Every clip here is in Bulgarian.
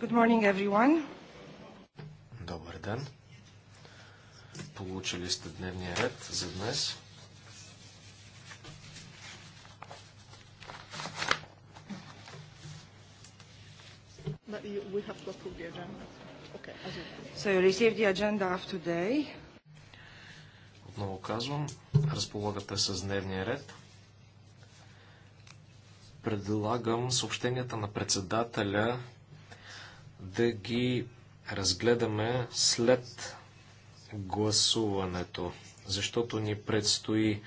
Good morning, everyone. Добър ден. Получили сте дневния ред за днес. So you received the agenda of today. Отново казвам, разполагате с дневния ред. Предлагам съобщенията на председателя да ги разгледаме след гласуването, защото ни предстои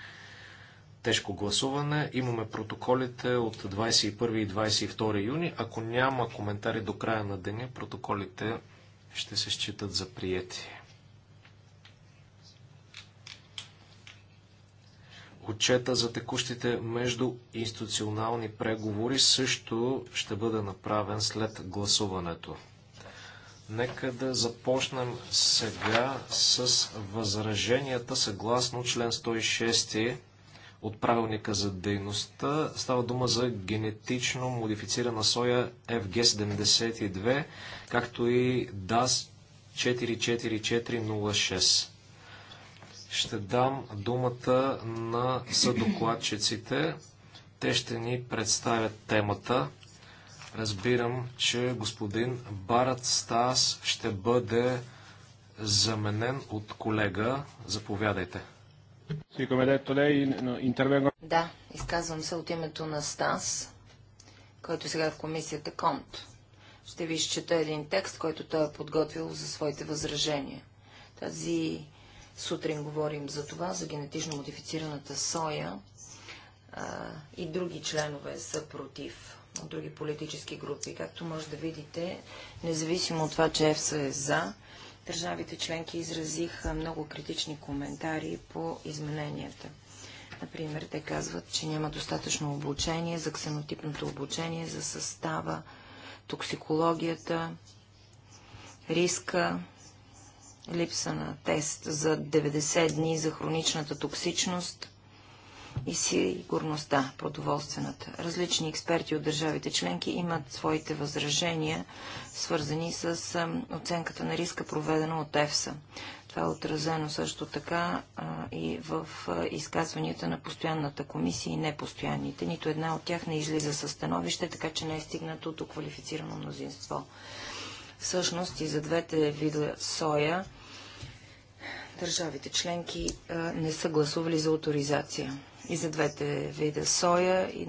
тежко гласуване. Имаме протоколите от 21 и 22 юни. Ако няма коментари до края на деня, протоколите ще се считат за приети. Отчета за текущите междуинституционални преговори също ще бъде направен след гласуването. Нека да започнем сега с възраженията съгласно член 106 от правилника за дейността. Става дума за генетично модифицирана соя FG72, както и DAS 44406. Ще дам думата на съдокладчиците. Те ще ни представят темата. Разбирам, че господин Барат Стас ще бъде заменен от колега. Заповядайте. Да, изказвам се от името на Стас, който е сега е в комисията Конт. Ще ви изчета един текст, който той е подготвил за своите възражения. Тази сутрин говорим за това, за генетично модифицираната соя а, и други членове са против от други политически групи. Както може да видите, независимо от това, че ЕФСА е за, държавите членки изразиха много критични коментари по измененията. Например, те казват, че няма достатъчно обучение за ксенотипното обучение, за състава, токсикологията, риска, липса на тест за 90 дни за хроничната токсичност, и сигурността, продоволствената. Различни експерти от държавите членки имат своите възражения, свързани с оценката на риска, проведена от ЕФСА. Това е отразено също така а, и в а, изказванията на постоянната комисия и непостоянните. Нито една от тях не излиза със становище, така че не е стигнато до квалифицирано мнозинство. Всъщност и за двете вида соя държавите членки а, не са гласували за авторизация и за двете вида соя и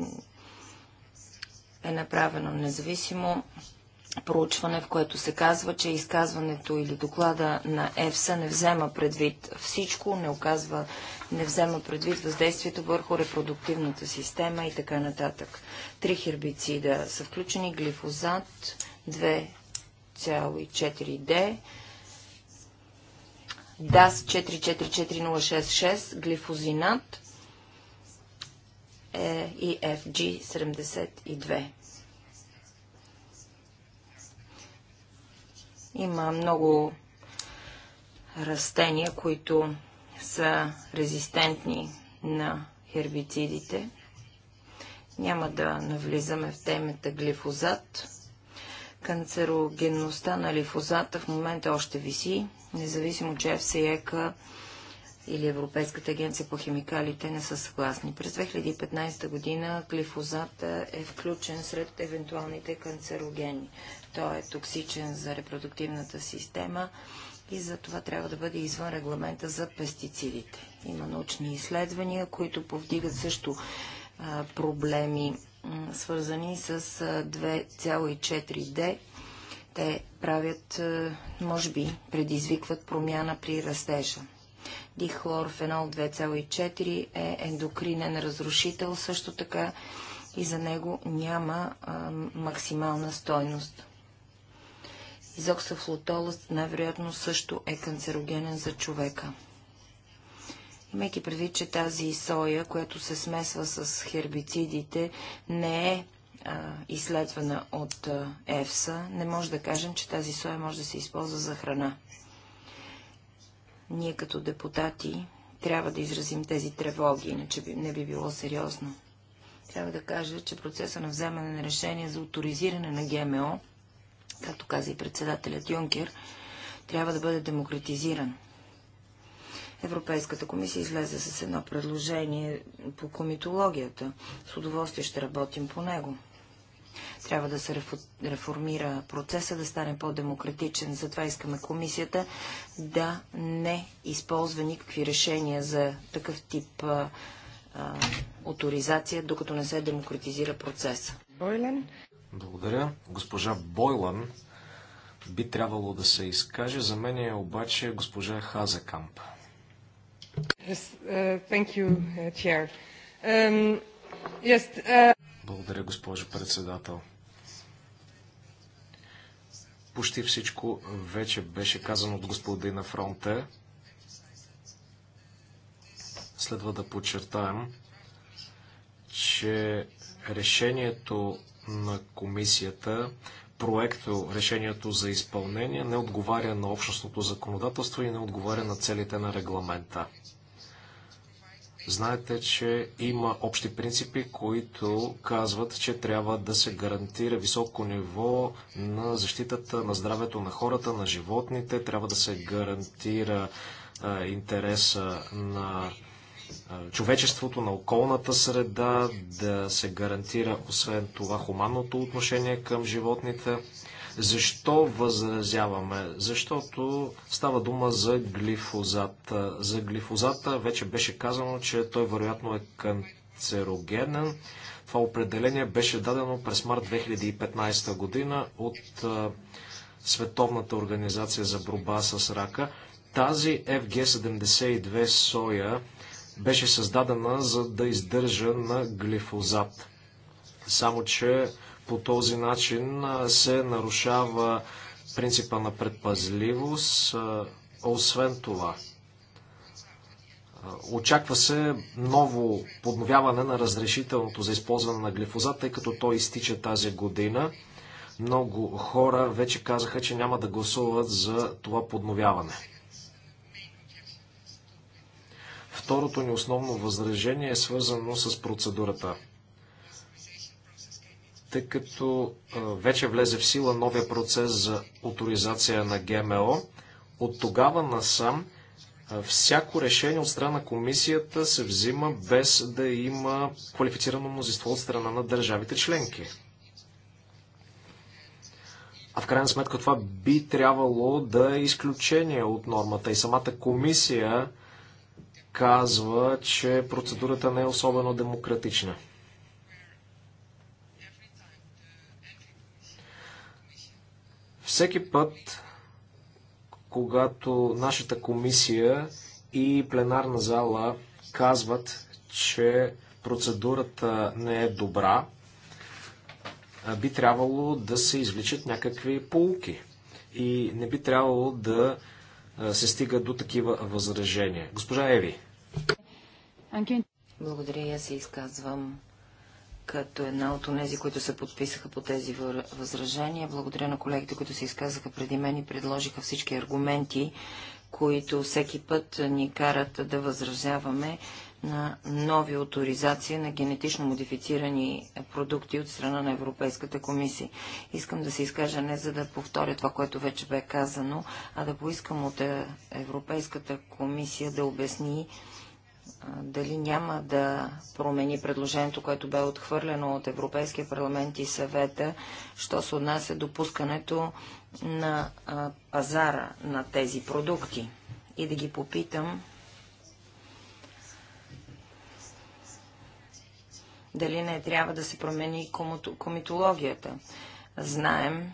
е направено независимо проучване, в което се казва, че изказването или доклада на ЕФСА не взема предвид всичко, не, оказва, не взема предвид въздействието върху репродуктивната система и така нататък. Три хербицида са включени глифозат 2,4D, DAS 444066, глифозинат е и FG 72. Има много растения, които са резистентни на хербицидите. Няма да навлизаме в темата глифозат. Канцерогенността на лифозата в момента още виси, независимо, че FCEK или Европейската агенция по химикалите не са съгласни. През 2015 година глифозат е включен сред евентуалните канцерогени. Той е токсичен за репродуктивната система и за това трябва да бъде извън регламента за пестицидите. Има научни изследвания, които повдигат също а, проблеми, свързани с 2,4D те правят, може би, предизвикват промяна при растежа. Дихлорфенол 2,4 е ендокринен разрушител, също така и за него няма а, максимална стойност. Изоксафлотолът най-вероятно също е канцерогенен за човека. Имайки предвид, че тази соя, която се смесва с хербицидите, не е а, изследвана от а, ЕФСА, не може да кажем, че тази соя може да се използва за храна. Ние като депутати трябва да изразим тези тревоги, иначе не би било сериозно. Трябва да кажа, че процеса на вземане на решение за авторизиране на ГМО, както каза и председателят Юнкер, трябва да бъде демократизиран. Европейската комисия излезе с едно предложение по комитологията. С удоволствие ще работим по него. Трябва да се реформира процеса, да стане по-демократичен. Затова искаме комисията да не използва никакви решения за такъв тип а, а, авторизация, докато не се демократизира процеса. Бойлен. Благодаря. Госпожа Бойлан би трябвало да се изкаже. За мен е обаче госпожа Хазекамп. Yes, uh, thank you, uh, Chair. Um, yes, uh... Благодаря, госпожо председател. Почти всичко вече беше казано от господина Фронте. Следва да подчертаем, че решението на комисията, проекто решението за изпълнение не отговаря на общностното законодателство и не отговаря на целите на регламента. Знаете, че има общи принципи, които казват, че трябва да се гарантира високо ниво на защитата на здравето на хората, на животните, трябва да се гарантира а, интереса на човечеството, на околната среда, да се гарантира освен това хуманното отношение към животните. Защо възразяваме? Защото става дума за глифозат. За глифозата вече беше казано, че той вероятно е канцерогенен. Това определение беше дадено през март 2015 година от Световната организация за борба с рака. Тази FG72 соя беше създадена за да издържа на глифозат. Само, че по този начин се нарушава принципа на предпазливост. Освен това, очаква се ново подновяване на разрешителното за използване на глифозат, тъй като той изтича тази година. Много хора вече казаха, че няма да гласуват за това подновяване. Второто ни основно възражение е свързано с процедурата тъй като вече влезе в сила новия процес за авторизация на ГМО. От тогава насам всяко решение от страна на комисията се взима без да има квалифицирано мнозинство от страна на държавите членки. А в крайна сметка това би трябвало да е изключение от нормата. И самата комисия казва, че процедурата не е особено демократична. Всеки път, когато нашата комисия и пленарна зала казват, че процедурата не е добра, би трябвало да се извличат някакви полуки. И не би трябвало да се стига до такива възражения. Госпожа Еви. Благодаря, аз се изказвам като една от тези, които се подписаха по тези възражения. Благодаря на колегите, които се изказаха преди мен и предложиха всички аргументи, които всеки път ни карат да възразяваме на нови авторизации на генетично модифицирани продукти от страна на Европейската комисия. Искам да се изкажа не за да повторя това, което вече бе казано, а да поискам от е, Европейската комисия да обясни дали няма да промени предложението, което бе отхвърлено от Европейския парламент и съвета, що се отнася до пускането на пазара на тези продукти. И да ги попитам дали не трябва да се промени комитологията. Знаем,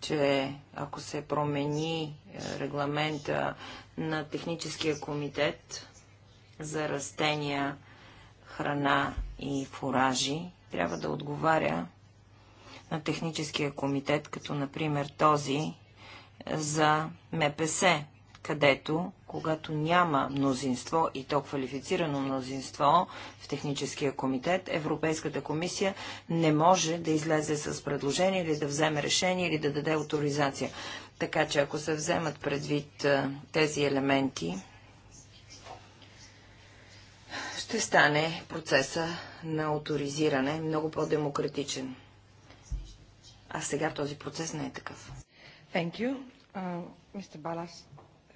че ако се промени е, регламента на Техническия комитет за растения, храна и фуражи трябва да отговаря на Техническия комитет, като например този за МПС, където, когато няма мнозинство и то квалифицирано мнозинство в Техническия комитет, Европейската комисия не може да излезе с предложение или да вземе решение или да даде авторизация. Така че ако се вземат предвид тези елементи, ще стане процеса на авторизиране много по-демократичен. А сега този процес не е такъв. Thank you. Uh, Mr. Balas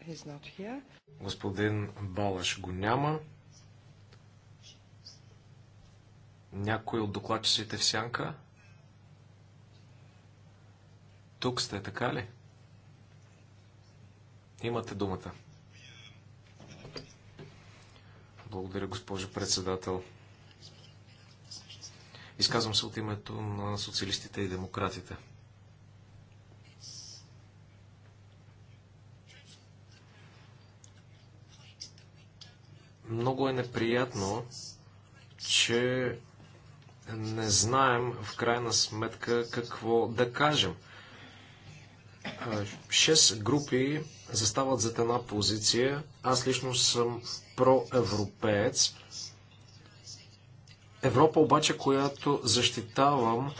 is not here. Господин Балаш го няма. Някой от докладчиците в сянка? Тук сте, така ли? Имате думата. Благодаря, госпожо председател. Изказвам се от името на социалистите и демократите. Много е неприятно, че не знаем в крайна сметка какво да кажем. Шест групи застават за една позиция. Аз лично съм проевропеец. Европа обаче, която защитавам,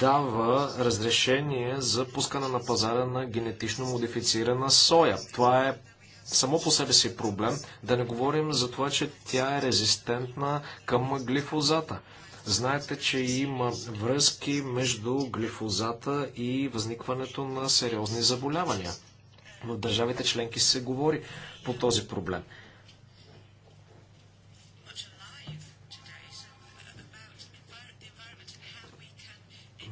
дава разрешение за пускане на пазара на генетично модифицирана соя. Това е само по себе си проблем, да не говорим за това, че тя е резистентна към глифозата. Знаете, че има връзки между глифозата и възникването на сериозни заболявания. В държавите членки се говори по този проблем.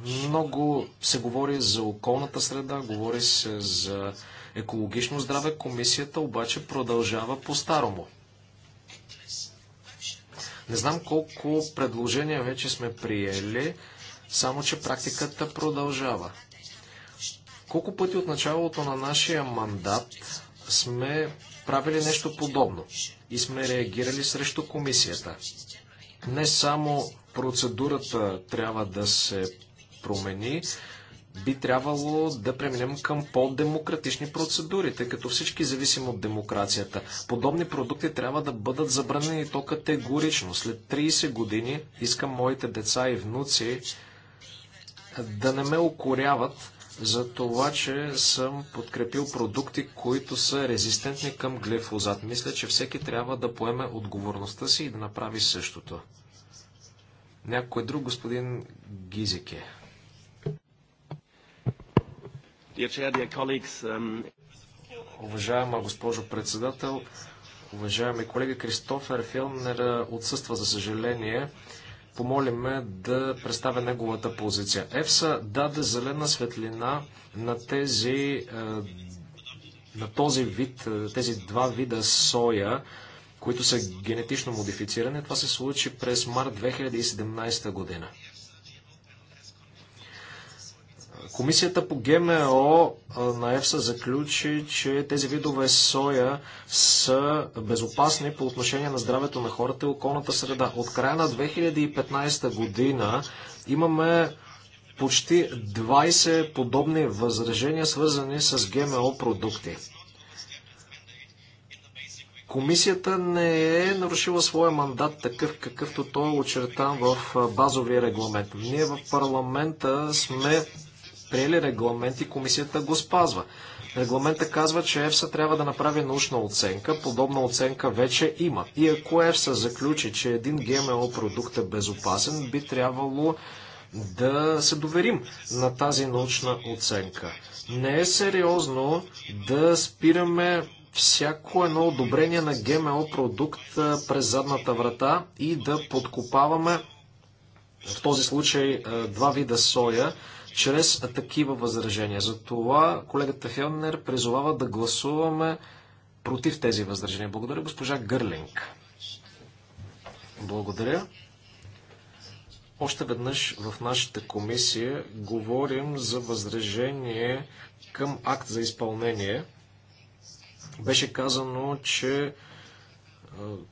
Много се говори за околната среда, говори се за екологично здраве. Комисията обаче продължава по-старому. Не знам колко предложения вече сме приели, само че практиката продължава. Колко пъти от началото на нашия мандат сме правили нещо подобно и сме реагирали срещу комисията. Не само процедурата трябва да се промени, би трябвало да преминем към по-демократични процедури, тъй като всички зависим от демокрацията. Подобни продукти трябва да бъдат забранени то категорично. След 30 години искам моите деца и внуци да не ме укоряват за това, че съм подкрепил продукти, които са резистентни към глифозат. Мисля, че всеки трябва да поеме отговорността си и да направи същото. Някой друг, господин Гизике. Um, Уважаема госпожо председател, уважаеми колеги, Кристофер Филнер отсъства, за съжаление помолиме да представя неговата позиция. ЕФСА даде зелена светлина на тези е, на този вид, е, тези два вида соя, които са генетично модифицирани. Това се случи през март 2017 година. Комисията по ГМО на ЕФСА заключи, че тези видове соя са безопасни по отношение на здравето на хората и околната среда. От края на 2015 година имаме почти 20 подобни възражения, свързани с ГМО продукти. Комисията не е нарушила своя мандат такъв, какъвто той е очертан в базовия регламент. Ние в парламента сме приели регламент и комисията го спазва. Регламента казва, че ЕФСА трябва да направи научна оценка. Подобна оценка вече има. И ако ЕФСА заключи, че един ГМО продукт е безопасен, би трябвало да се доверим на тази научна оценка. Не е сериозно да спираме всяко едно одобрение на ГМО продукт през задната врата и да подкопаваме в този случай два вида соя, чрез такива възражения. Затова колегата Хелнер призовава да гласуваме против тези възражения. Благодаря, госпожа Гърлинг. Благодаря. Още веднъж в нашата комисия говорим за възражение към акт за изпълнение. Беше казано, че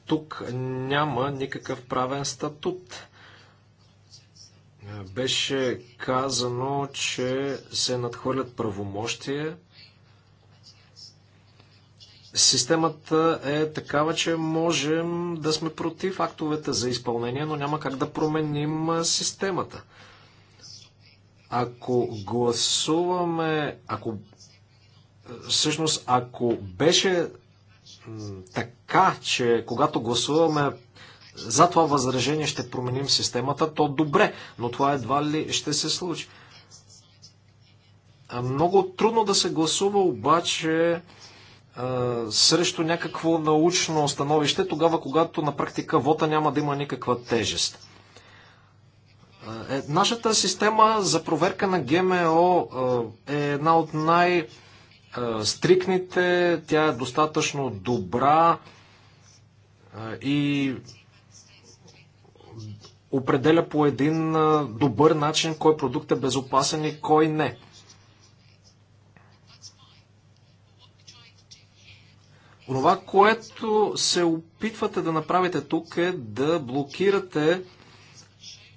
тук няма никакъв правен статут. Беше казано, че се надхвърлят правомощия. Системата е такава, че можем да сме против актовете за изпълнение, но няма как да променим системата. Ако гласуваме, ако всъщност, ако беше така, че когато гласуваме за това възражение ще променим системата, то добре, но това едва ли ще се случи. Много трудно да се гласува обаче срещу някакво научно становище, тогава когато на практика вота няма да има никаква тежест. Е, нашата система за проверка на ГМО е една от най-стрикните, тя е достатъчно добра и определя по един добър начин кой продукт е безопасен и кой не. Онова, което се опитвате да направите тук е да блокирате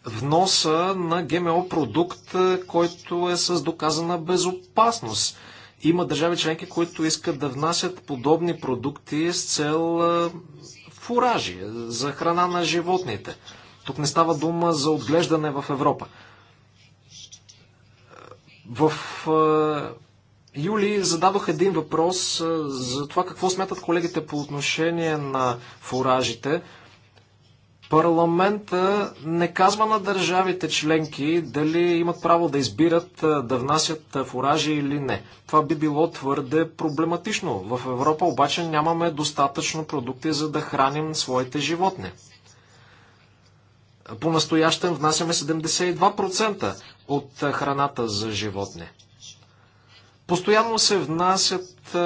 вноса на ГМО продукт, който е с доказана безопасност. Има държави членки, които искат да внасят подобни продукти с цел фуражи за храна на животните. Тук не става дума за отглеждане в Европа. В юли зададох един въпрос за това какво смятат колегите по отношение на фуражите. Парламента не казва на държавите членки дали имат право да избират да внасят фуражи или не. Това би било твърде проблематично. В Европа обаче нямаме достатъчно продукти за да храним своите животни. По-настоящен внасяме 72% от храната за животни. Постоянно се внасят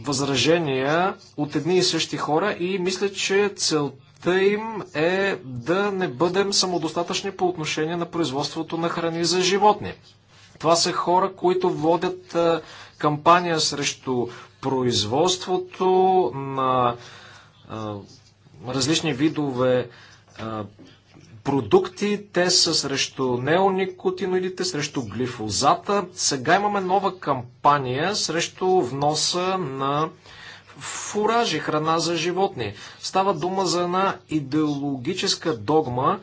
възражения от едни и същи хора и мисля, че целта им е да не бъдем самодостатъчни по отношение на производството на храни за животни. Това са хора, които водят кампания срещу производството на различни видове продукти, те са срещу неоникотиноидите, срещу глифозата. Сега имаме нова кампания срещу вноса на фуражи, храна за животни. Става дума за една идеологическа догма.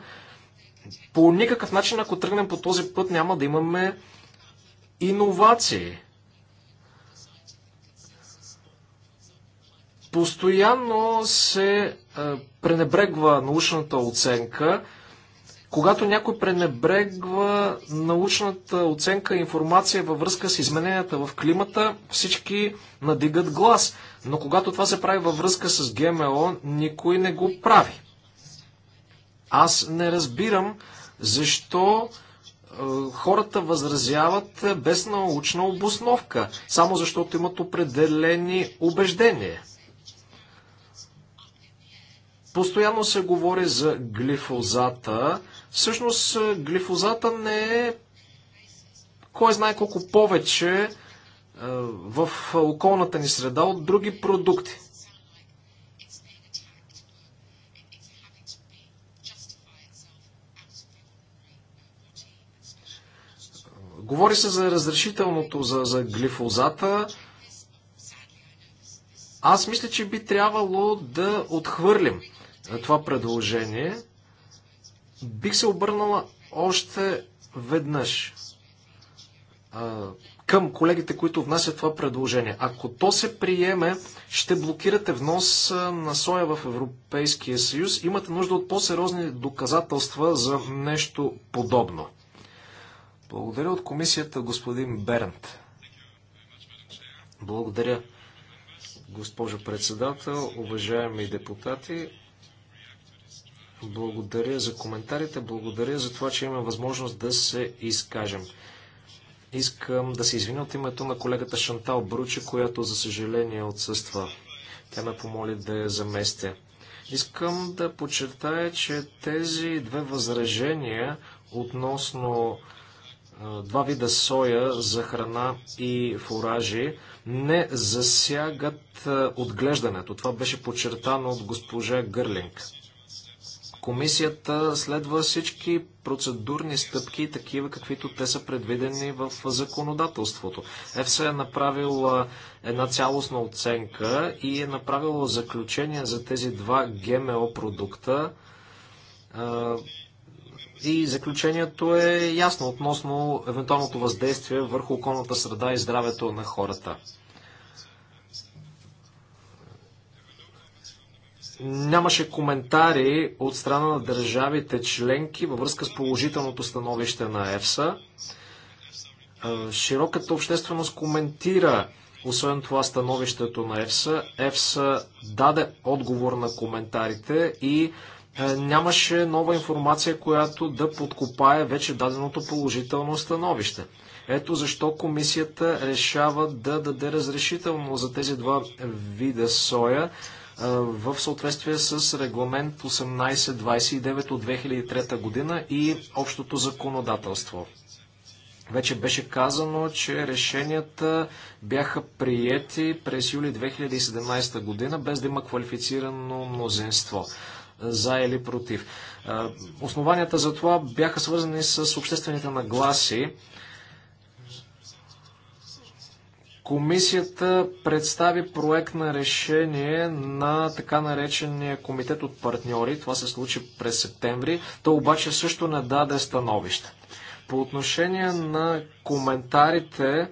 По никакъв начин, ако тръгнем по този път, няма да имаме иновации. Постоянно се е, пренебрегва научната оценка. Когато някой пренебрегва научната оценка и информация във връзка с измененията в климата, всички надигат глас. Но когато това се прави във връзка с ГМО, никой не го прави. Аз не разбирам защо е, хората възразяват без научна обосновка, само защото имат определени убеждения. Постоянно се говори за глифозата. Всъщност е, глифозата не е кой знае колко повече е, в околната ни среда от други продукти. Говори се за разрешителното за, за глифозата. Аз мисля, че би трябвало да отхвърлим е, това предложение. Бих се обърнала още веднъж към колегите, които внасят това предложение. Ако то се приеме, ще блокирате внос на соя в Европейския съюз. Имате нужда от по-сериозни доказателства за нещо подобно. Благодаря от комисията господин Бернт. Благодаря, госпожо председател, уважаеми депутати. Благодаря за коментарите, благодаря за това, че имам възможност да се изкажем. Искам да се извиня от името на колегата Шантал Бруче, която за съжаление отсъства. Тя ме помоли да я заместя. Искам да подчертая, че тези две възражения относно а, два вида соя за храна и фуражи не засягат а, отглеждането. Това беше подчертано от госпожа Гърлинг. Комисията следва всички процедурни стъпки, такива каквито те са предвидени в законодателството. ЕФСА е направила една цялостна оценка и е направила заключение за тези два ГМО продукта. И заключението е ясно относно евентуалното въздействие върху околната среда и здравето на хората. нямаше коментари от страна на държавите членки във връзка с положителното становище на ЕФСА. Е, широката общественост коментира освен това становището на ЕФСА. ЕФСА даде отговор на коментарите и е, нямаше нова информация, която да подкопае вече даденото положително становище. Ето защо комисията решава да даде разрешително за тези два вида соя в съответствие с регламент 1829 от 2003 година и общото законодателство. Вече беше казано, че решенията бяха приети през юли 2017 година, без да има квалифицирано мнозинство за или против. Основанията за това бяха свързани с обществените нагласи Комисията представи проект на решение на така наречения комитет от партньори. Това се случи през септември. То обаче също не даде становище. По отношение на коментарите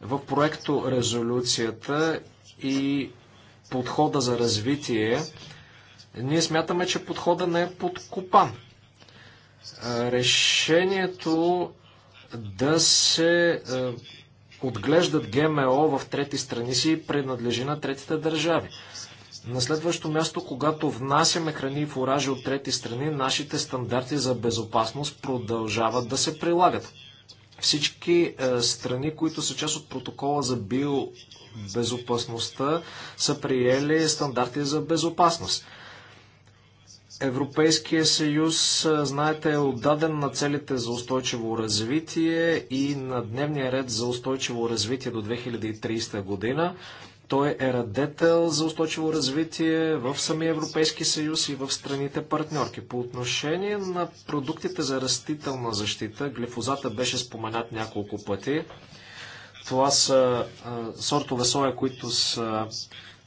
в проекто резолюцията и подхода за развитие, ние смятаме, че подхода не е подкопан. Решението да се е, отглеждат ГМО в трети страни си и принадлежи на третите държави. На следващо място, когато внасяме храни и фуражи от трети страни, нашите стандарти за безопасност продължават да се прилагат. Всички е, страни, които са част от протокола за биобезопасността, са приели стандарти за безопасност. Европейския съюз, знаете, е отдаден на целите за устойчиво развитие и на дневния ред за устойчиво развитие до 2030 година. Той е радетел за устойчиво развитие в самия Европейски съюз и в страните партньорки. По отношение на продуктите за растителна защита, глифозата беше споменат няколко пъти. Това са а, сортове соя, които са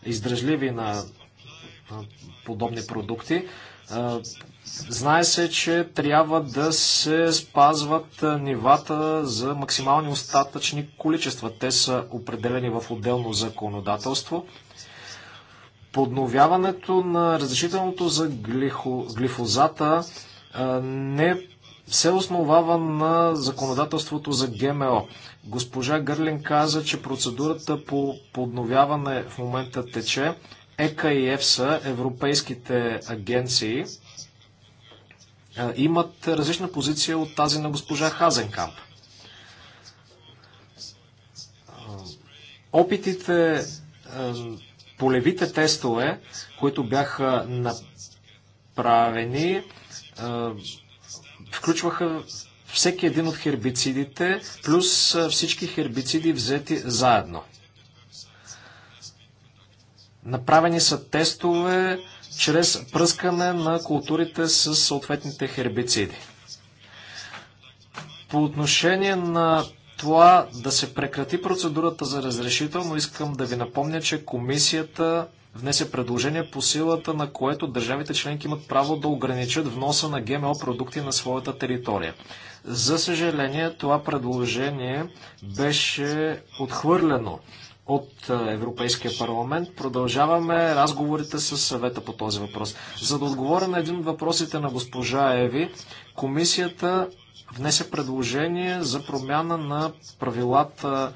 издръжливи на, на подобни продукти. Знае се, че трябва да се спазват нивата за максимални остатъчни количества. Те са определени в отделно законодателство. Подновяването на разрешителното за глифозата не се основава на законодателството за ГМО. Госпожа Гърлин каза, че процедурата по подновяване в момента тече. ЕКА и ЕФСА, европейските агенции, е, имат различна позиция от тази на госпожа Хазенкамп. Опитите, е, полевите тестове, които бяха направени, е, включваха всеки един от хербицидите, плюс всички хербициди взети заедно. Направени са тестове чрез пръскане на културите с съответните хербициди. По отношение на това да се прекрати процедурата за разрешително, искам да ви напомня, че комисията внесе предложение по силата на което държавите членки имат право да ограничат вноса на ГМО продукти на своята територия. За съжаление, това предложение беше отхвърлено от е, Европейския парламент. Продължаваме разговорите с съвета по този въпрос. За да отговоря на един от въпросите на госпожа Еви, комисията внесе предложение за промяна на правилата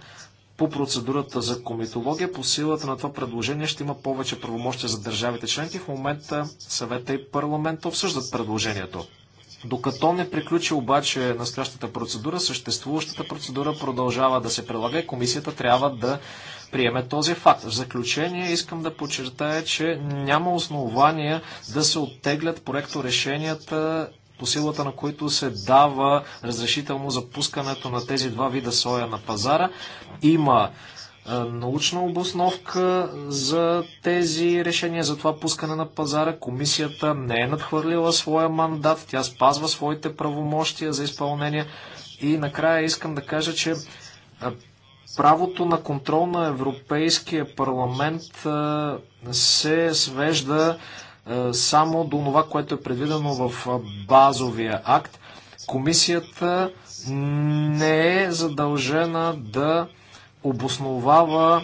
по процедурата за комитология. По силата на това предложение ще има повече правомощия за държавите членки. В момента съвета и парламента обсъждат предложението. Докато не приключи обаче настоящата процедура, съществуващата процедура продължава да се прилага и комисията трябва да приеме този факт. В заключение искам да подчертая, че няма основания да се оттеглят проекто решенията по силата на които се дава разрешително запускането на тези два вида соя на пазара. Има е, научна обосновка за тези решения, за това пускане на пазара. Комисията не е надхвърлила своя мандат, тя спазва своите правомощия за изпълнение. И накрая искам да кажа, че е, Правото на контрол на Европейския парламент се свежда само до това, което е предвидено в базовия акт. Комисията не е задължена да обосновава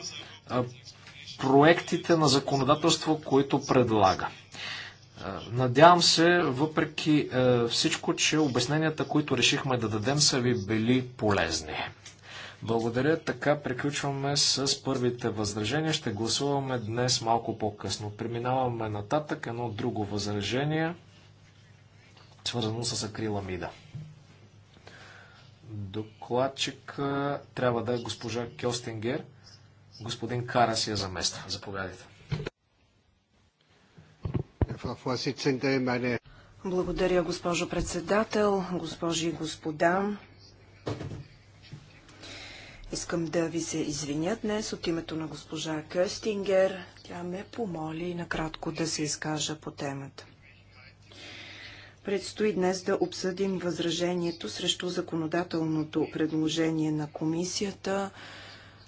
проектите на законодателство, които предлага. Надявам се, въпреки всичко, че обясненията, които решихме да дадем, са ви били полезни. Благодаря. Така приключваме с първите възражения. Ще гласуваме днес малко по-късно. Преминаваме нататък едно друго възражение, свързано с акриламида. Докладчик трябва да е госпожа Кьостингер. Господин Кара си я замества. Заповядайте. Благодаря, госпожо председател, госпожи и господа. Искам да ви се извиня днес от името на госпожа Кюстингер. Тя ме помоли накратко да се изкажа по темата. Предстои днес да обсъдим възражението срещу законодателното предложение на комисията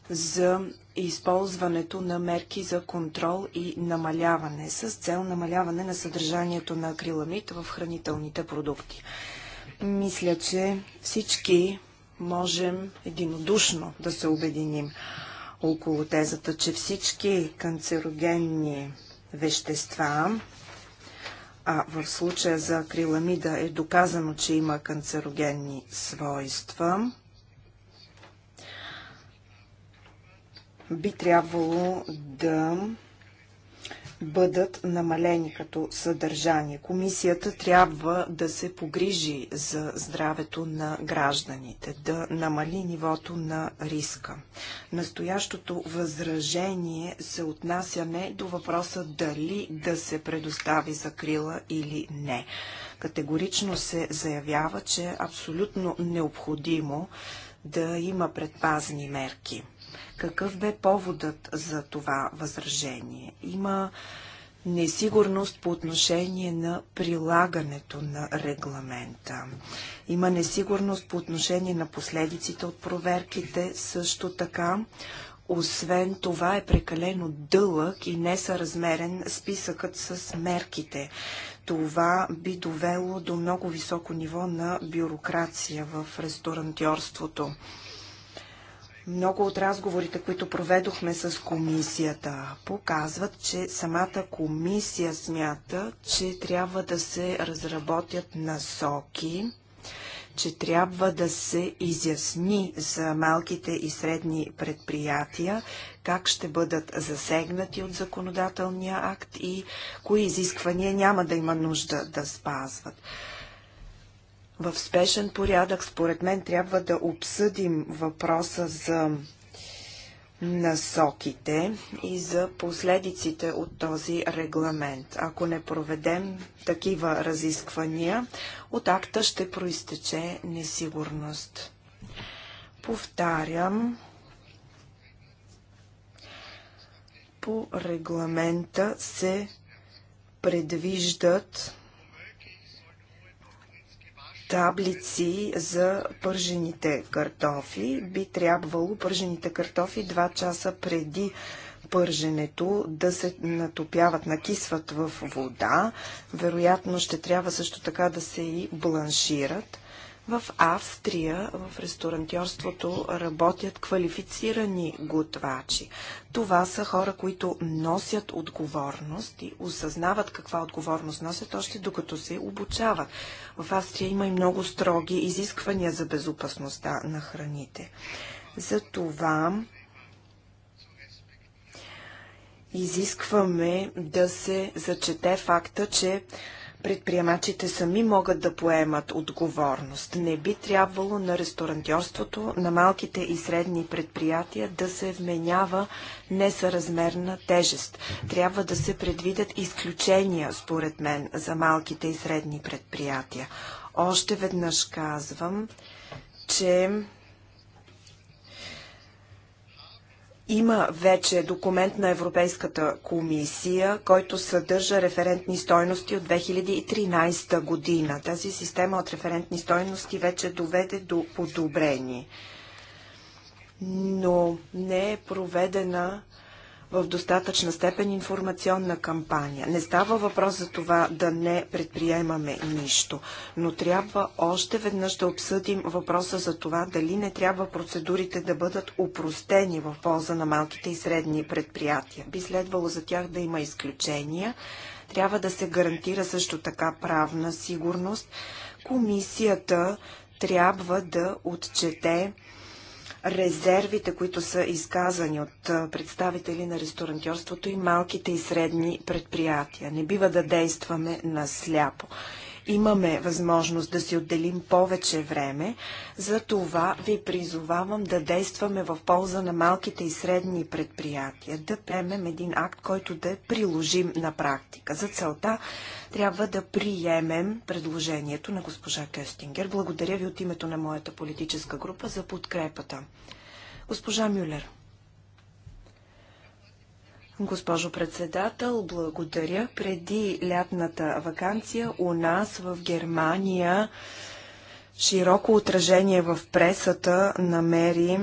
за използването на мерки за контрол и намаляване с цел намаляване на съдържанието на акриламид в хранителните продукти. Мисля, че всички можем единодушно да се обединим около тезата, че всички канцерогенни вещества, а в случая за акриламида е доказано, че има канцерогенни свойства, би трябвало да бъдат намалени като съдържание. Комисията трябва да се погрижи за здравето на гражданите, да намали нивото на риска. Настоящото възражение се отнася не до въпроса дали да се предостави закрила или не. Категорично се заявява, че е абсолютно необходимо да има предпазни мерки. Какъв бе поводът за това възражение? Има несигурност по отношение на прилагането на регламента. Има несигурност по отношение на последиците от проверките също така. Освен това е прекалено дълъг и несъразмерен списъкът с мерките. Това би довело до много високо ниво на бюрокрация в ресторантьорството. Много от разговорите, които проведохме с комисията, показват, че самата комисия смята, че трябва да се разработят насоки, че трябва да се изясни за малките и средни предприятия как ще бъдат засегнати от законодателния акт и кои изисквания няма да има нужда да спазват. В спешен порядък, според мен, трябва да обсъдим въпроса за насоките и за последиците от този регламент. Ако не проведем такива разисквания, от акта ще проистече несигурност. Повтарям, по регламента се предвиждат таблици за пържените картофи. Би трябвало пържените картофи 2 часа преди пърженето да се натопяват, накисват в вода. Вероятно ще трябва също така да се и бланшират. В Австрия, в ресторантьорството, работят квалифицирани готвачи. Това са хора, които носят отговорност и осъзнават каква отговорност носят още докато се обучават. В Австрия има и много строги изисквания за безопасността на храните. Затова изискваме да се зачете факта, че предприемачите сами могат да поемат отговорност. Не би трябвало на ресторантьорството, на малките и средни предприятия да се вменява несъразмерна тежест. Трябва да се предвидят изключения, според мен, за малките и средни предприятия. Още веднъж казвам, че Има вече документ на Европейската комисия, който съдържа референтни стойности от 2013 година. Тази система от референтни стойности вече доведе до подобрение, но не е проведена в достатъчна степен информационна кампания. Не става въпрос за това да не предприемаме нищо, но трябва още веднъж да обсъдим въпроса за това дали не трябва процедурите да бъдат упростени в полза на малките и средни предприятия. Би следвало за тях да има изключения. Трябва да се гарантира също така правна сигурност. Комисията трябва да отчете резервите, които са изказани от представители на ресторантьорството и малките и средни предприятия. Не бива да действаме насляпо имаме възможност да си отделим повече време. За това ви призовавам да действаме в полза на малките и средни предприятия, да приемем един акт, който да приложим на практика. За целта трябва да приемем предложението на госпожа Кестингер. Благодаря ви от името на моята политическа група за подкрепата. Госпожа Мюлер. Госпожо председател, благодаря. Преди лятната вакансия у нас в Германия широко отражение в пресата намери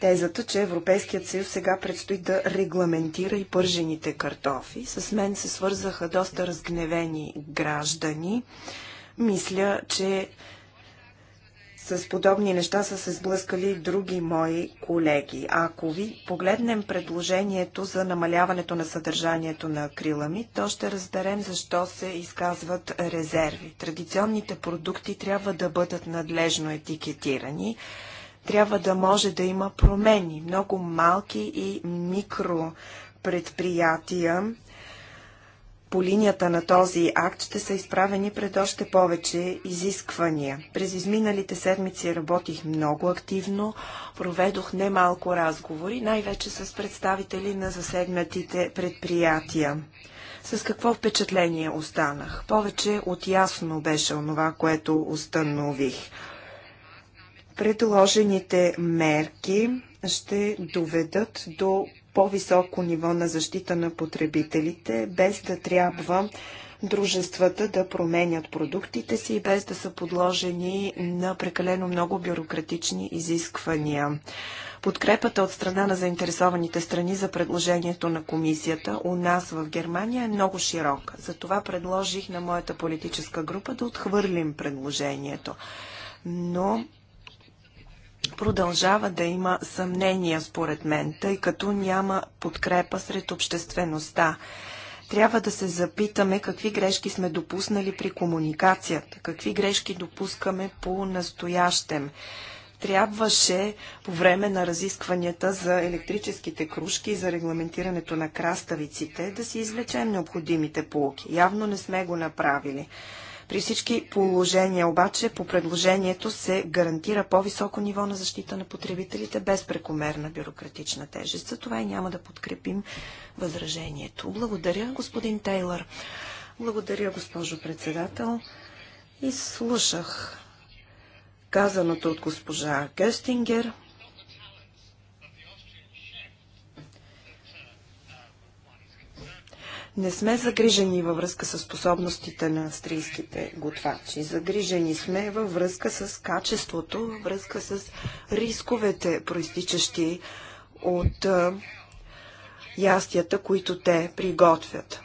тезата, че Европейският съюз сега предстои да регламентира и пържените картофи. С мен се свързаха доста разгневени граждани. Мисля, че с подобни неща са се сблъскали други мои колеги. ако ви погледнем предложението за намаляването на съдържанието на акриламид, то ще разберем защо се изказват резерви. Традиционните продукти трябва да бъдат надлежно етикетирани трябва да може да има промени. Много малки и микро предприятия по линията на този акт ще са изправени пред още повече изисквания. През изминалите седмици работих много активно, проведох немалко разговори, най-вече с представители на засегнатите предприятия. С какво впечатление останах? Повече от ясно беше онова, което установих. Предложените мерки ще доведат до по-високо ниво на защита на потребителите, без да трябва дружествата да променят продуктите си, без да са подложени на прекалено много бюрократични изисквания. Подкрепата от страна на заинтересованите страни за предложението на комисията у нас в Германия е много широка. Затова предложих на моята политическа група да отхвърлим предложението. Но продължава да има съмнения, според мен, тъй като няма подкрепа сред обществеността. Трябва да се запитаме какви грешки сме допуснали при комуникацията, какви грешки допускаме по настоящем. Трябваше по време на разискванията за електрическите кружки и за регламентирането на краставиците да си извлечем необходимите полуки. Явно не сме го направили. При всички положения обаче по предложението се гарантира по-високо ниво на защита на потребителите без прекомерна бюрократична тежест. За това и няма да подкрепим възражението. Благодаря, господин Тейлър. Благодаря, госпожо председател. И слушах казаното от госпожа Гестингер – Не сме загрижени във връзка с способностите на австрийските готвачи. Загрижени сме във връзка с качеството, във връзка с рисковете, проистичащи от ястията, които те приготвят.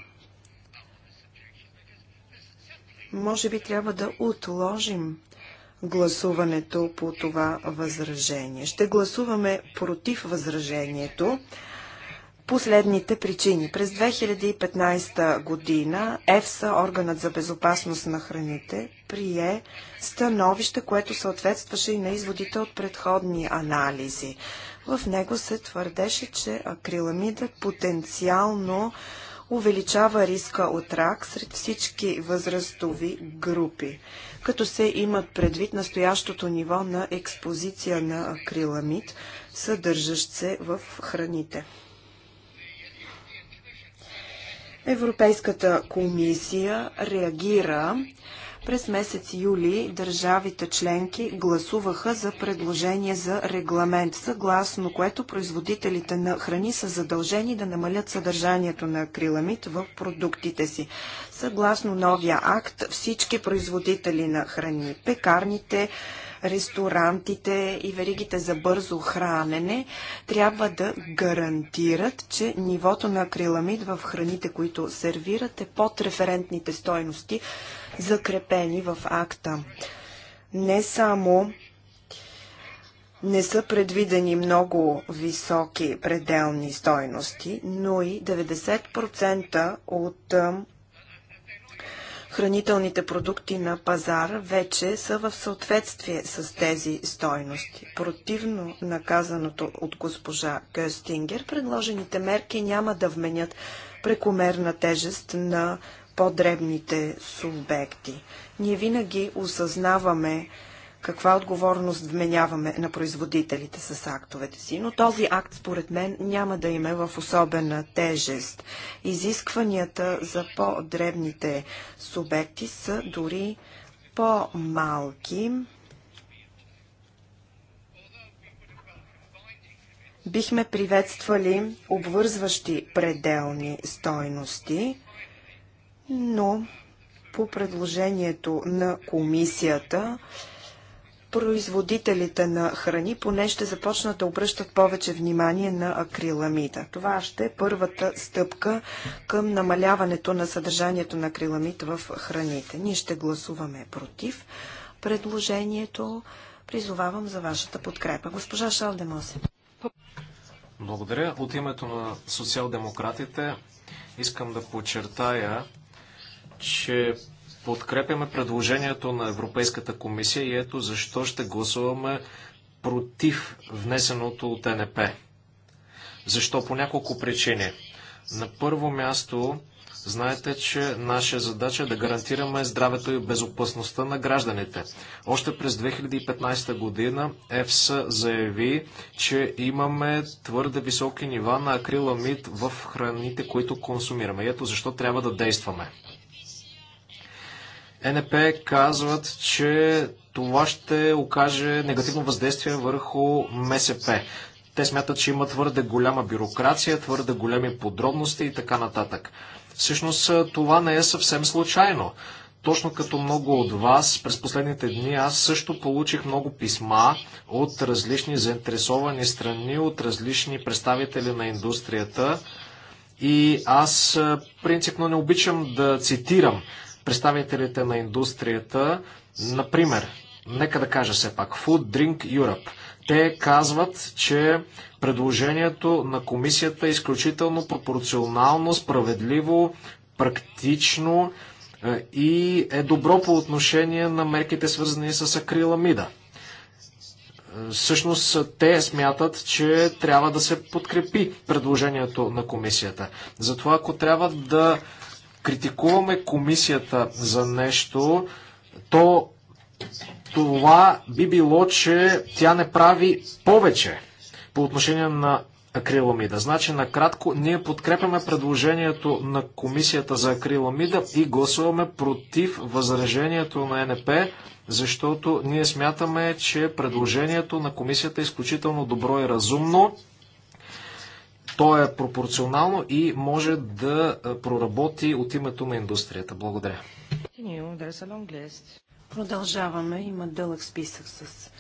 Може би трябва да отложим гласуването по това възражение. Ще гласуваме против възражението последните причини. През 2015 година ЕФСА, органът за безопасност на храните, прие становище, което съответстваше и на изводите от предходни анализи. В него се твърдеше, че акриламидът потенциално увеличава риска от рак сред всички възрастови групи, като се имат предвид настоящото ниво на експозиция на акриламид, съдържащ се в храните. Европейската комисия реагира. През месец юли държавите членки гласуваха за предложение за регламент, съгласно което производителите на храни са задължени да намалят съдържанието на акриламид в продуктите си. Съгласно новия акт, всички производители на храни, пекарните, ресторантите и веригите за бързо хранене трябва да гарантират, че нивото на акриламид в храните, които сервират е под референтните стойности, закрепени в акта. Не само не са предвидени много високи пределни стойности, но и 90% от хранителните продукти на пазара вече са в съответствие с тези стойности. Противно наказаното от госпожа Гъстингер, предложените мерки няма да вменят прекомерна тежест на по-дребните субекти. Ние винаги осъзнаваме каква отговорност вменяваме на производителите с актовете си, но този акт според мен няма да има в особена тежест. Изискванията за по-дребните субекти са дори по-малки. Бихме приветствали обвързващи пределни стойности, но по предложението на комисията производителите на храни поне ще започнат да обръщат повече внимание на акриламида. Това ще е първата стъпка към намаляването на съдържанието на акриламид в храните. Ние ще гласуваме против предложението. Призовавам за вашата подкрепа. Госпожа Шалдемосе. Благодаря. От името на социал-демократите искам да подчертая, че Подкрепяме предложението на Европейската комисия и ето защо ще гласуваме против внесеното от НП. Защо? По няколко причини. На първо място, знаете, че наша задача е да гарантираме здравето и безопасността на гражданите. Още през 2015 година ЕФС заяви, че имаме твърде високи нива на акриламид в храните, които консумираме. И ето защо трябва да действаме. НП казват, че това ще окаже негативно въздействие върху МСП. Те смятат, че има твърде голяма бюрокрация, твърде големи подробности и така нататък. Всъщност това не е съвсем случайно. Точно като много от вас, през последните дни аз също получих много писма от различни заинтересовани страни, от различни представители на индустрията. И аз принципно не обичам да цитирам представителите на индустрията. Например, нека да кажа все пак, Food Drink Europe. Те казват, че предложението на комисията е изключително пропорционално, справедливо, практично е, и е добро по отношение на мерките свързани с акриламида. Е, всъщност те смятат, че трябва да се подкрепи предложението на комисията. Затова ако трябва да критикуваме комисията за нещо, то това би било, че тя не прави повече по отношение на акриламида. Значи, накратко, ние подкрепяме предложението на комисията за акриламида и гласуваме против възражението на НП, защото ние смятаме, че предложението на комисията е изключително добро и разумно то е пропорционално и може да проработи от името на индустрията. Благодаря. Продължаваме. Има дълъг списък с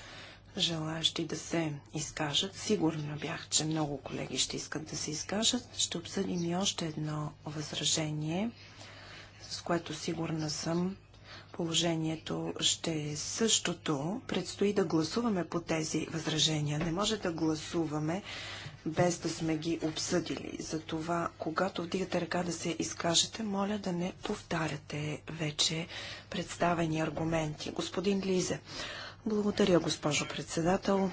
желаящи да се изкажат. Сигурна бях, че много колеги ще искат да се изкажат. Ще обсъдим и още едно възражение, с което сигурна съм положението ще е същото. Предстои да гласуваме по тези възражения. Не може да гласуваме без да сме ги обсъдили. Затова, когато вдигате ръка да се изкажете, моля да не повтаряте вече представени аргументи. Господин Лизе, благодаря, госпожо председател.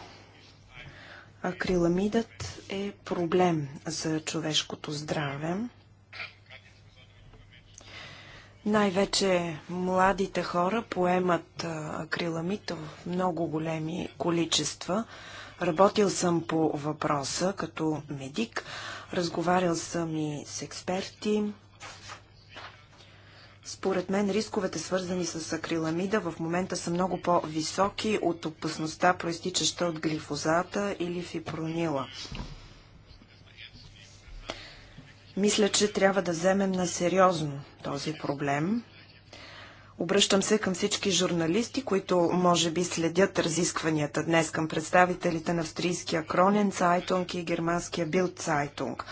Акриламидът е проблем за човешкото здраве. Най-вече младите хора поемат акриламид в много големи количества – Работил съм по въпроса като медик, разговарял съм и с експерти. Според мен рисковете, свързани с акриламида, в момента са много по-високи от опасността, проистичаща от глифозата или фипронила. Мисля, че трябва да вземем на сериозно този проблем – Обръщам се към всички журналисти, които може би следят разискванията днес към представителите на австрийския Кронен Цайтунг и германския Билд Цайтунг.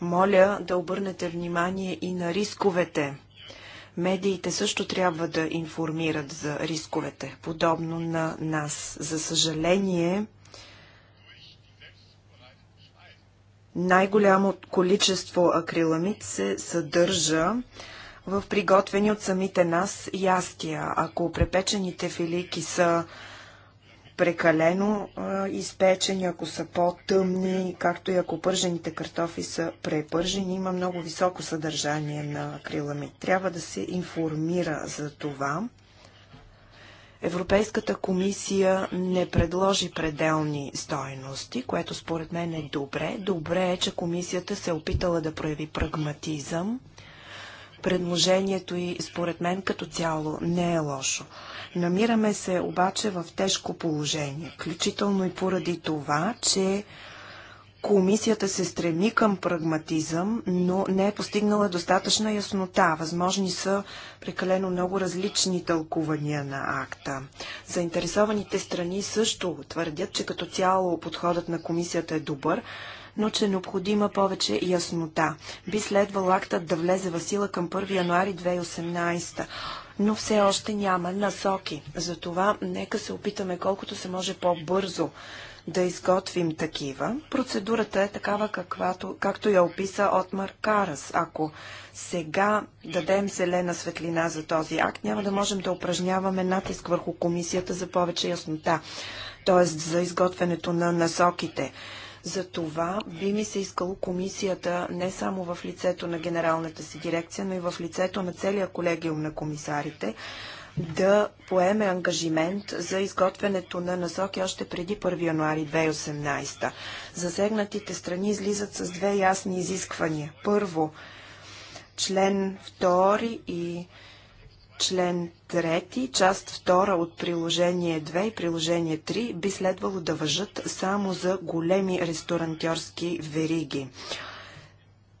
Моля да обърнете внимание и на рисковете. Медиите също трябва да информират за рисковете, подобно на нас. За съжаление, най-голямо количество акриламид се съдържа в приготвени от самите нас ястия. Ако препечените филики са прекалено а, изпечени, ако са по-тъмни, както и ако пържените картофи са препържени, има много високо съдържание на акриламид. Трябва да се информира за това. Европейската комисия не предложи пределни стойности, което според мен е добре. Добре е, че комисията се е опитала да прояви прагматизъм. Предложението и според мен като цяло не е лошо. Намираме се обаче в тежко положение, включително и поради това, че Комисията се стреми към прагматизъм, но не е постигнала достатъчна яснота. Възможни са прекалено много различни тълкувания на акта. Заинтересованите страни също твърдят, че като цяло подходът на комисията е добър, но че е необходима повече яснота. Би следвал актът да влезе в сила към 1 януари 2018 но все още няма насоки. Затова нека се опитаме колкото се може по-бързо да изготвим такива. Процедурата е такава, каквато, както я описа от Маркарас. Ако сега дадем зелена светлина за този акт, няма да можем да упражняваме натиск върху комисията за повече яснота, т.е. за изготвянето на насоките. За това би ми се искало комисията не само в лицето на генералната си дирекция, но и в лицето на целия колегиум на комисарите да поеме ангажимент за изготвянето на насоки още преди 1 януари 2018. Засегнатите страни излизат с две ясни изисквания. Първо, член 2 и член трети, част втора от приложение 2 и приложение 3 би следвало да въжат само за големи ресторантьорски вериги.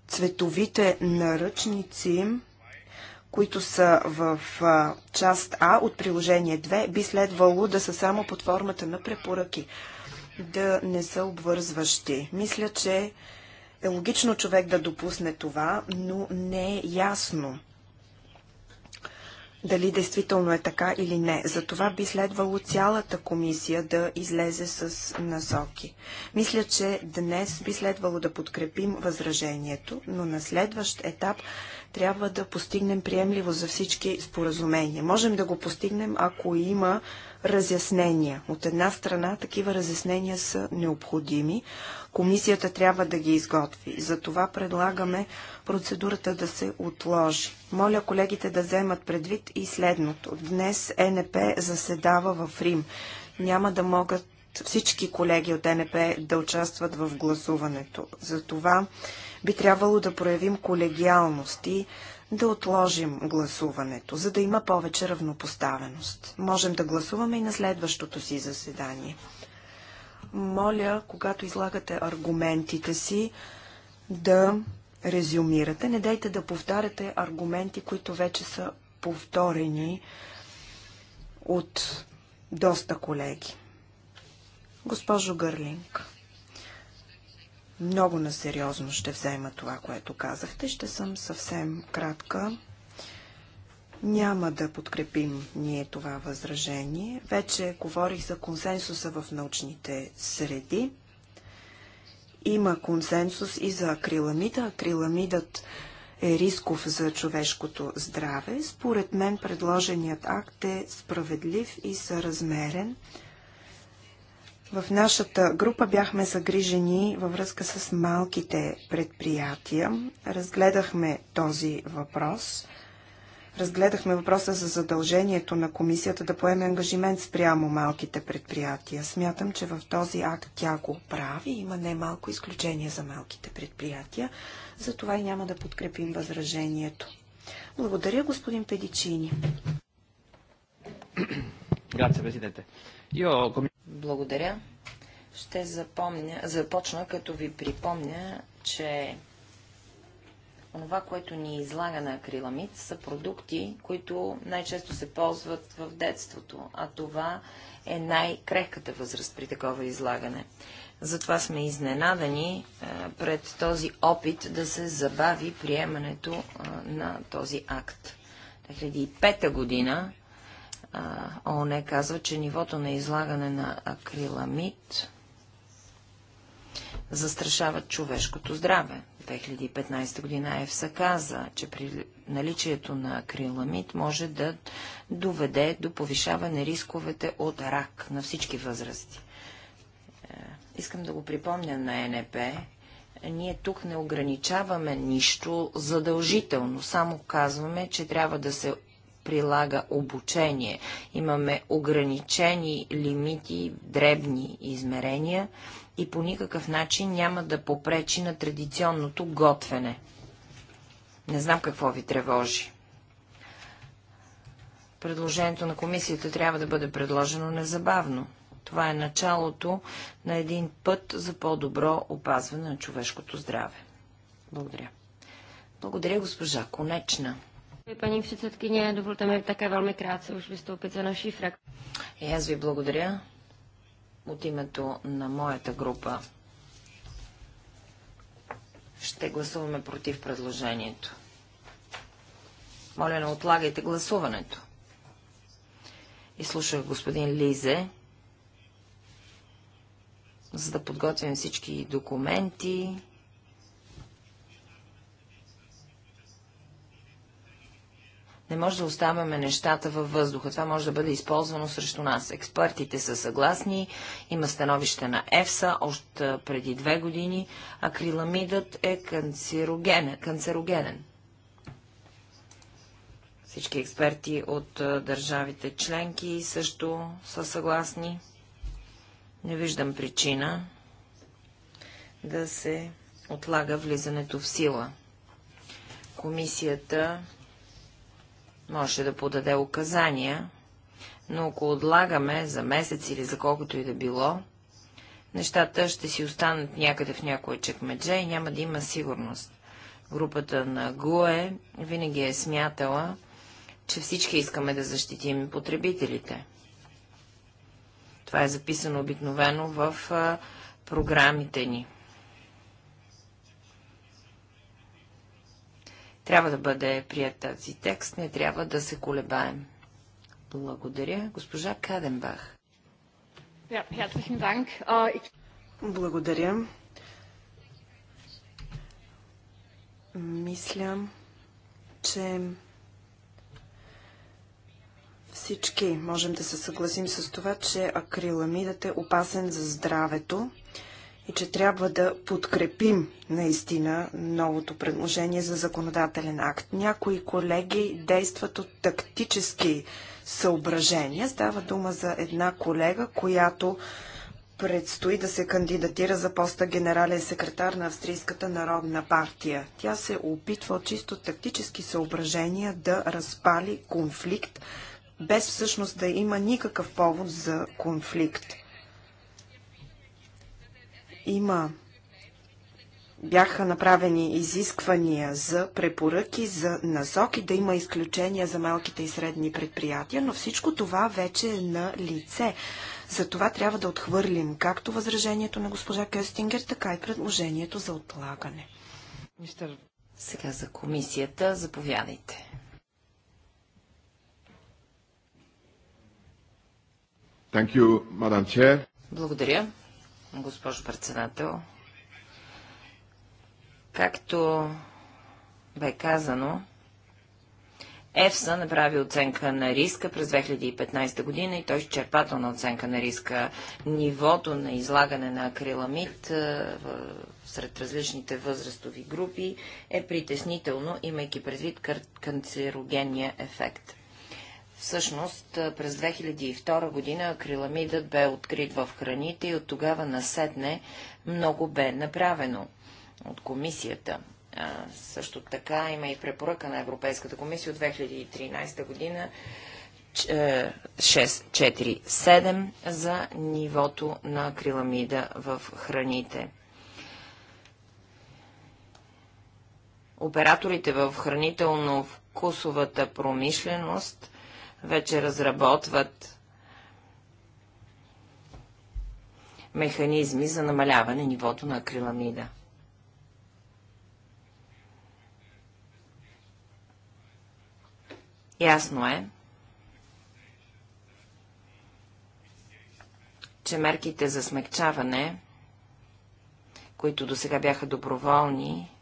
Цветовите наръчници, които са в част А от приложение 2, би следвало да са само под формата на препоръки, да не са обвързващи. Мисля, че е логично човек да допусне това, но не е ясно дали действително е така или не. Затова би следвало цялата комисия да излезе с насоки. Мисля, че днес би следвало да подкрепим възражението, но на следващ етап трябва да постигнем приемливо за всички споразумения. Можем да го постигнем, ако има разяснения. От една страна, такива разяснения са необходими. Комисията трябва да ги изготви. Затова предлагаме процедурата да се отложи. Моля колегите да вземат предвид и следното. Днес НП заседава в Рим. Няма да могат всички колеги от НП да участват в гласуването. Затова това би трябвало да проявим колегиалност и да отложим гласуването, за да има повече равнопоставеност. Можем да гласуваме и на следващото си заседание. Моля, когато излагате аргументите си, да резюмирате. Не дайте да повтаряте аргументи, които вече са повторени от доста колеги. Госпожо Гърлинг. Много насериозно ще взема това, което казахте. Ще съм съвсем кратка. Няма да подкрепим ние това възражение. Вече говорих за консенсуса в научните среди. Има консенсус и за акриламида. Акриламидът е рисков за човешкото здраве. Според мен предложеният акт е справедлив и съразмерен. В нашата група бяхме загрижени във връзка с малките предприятия. Разгледахме този въпрос. Разгледахме въпроса за задължението на комисията да поеме ангажимент спрямо малките предприятия. Смятам, че в този акт тя го прави. Има немалко изключение за малките предприятия. Затова и няма да подкрепим възражението. Благодаря, господин Педичини. Grazie, Presidente. Благодаря. Ще запомня, започна като ви припомня, че това, което ни излага на акриламид, са продукти, които най-често се ползват в детството, а това е най-крехката възраст при такова излагане. Затова сме изненадани а, е, пред този опит да се забави приемането а, е, на този акт. 2005 година ООН казва, че нивото на излагане на акриламид застрашава човешкото здраве. 2015 година ЕФСА каза, че при наличието на акриламид може да доведе до повишаване рисковете от рак на всички възрасти. Е, искам да го припомня на НП. Ние тук не ограничаваме нищо задължително, само казваме, че трябва да се прилага обучение. Имаме ограничени лимити, дребни измерения и по никакъв начин няма да попречи на традиционното готвене. Не знам какво ви тревожи. Предложението на комисията трябва да бъде предложено незабавно. Това е началото на един път за по-добро опазване на човешкото здраве. Благодаря. Благодаря, госпожа Конечна. Пани председкиня, доволте ми така велми кратце уж виступит за наши фрак. И аз ви благодаря от името на моята група. Ще гласуваме против предложението. Моля, не отлагайте гласуването. И слушах господин Лизе, за да подготвим всички документи, Не може да оставяме нещата във въздуха. Това може да бъде използвано срещу нас. Експертите са съгласни. Има становище на ЕФСА още преди две години. Акриламидът е канцерогенен. канцерогенен. Всички експерти от държавите членки също са съгласни. Не виждам причина да се отлага влизането в сила. Комисията може да подаде указания, но ако отлагаме за месец или за колкото и да било, нещата ще си останат някъде в някоя чекмедже и няма да има сигурност. Групата на ГУЕ винаги е смятала, че всички искаме да защитим потребителите. Това е записано обикновено в програмите ни. Трябва да бъде прият тази текст, не трябва да се колебаем. Благодаря. Госпожа Каденбах. Äh, Благодаря. Мисля, че всички можем да се съгласим с това, че акриламидът е опасен за здравето и че трябва да подкрепим наистина новото предложение за законодателен акт. Някои колеги действат от тактически съображения. Става дума за една колега, която предстои да се кандидатира за поста генерален секретар на Австрийската народна партия. Тя се опитва от чисто тактически съображения да разпали конфликт, без всъщност да има никакъв повод за конфликт. Има бяха направени изисквания за препоръки, за насоки, да има изключения за малките и средни предприятия, но всичко това вече е на лице. За това трябва да отхвърлим както възражението на госпожа Кестингер, така и предложението за отлагане. Мистер... Сега за комисията, заповядайте. Thank you, Благодаря, госпожо председател. Както бе казано, ЕФСА направи оценка на риска през 2015 година и той изчерпателна оценка на риска. Нивото на излагане на акриламид сред различните възрастови групи е притеснително, имайки предвид канцерогенния ефект. Всъщност, през 2002 година акриламидът бе открит в храните и от тогава насетне много бе направено от комисията. А, също така има и препоръка на Европейската комисия от 2013 година 647 е, за нивото на акриламида в храните. Операторите в хранително-вкусовата промишленост – вече разработват механизми за намаляване нивото на акриламида. Ясно е, че мерките за смягчаване, които до сега бяха доброволни,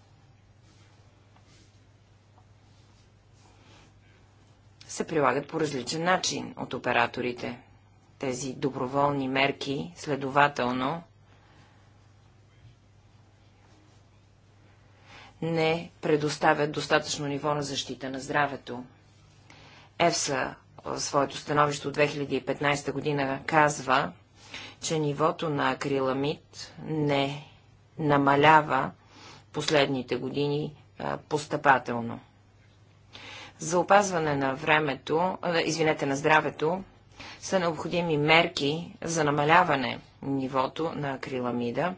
се прилагат по различен начин от операторите. Тези доброволни мерки, следователно, не предоставят достатъчно ниво на защита на здравето. ЕФСА в своето становище от 2015 година казва, че нивото на акриламид не намалява последните години постъпателно. За опазване на времето, извинете, на здравето, са необходими мерки за намаляване нивото на акриламида.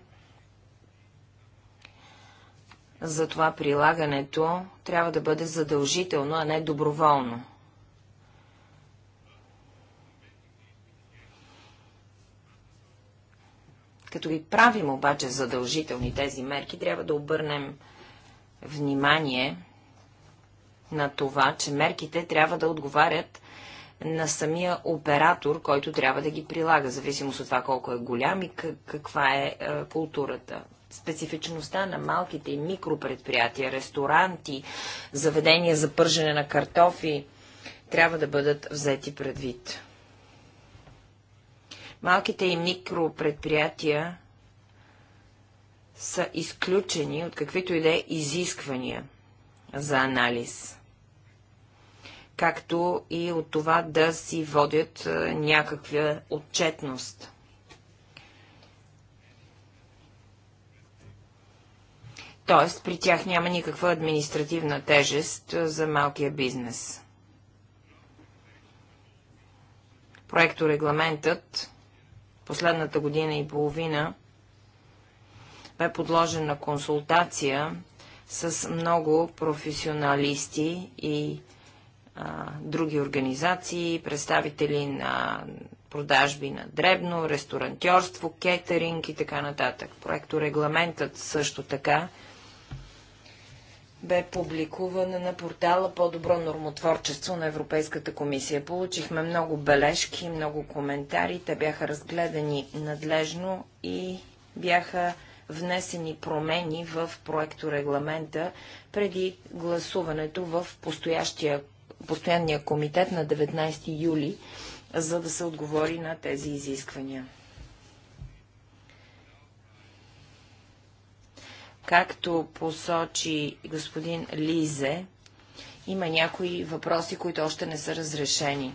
Затова прилагането трябва да бъде задължително, а не доброволно. Като ги правим обаче задължителни тези мерки, трябва да обърнем внимание на това, че мерките трябва да отговарят на самия оператор, който трябва да ги прилага, зависимост от това колко е голям и каква е, е културата. Специфичността на малките и микропредприятия, ресторанти, заведения за пържене на картофи трябва да бъдат взети предвид. Малките и микропредприятия са изключени от каквито и да е изисквания за анализ както и от това да си водят е, някаква отчетност. Тоест, при тях няма никаква административна тежест е, за малкия бизнес. Проекторегламентът последната година и половина бе подложен на консултация с много професионалисти и други организации, представители на продажби на дребно, ресторантьорство, кетеринг и така нататък. Проекторегламентът също така бе публикуван на портала По-добро нормотворчество на Европейската комисия. Получихме много бележки, много коментари, те бяха разгледани надлежно и бяха внесени промени в проекторегламента преди гласуването в постоящия постоянния комитет на 19 юли, за да се отговори на тези изисквания. Както посочи господин Лизе, има някои въпроси, които още не са разрешени.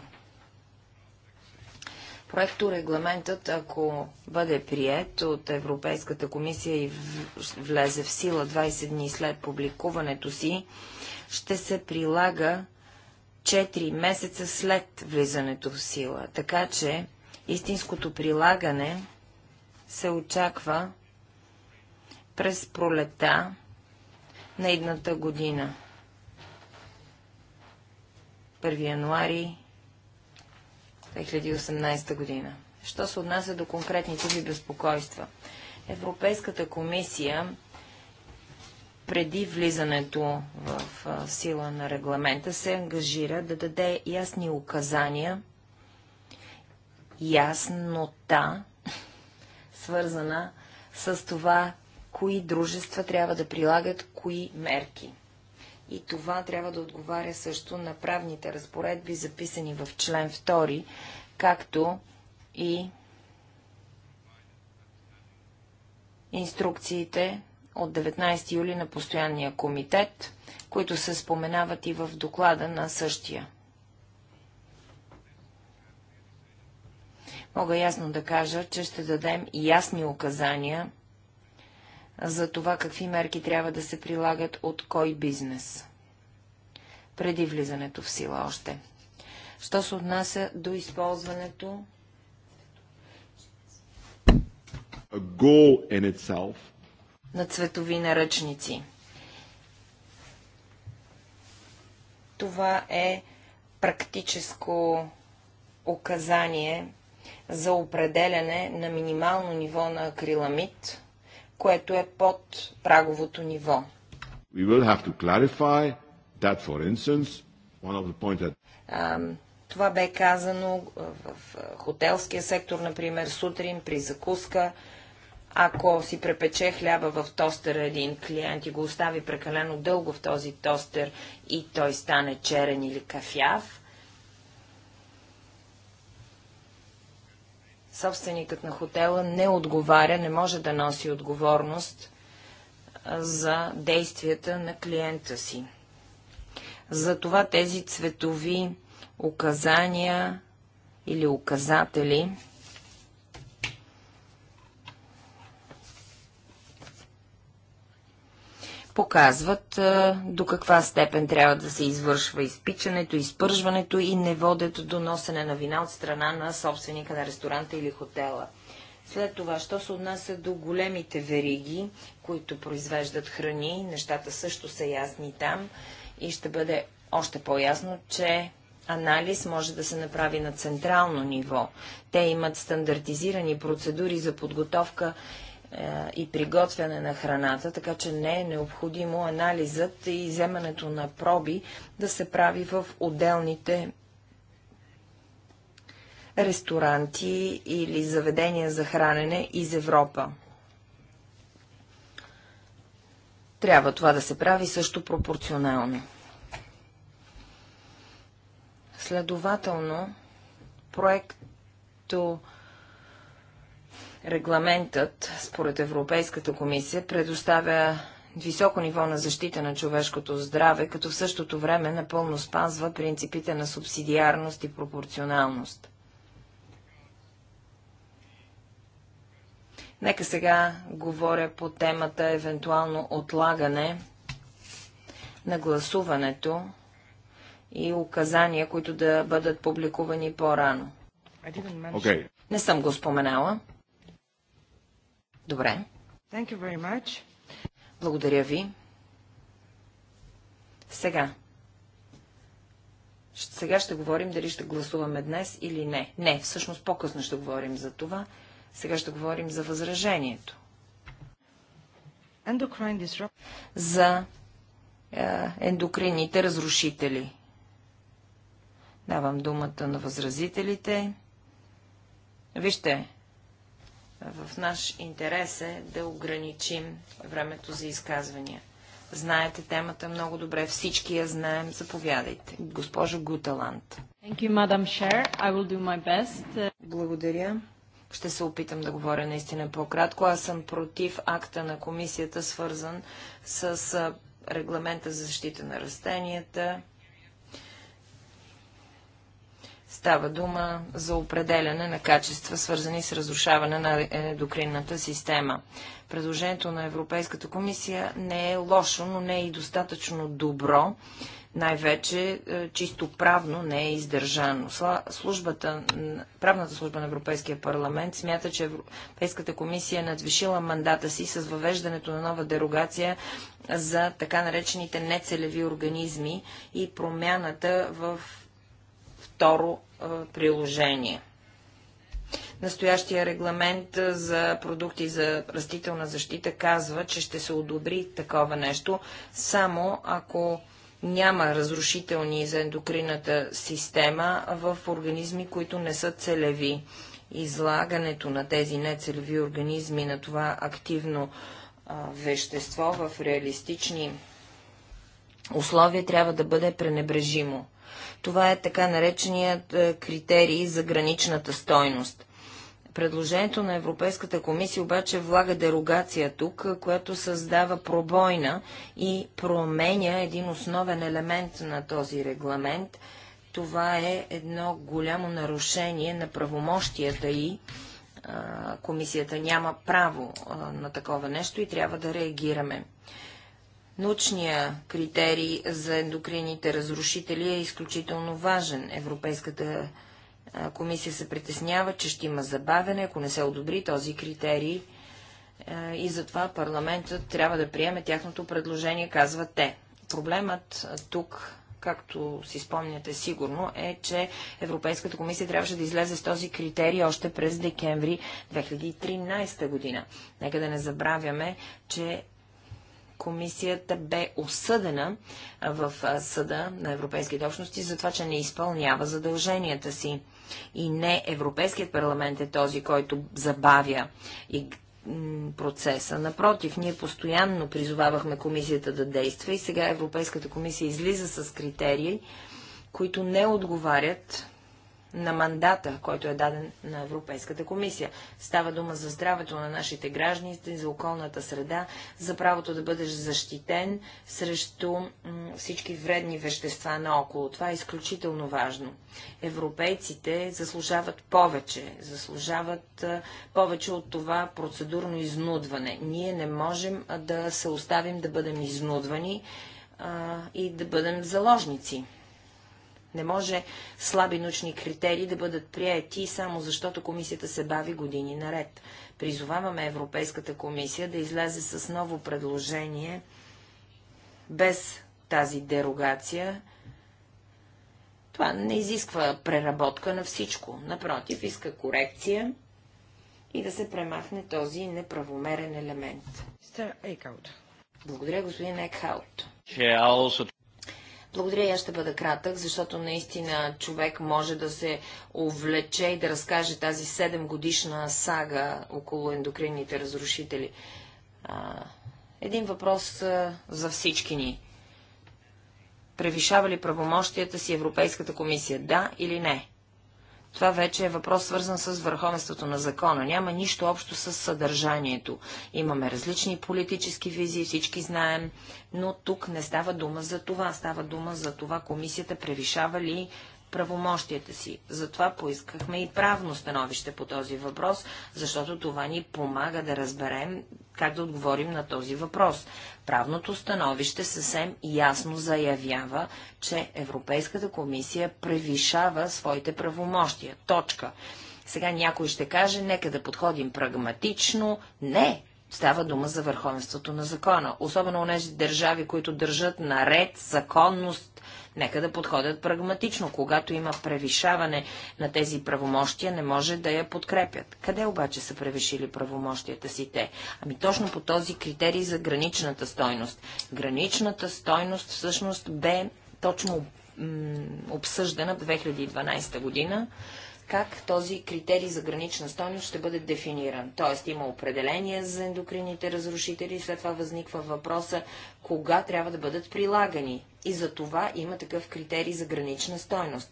Проекто регламентът, ако бъде прият от Европейската комисия и влезе в сила 20 дни след публикуването си, ще се прилага 4 месеца след влизането в сила. Така че истинското прилагане се очаква през пролета на едната година. 1 януари 2018 година. Що се отнася до конкретните ви безпокойства? Европейската комисия преди влизането в сила на регламента, се ангажира да даде ясни указания, яснота, свързана с това, кои дружества трябва да прилагат кои мерки. И това трябва да отговаря също на правните разпоредби, записани в член 2, както и инструкциите от 19 юли на постоянния комитет, които се споменават и в доклада на същия. Мога ясно да кажа, че ще дадем ясни указания за това какви мерки трябва да се прилагат от кой бизнес. Преди влизането в сила още. Що се отнася до използването? A goal in itself на цветови наръчници. Това е практическо указание за определяне на минимално ниво на акриламид, което е под праговото ниво. We will have to clarify that, for instance, one of the това бе казано в хотелския сектор, например, сутрин при закуска. Ако си препече хляба в тостера един клиент и го остави прекалено дълго в този тостер и той стане черен или кафяв, собственикът на хотела не отговаря, не може да носи отговорност за действията на клиента си. Затова тези цветови указания или указатели показват а, до каква степен трябва да се извършва изпичането, изпържването и не водят до носене на вина от страна на собственика на ресторанта или хотела. След това, що се отнася до големите вериги, които произвеждат храни, нещата също са ясни там и ще бъде още по-ясно, че анализ може да се направи на централно ниво. Те имат стандартизирани процедури за подготовка е, и приготвяне на храната, така че не е необходимо анализът и вземането на проби да се прави в отделните ресторанти или заведения за хранене из Европа. Трябва това да се прави също пропорционално. Следователно, проекто Регламентът, според Европейската комисия, предоставя високо ниво на защита на човешкото здраве, като в същото време напълно спазва принципите на субсидиарност и пропорционалност. Нека сега говоря по темата евентуално отлагане на гласуването и указания, които да бъдат публикувани по-рано. Okay. Не съм го споменала. Добре. Thank you very much. Благодаря ви. Сега. Сега ще говорим дали ще гласуваме днес или не. Не, всъщност по-късно ще говорим за това. Сега ще говорим за възражението. За е, ендокрините разрушители. Давам думата на възразителите. Вижте, в наш интерес е да ограничим времето за изказвания. Знаете темата много добре, всички я знаем. Заповядайте. Госпожо Гуталант. You, Благодаря. Ще се опитам да говоря наистина по-кратко. Аз съм против акта на комисията, свързан с регламента за защита на растенията Става дума за определяне на качества, свързани с разрушаване на ендокринната система. Предложението на Европейската комисия не е лошо, но не е и достатъчно добро. Най-вече е, чисто правно не е издържано. Службата, правната служба на Европейския парламент смята, че Европейската комисия е надвишила мандата си с въвеждането на нова дерогация за така наречените нецелеви организми и промяната в второ приложение. Настоящия регламент за продукти за растителна защита казва, че ще се одобри такова нещо, само ако няма разрушителни за ендокрината система в организми, които не са целеви. Излагането на тези нецелеви организми на това активно вещество в реалистични условия трябва да бъде пренебрежимо. Това е така нареченият е, критерий за граничната стойност. Предложението на Европейската комисия обаче влага дерогация тук, която създава пробойна и променя един основен елемент на този регламент. Това е едно голямо нарушение на правомощията и комисията няма право на такова нещо и трябва да реагираме. Научния критерий за ендокрините разрушители е изключително важен. Европейската комисия се притеснява, че ще има забавене, ако не се одобри този критерий и затова парламентът трябва да приеме тяхното предложение, казват те. Проблемът тук, както си спомняте сигурно, е, че Европейската комисия трябваше да излезе с този критерий още през декември 2013 година. Нека да не забравяме, че комисията бе осъдена в съда на европейските общности за това, че не изпълнява задълженията си. И не Европейският парламент е този, който забавя и процеса. Напротив, ние постоянно призовавахме комисията да действа и сега Европейската комисия излиза с критерии, които не отговарят на мандата, който е даден на Европейската комисия. Става дума за здравето на нашите граждани, за околната среда, за правото да бъдеш защитен срещу всички вредни вещества наоколо. Това е изключително важно. Европейците заслужават повече, заслужават повече от това процедурно изнудване. Ние не можем да се оставим да бъдем изнудвани и да бъдем заложници. Не може слаби научни критерии да бъдат прияти само защото комисията се бави години наред. Призоваваме Европейската комисия да излезе с ново предложение без тази дерогация. Това не изисква преработка на всичко. Напротив, иска корекция и да се премахне този неправомерен елемент. Благодаря, господин Екхаут. Благодаря и аз ще бъда кратък, защото наистина човек може да се увлече и да разкаже тази 7 годишна сага около ендокринните разрушители. един въпрос за всички ни. Превишава ли правомощията си Европейската комисия? Да или не? Това вече е въпрос свързан с върховенството на закона. Няма нищо общо с съдържанието. Имаме различни политически визии, всички знаем, но тук не става дума за това. Става дума за това комисията превишава ли правомощията си. Затова поискахме и правно становище по този въпрос, защото това ни помага да разберем как да отговорим на този въпрос. Правното становище съвсем ясно заявява, че Европейската комисия превишава своите правомощия. Точка. Сега някой ще каже, нека да подходим прагматично. Не, Става дума за върховенството на закона, особено у нези държави, които държат на ред, законност, Нека да подходят прагматично. Когато има превишаване на тези правомощия, не може да я подкрепят. Къде обаче са превишили правомощията си те? Ами точно по този критерий за граничната стойност. Граничната стойност всъщност бе точно обсъждана в 2012 година как този критерий за гранична стойност ще бъде дефиниран. Тоест има определение за ендокрините разрушители, след това възниква въпроса кога трябва да бъдат прилагани. И за това има такъв критерий за гранична стойност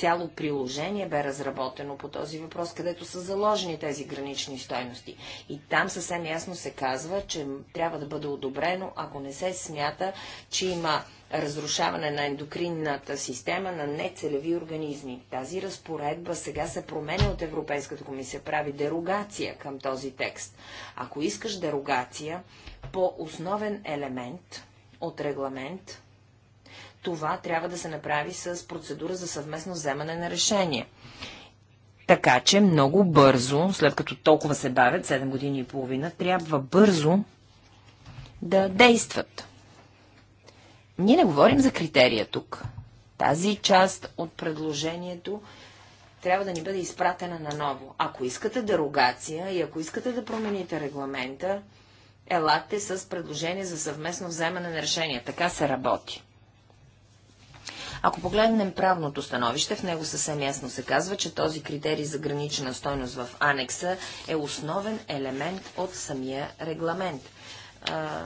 цяло приложение бе разработено по този въпрос, където са заложени тези гранични стойности. И там съвсем ясно се казва, че трябва да бъде одобрено, ако не се смята, че има разрушаване на ендокринната система на нецелеви организми. Тази разпоредба сега се променя от Европейската комисия, прави дерогация към този текст. Ако искаш дерогация по основен елемент от регламент, това трябва да се направи с процедура за съвместно вземане на решение. Така че много бързо, след като толкова се бавят, 7 години и половина, трябва бързо да действат. Ние не говорим за критерия тук. Тази част от предложението трябва да ни бъде изпратена наново. Ако искате дерогация и ако искате да промените регламента, елате с предложение за съвместно вземане на решения. Така се работи. Ако погледнем правното становище, в него съвсем ясно се казва, че този критерий за гранична стойност в анекса е основен елемент от самия регламент. А,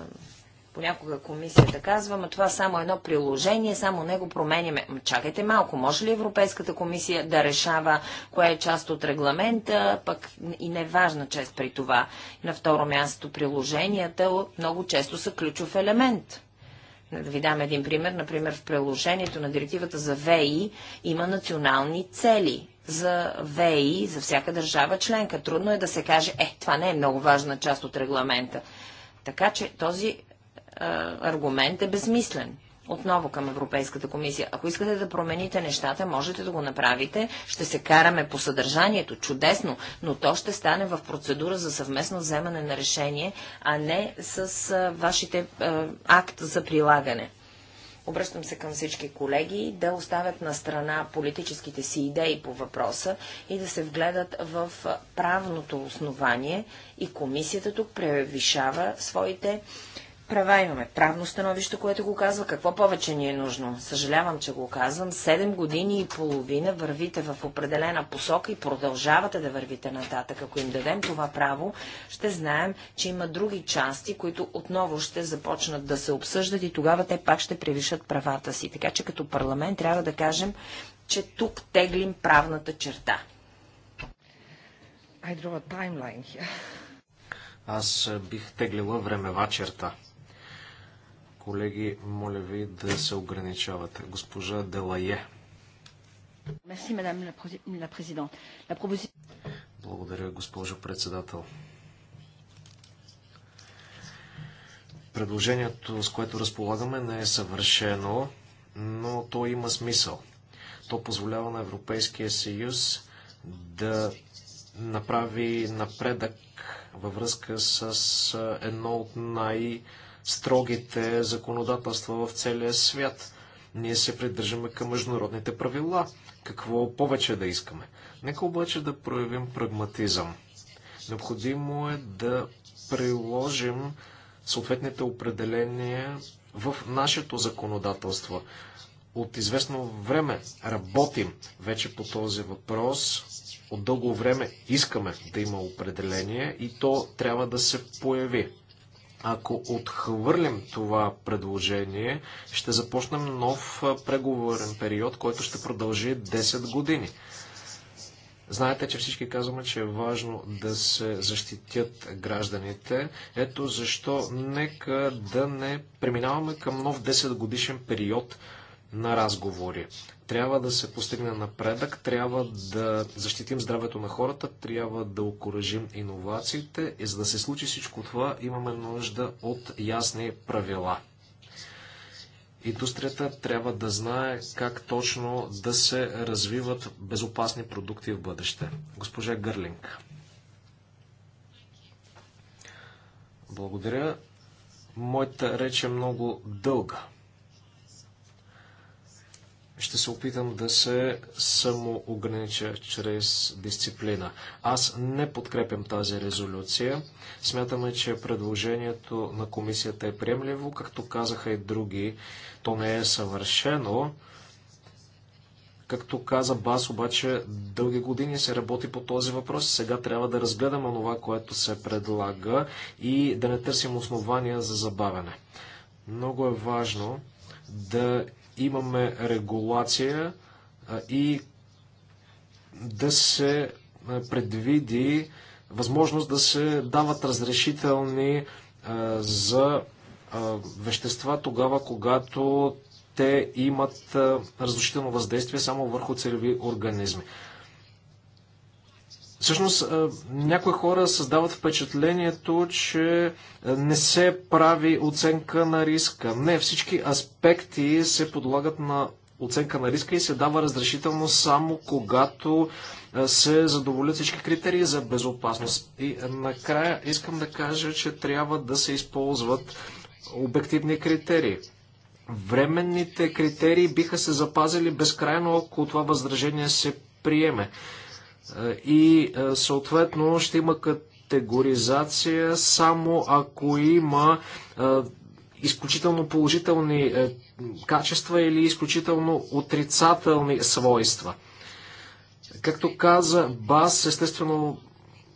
понякога комисията казва, но това само едно приложение, само него променяме. чакайте малко, може ли Европейската комисия да решава кое е част от регламента, пък и не е важна чест при това. На второ място приложенията много често са ключов елемент да ви дам един пример. Например, в приложението на директивата за ВИ има национални цели за ВИ за всяка държава членка. Трудно е да се каже, е, това не е много важна част от регламента. Така че този аргумент е безмислен отново към Европейската комисия. Ако искате да промените нещата, можете да го направите. Ще се караме по съдържанието. Чудесно. Но то ще стане в процедура за съвместно вземане на решение, а не с а, вашите а, акт за прилагане. Обръщам се към всички колеги да оставят на страна политическите си идеи по въпроса и да се вгледат в правното основание и комисията тук превишава своите права имаме. Правно становище, което го казва. Какво повече ни е нужно? Съжалявам, че го казвам. Седем години и половина вървите в определена посока и продължавате да вървите нататък. Ако им дадем това право, ще знаем, че има други части, които отново ще започнат да се обсъждат и тогава те пак ще превишат правата си. Така че като парламент трябва да кажем, че тук теглим правната черта. I draw a timeline here. Аз бих теглила времева черта. Колеги, моля ви да се ограничавате. Госпожа Делае. Благодаря, госпожо председател. Предложението, с което разполагаме, не е съвършено, но то има смисъл. То позволява на Европейския съюз да направи напредък във връзка с едно от най- строгите законодателства в целия свят. Ние се придържаме към международните правила. Какво повече да искаме? Нека обаче да проявим прагматизъм. Необходимо е да приложим съответните определения в нашето законодателство. От известно време работим вече по този въпрос. От дълго време искаме да има определение и то трябва да се появи. Ако отхвърлим това предложение, ще започнем нов преговорен период, който ще продължи 10 години. Знаете, че всички казваме, че е важно да се защитят гражданите. Ето защо нека да не преминаваме към нов 10 годишен период на разговори. Трябва да се постигне напредък, трябва да защитим здравето на хората, трябва да окоръжим иновациите и за да се случи всичко това имаме нужда от ясни правила. Индустрията трябва да знае как точно да се развиват безопасни продукти в бъдеще. Госпожа Гърлинг. Благодаря. Моята реч е много дълга. Ще се опитам да се самоогранича чрез дисциплина. Аз не подкрепям тази резолюция. Смятаме, че предложението на комисията е приемливо. Както казаха и други, то не е съвършено. Както каза Бас, обаче дълги години се работи по този въпрос. Сега трябва да разгледаме това, което се предлага и да не търсим основания за забавяне. Много е важно да имаме регулация и да се предвиди възможност да се дават разрешителни за вещества тогава, когато те имат разрушително въздействие само върху целеви организми. Всъщност, някои хора създават впечатлението, че не се прави оценка на риска. Не, всички аспекти се подлагат на оценка на риска и се дава разрешително само когато се задоволят всички критерии за безопасност. И накрая искам да кажа, че трябва да се използват обективни критерии. Временните критерии биха се запазили безкрайно, ако това възражение се приеме. Е, и е, съответно ще има категоризация само ако има е, изключително положителни качества или изключително отрицателни свойства. Както каза Бас, естествено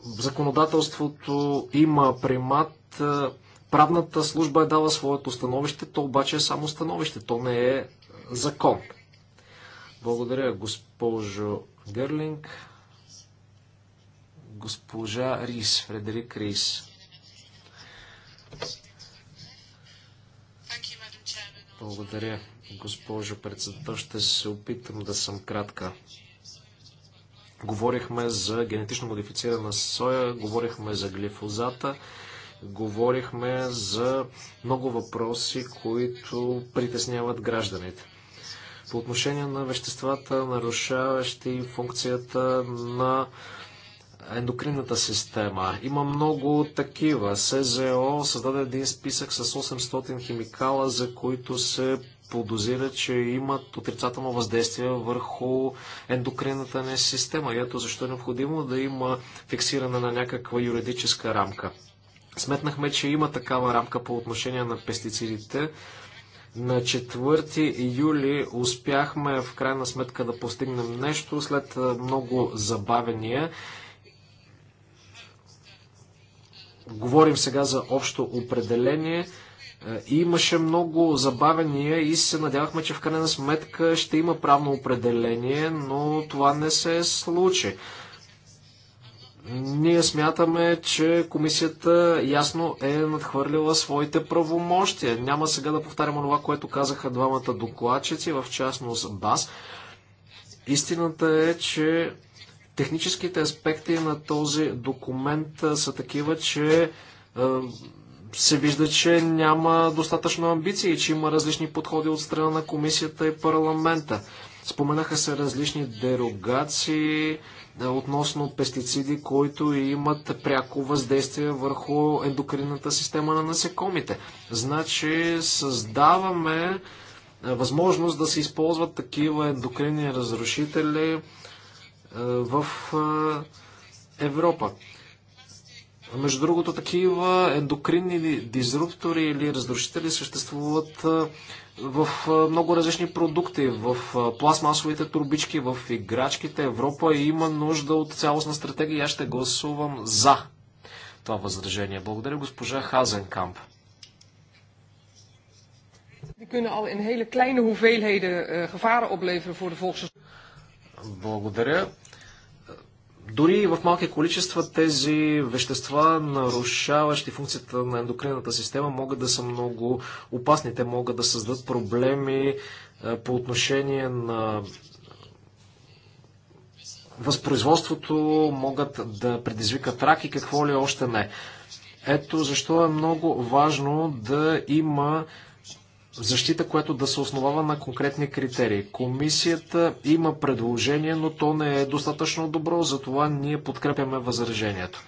законодателството има примат. Правната служба е дала своето становище, то обаче е само становище, то не е закон. Благодаря, госпожо Гърлинг госпожа Рис, Фредерик Рис. Благодаря, госпожо председател. Ще се опитам да съм кратка. Говорихме за генетично модифицирана соя, говорихме за глифозата, говорихме за много въпроси, които притесняват гражданите. По отношение на веществата, нарушаващи функцията на ендокринната система. Има много такива. СЗО създаде един списък с 800 химикала, за които се подозира, че имат отрицателно въздействие върху ендокринната ни система. И ето защо е необходимо да има фиксиране на някаква юридическа рамка. Сметнахме, че има такава рамка по отношение на пестицидите. На 4 юли успяхме в крайна сметка да постигнем нещо след много забавения. Говорим сега за общо определение. Е, имаше много забавения и се надявахме, че в крайна сметка ще има правно определение, но това не се случи. Ние смятаме, че комисията ясно е надхвърлила своите правомощия. Няма сега да повтарям това, което казаха двамата докладчици, в частност БАС. Истината е, че Техническите аспекти на този документ са такива, че се вижда, че няма достатъчно амбиции, че има различни подходи от страна на комисията и парламента. Споменаха се различни дерогации относно пестициди, които имат пряко въздействие върху ендокринната система на насекомите. Значи създаваме възможност да се използват такива ендокринни разрушители е, в е, Европа. Между другото, такива ендокринни дизруптори или разрушители съществуват е, в много различни продукти, в пластмасовите турбички, в играчките. Европа има нужда от цялостна стратегия. Аз ще гласувам за това възражение. Благодаря, госпожа Хазенкамп. Die kunnen al in hele kleine hoeveelheden gevaren opleveren voor de volksgezondheid. Благодаря. Дори и в малки количества тези вещества, нарушаващи функцията на ендокринната система, могат да са много опасни. Те могат да създадат проблеми е, по отношение на възпроизводството, могат да предизвикат рак и какво ли още не. Ето защо е много важно да има защита, която да се основава на конкретни критерии. Комисията има предложение, но то не е достатъчно добро, затова ние подкрепяме възражението.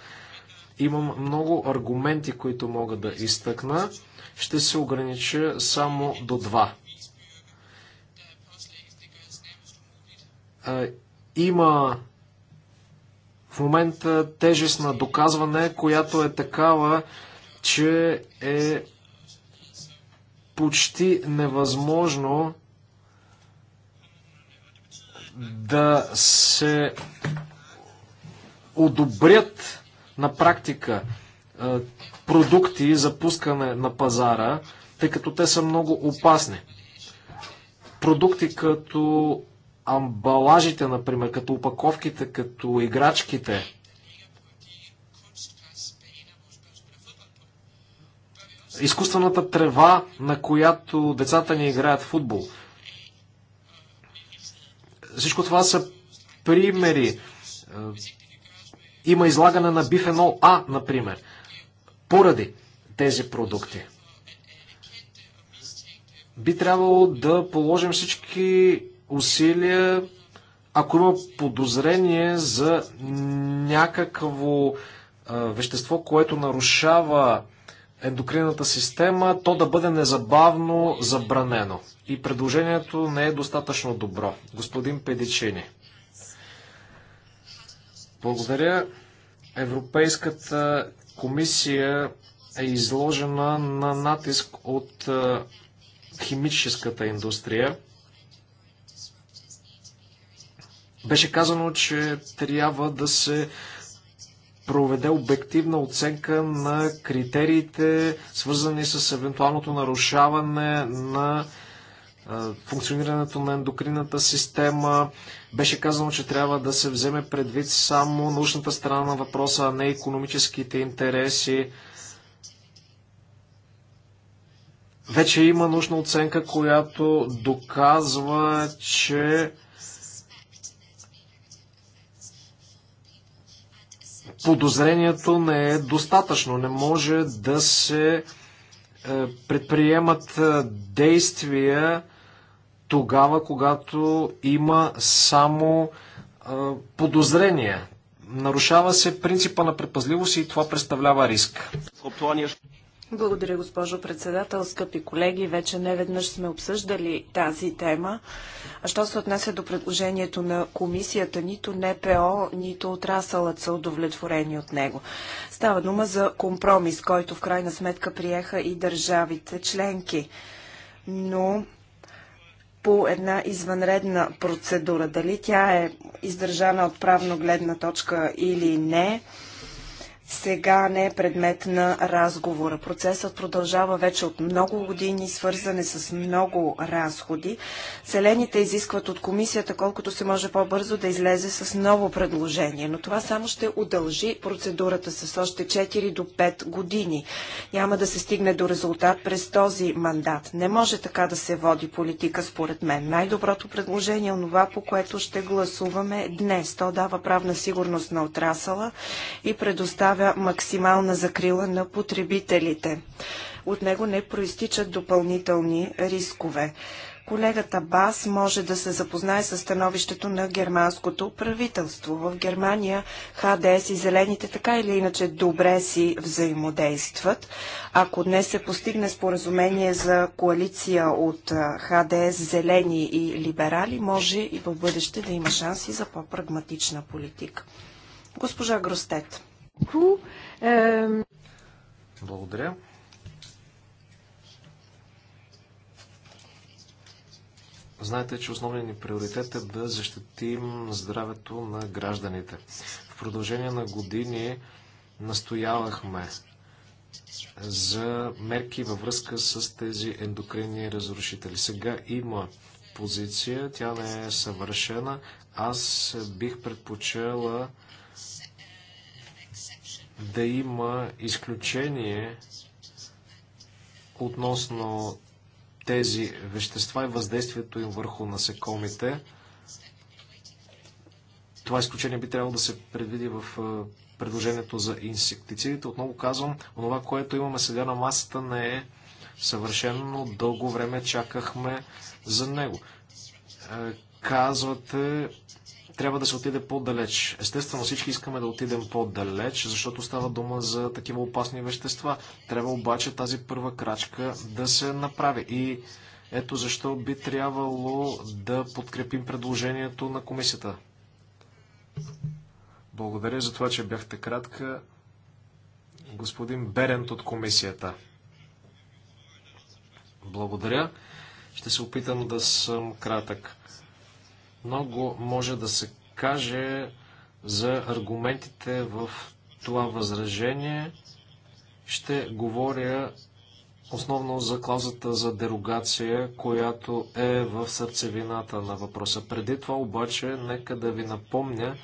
Имам много аргументи, които мога да изтъкна. Ще се огранича само до два. Има в момента тежест на доказване, която е такава, че е почти невъзможно да се одобрят на практика е, продукти за пускане на пазара, тъй като те са много опасни. Продукти като амбалажите, например, като опаковките, като играчките, изкуствената трева, на която децата ни играят футбол. Всичко това са примери. Е, има излагане на бифенол А, например, поради тези продукти. Би трябвало да положим всички усилия, ако има подозрение за някакво е, вещество, което нарушава ендокринната система, то да бъде незабавно забранено. И предложението не е достатъчно добро. Господин Педичини. Благодаря. Европейската комисия е изложена на натиск от е, химическата индустрия. Беше казано, че трябва да се проведе обективна оценка на критериите, свързани с евентуалното нарушаване на функционирането на ендокринната система. Беше казано, че трябва да се вземе предвид само научната страна на въпроса, а не економическите интереси. Вече има научна оценка, която доказва, че подозрението не е достатъчно. Не може да се е, предприемат е, действия тогава, когато има само е, подозрение. Нарушава се принципа на предпазливост и това представлява риск. Благодаря, госпожо председател. Скъпи колеги, вече не веднъж сме обсъждали тази тема. А що се отнася до предложението на комисията, нито НПО, нито отрасълът са удовлетворени от него. Става дума за компромис, който в крайна сметка приеха и държавите членки. Но по една извънредна процедура. Дали тя е издържана от правно гледна точка или не, сега не е предмет на разговора. Процесът продължава вече от много години, свързане с много разходи. Селените изискват от комисията колкото се може по-бързо да излезе с ново предложение, но това само ще удължи процедурата с още 4 до 5 години. Няма да се стигне до резултат през този мандат. Не може така да се води политика, според мен. Най-доброто предложение е онова, по което ще гласуваме днес. То дава правна сигурност на отрасъла и предоставя предоставя максимална закрила на потребителите. От него не проистичат допълнителни рискове. Колегата Бас може да се запознае с становището на германското правителство. В Германия ХДС и зелените така или иначе добре си взаимодействат. Ако днес се постигне споразумение за коалиция от ХДС, зелени и либерали, може и в бъдеще да има шанси за по-прагматична политика. Госпожа Гростет. Благодаря. Знаете, че основният ни приоритет е да защитим здравето на гражданите. В продължение на години настоявахме за мерки във връзка с тези ендокринни разрушители. Сега има позиция, тя не е съвършена. Аз бих предпочела да има изключение относно тези вещества и въздействието им върху насекомите. Това изключение би трябвало да се предвиди в предложението за инсектицидите. Отново казвам, това, което имаме сега на масата, не е съвършено, но дълго време чакахме за него. Е, казвате, трябва да се отиде по-далеч. Естествено, всички искаме да отидем по-далеч, защото става дума за такива опасни вещества. Трябва обаче тази първа крачка да се направи. И ето защо би трябвало да подкрепим предложението на комисията. Благодаря за това, че бяхте кратка. Господин Берент от комисията. Благодаря. Ще се опитам да съм кратък. Много може да се каже за аргументите в това възражение. Ще говоря основно за клаузата за дерогация, която е в сърцевината на въпроса. Преди това обаче, нека да ви напомня,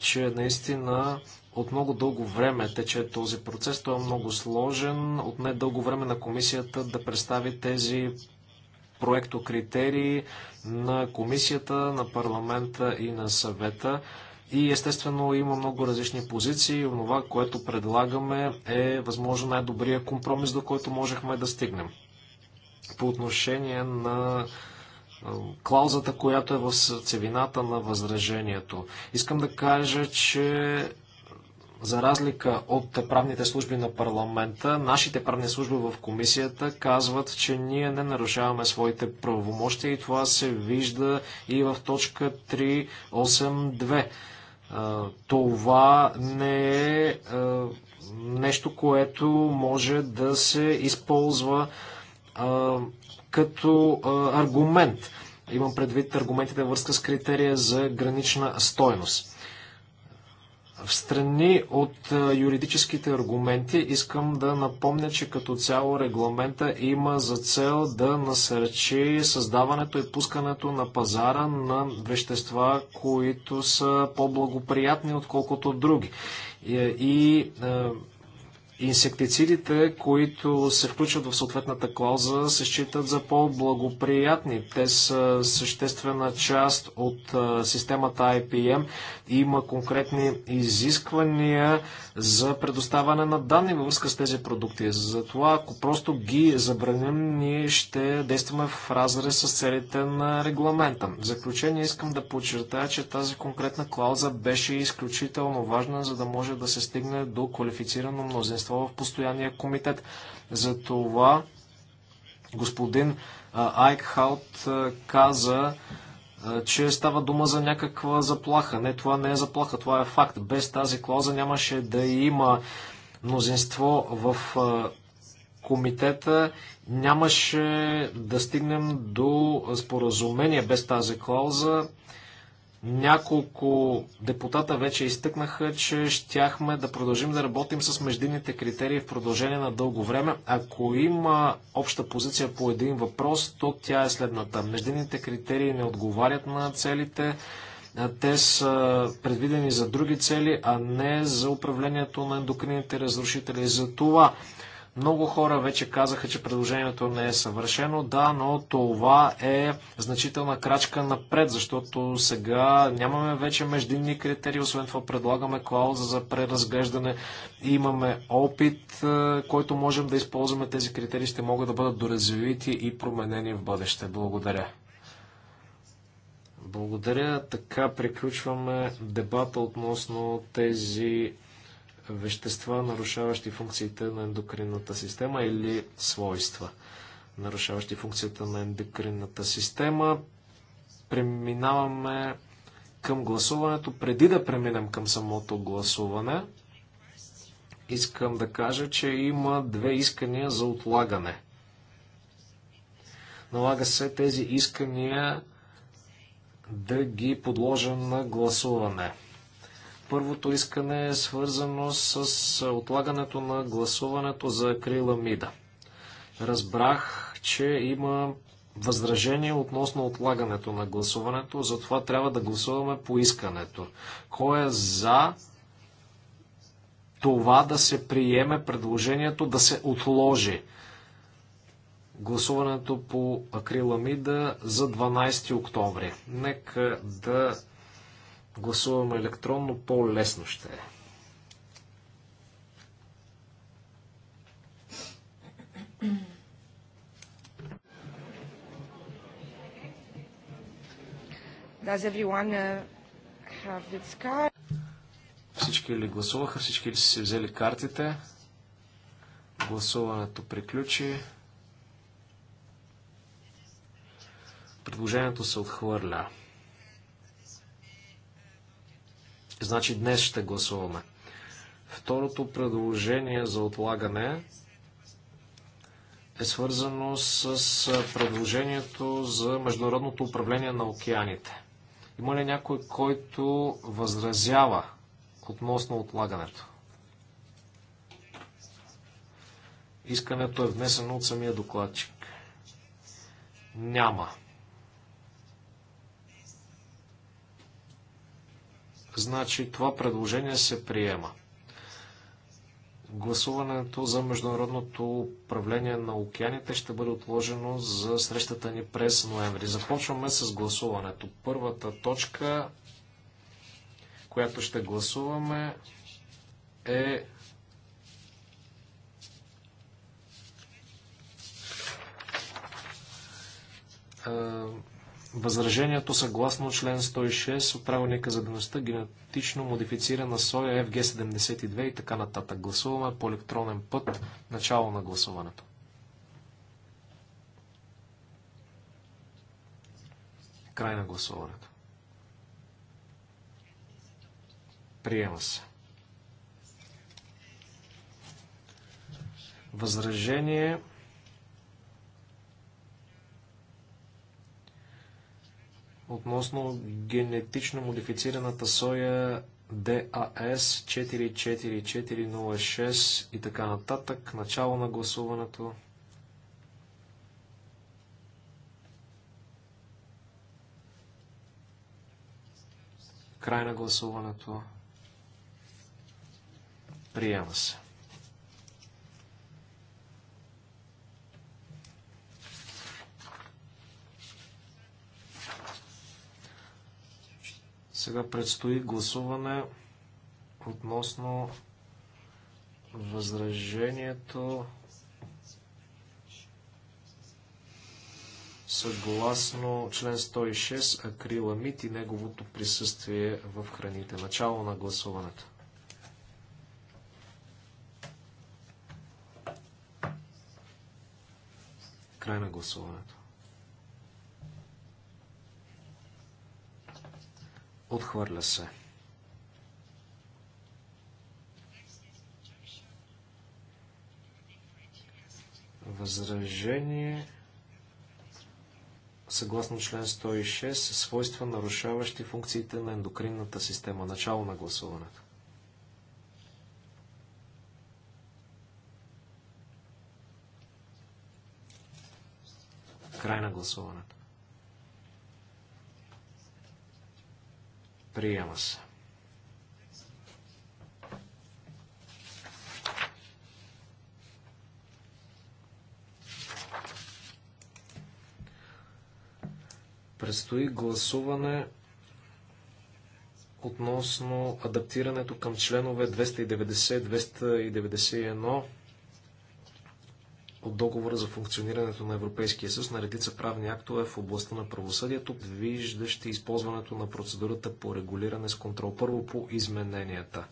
че наистина от много дълго време тече този процес. Той е много сложен. От не дълго време на комисията да представи тези проекто критерии на комисията, на парламента и на съвета. И естествено има много различни позиции. Онова, което предлагаме е възможно най-добрия компромис, до който можехме да стигнем. По отношение на клаузата, която е в сърцевината на възражението. Искам да кажа, че за разлика от правните служби на парламента, нашите правни служби в комисията казват, че ние не нарушаваме своите правомощия и това се вижда и в точка 382. Това не е нещо, което може да се използва като аргумент. Имам предвид аргументите връзка с критерия за гранична стойност. В страни от юридическите аргументи искам да напомня, че като цяло регламента има за цел да насърчи създаването и пускането на пазара на вещества, които са по-благоприятни, отколкото други. И, и инсектицидите, които се включват в съответната клауза, се считат за по-благоприятни. Те са съществена част от системата IPM и има конкретни изисквания за предоставане на данни във връзка с тези продукти. Затова, ако просто ги забраним, ние ще действаме в разрез с целите на регламента. В заключение искам да подчертая, че тази конкретна клауза беше изключително важна, за да може да се стигне до квалифицирано мнозинство членство в постоянния комитет. За това господин Айкхаут каза, че става дума за някаква заплаха. Не, това не е заплаха, това е факт. Без тази клауза нямаше да има мнозинство в комитета, нямаше да стигнем до споразумение без тази клауза. Няколко депутата вече изтъкнаха, че щяхме да продължим да работим с междинните критерии в продължение на дълго време. Ако има обща позиция по един въпрос, то тя е следната. Междинните критерии не отговарят на целите. Те са предвидени за други цели, а не за управлението на ендокрините разрушители. За това много хора вече казаха, че предложението не е съвършено, да, но това е значителна крачка напред, защото сега нямаме вече междинни критерии, освен това предлагаме клауза за преразглеждане имаме опит, е, който можем да използваме. Тези критерии ще могат да бъдат доразвити и променени в бъдеще. Благодаря. Благодаря. Така приключваме дебата относно тези вещества, нарушаващи функциите на ендокринната система или свойства, нарушаващи функцията на ендокринната система. Преминаваме към гласуването. Преди да преминем към самото гласуване, искам да кажа, че има две искания за отлагане. Налага се тези искания да ги подложа на гласуване. Първото искане е свързано с отлагането на гласуването за Мида. Разбрах, че има възражение относно отлагането на гласуването, затова трябва да гласуваме по искането. Кой е за това да се приеме предложението да се отложи гласуването по акриламида за 12 октомври? Нека да гласуваме електронно, по-лесно ще е. Does everyone uh, have its card? Всички ли гласуваха? Всички ли си взели картите? Гласуването приключи. Предложението се отхвърля. Значи днес ще гласуваме. Второто предложение за отлагане е свързано с предложението за международното управление на океаните. Има ли някой, който възразява относно отлагането? Искането е внесено от самия докладчик. Няма. Значи това предложение се приема. Гласуването за международното управление на океаните ще бъде отложено за срещата ни през ноември. Започваме с гласуването. Първата точка, която ще гласуваме е Uh Възражението съгласно член 106 от правилника за дъността генетично модифицирана соя FG72 и така нататък. Гласуваме по електронен път начало на гласуването. Край на гласуването. Приема се. Възражение относно генетично модифицираната соя DAS 44406 и така нататък. Начало на гласуването. Край на гласуването. Приема се. Сега предстои гласуване относно възражението съгласно член 106 акриламид и неговото присъствие в храните. Начало на гласуването. Край на гласуването. Отхвърля се. Възражение съгласно член 106 свойства, нарушаващи функциите на ендокринната система. Начало на гласуването. Край на гласуването. Приема се. Предстои гласуване относно адаптирането към членове 290, 291, от договора за функционирането на Европейския съюз на редица правни актове в областта на правосъдието, виждащи използването на процедурата по регулиране с контрол. Първо по измененията.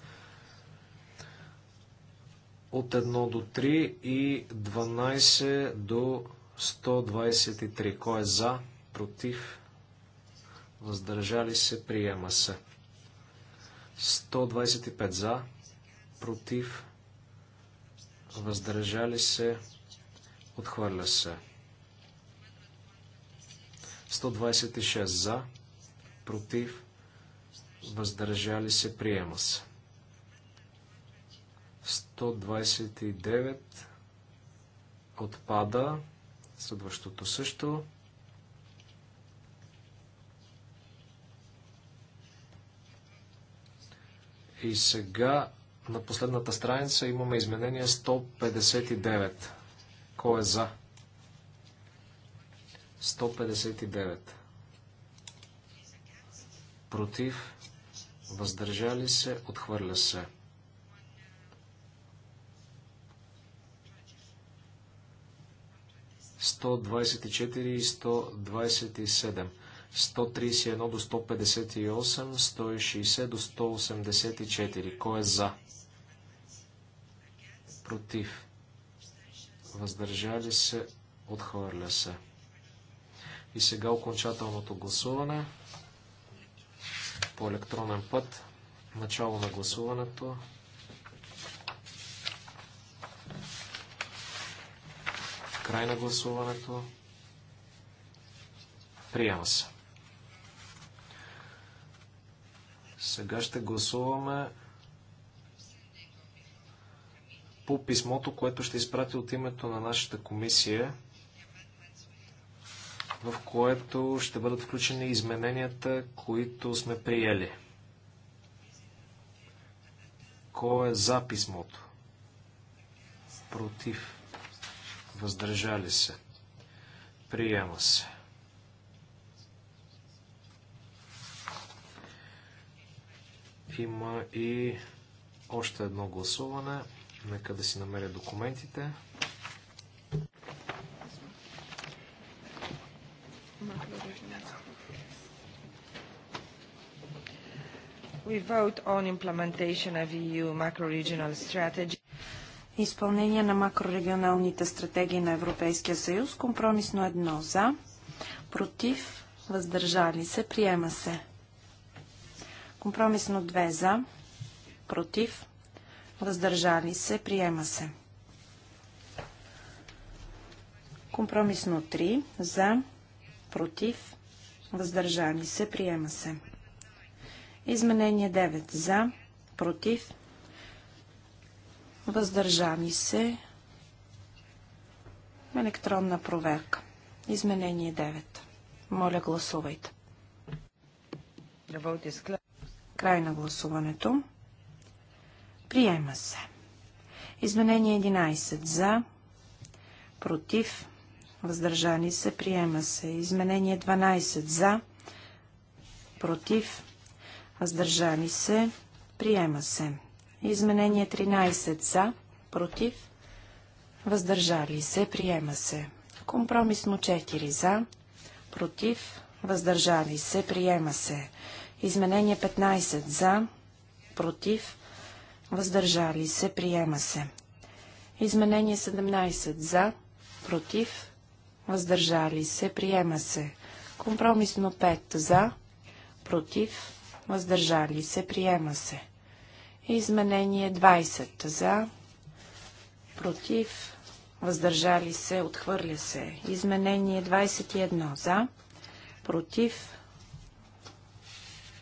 От 1 до 3 и 12 до 123. Кой е за? Против? Въздържали се? Приема се. 125 за? Против? Въздържали се? Отхвърля се. 126 за, против, въздържали се, приема се. 129 отпада, следващото също. И сега на последната страница имаме изменение 159. Кой е за? 159. Против. Въздържали се. Отхвърля се. Сто и 127. 131 до 158, 160 до 184. Кой е за? Против въздържали се, отхвърля се. И сега окончателното гласуване по електронен път. Начало на гласуването. Край на гласуването. Приема се. Сега ще гласуваме по писмото, което ще изпрати от името на нашата комисия, в което ще бъдат включени измененията, които сме приели. Кой е за писмото? Против. Въздържали се. Приема се. Има и още едно гласуване. Нека да си намеря документите. We vote on implementation of EU macro-regional strategy. Изпълнение на макрорегионалните стратегии на Европейския съюз. Компромисно едно за, против, въздържали се, приема се. Компромисно две за, против, въздържали се, приема се. Компромисно 3 за, против, въздържали се, приема се. Изменение 9 за, против, въздържали се, електронна проверка. Изменение 9. Моля, гласувайте. Край на гласуването. Приема се. Изменение 11 за, против, въздържани се, приема се. Изменение 12 за, против, въздържани се, приема се. Изменение 13 за, против, въздържали се, приема се. Компромисно 4 за, против, въздържали се, приема се. Изменение 15 за, против, въздържали се, приема се. Изменение 17 за, против, въздържали се, приема се. Компромисно 5 за, против, въздържали се, приема се. Изменение 20 за, против, въздържали се, отхвърля се. Изменение 21 за, против,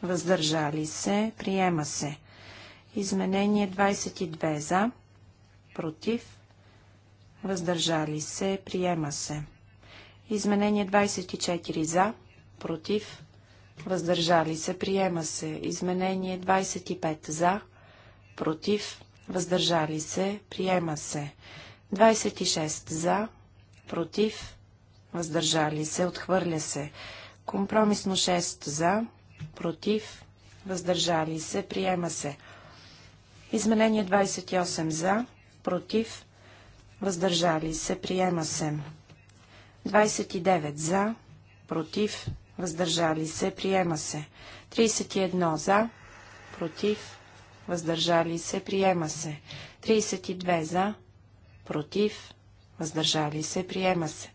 въздържали се, приема се. Изменение 22 за, против, въздържали се, приема се. Изменение 24 за, против, въздържали се, приема се. Изменение 25 за, против, въздържали се, приема се. 26 за, против, въздържали се, отхвърля се. Компромисно 6 за, против, въздържали се, приема се. Изменение 28 за, против, въздържали се, приема се. 29 за, против, въздържали се, приема се. 31 за, против, въздържали се, приема се. 32 за, против, въздържали се, приема се.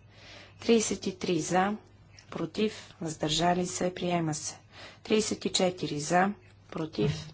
33 за, против, въздържали се, приема се. 34 за, против,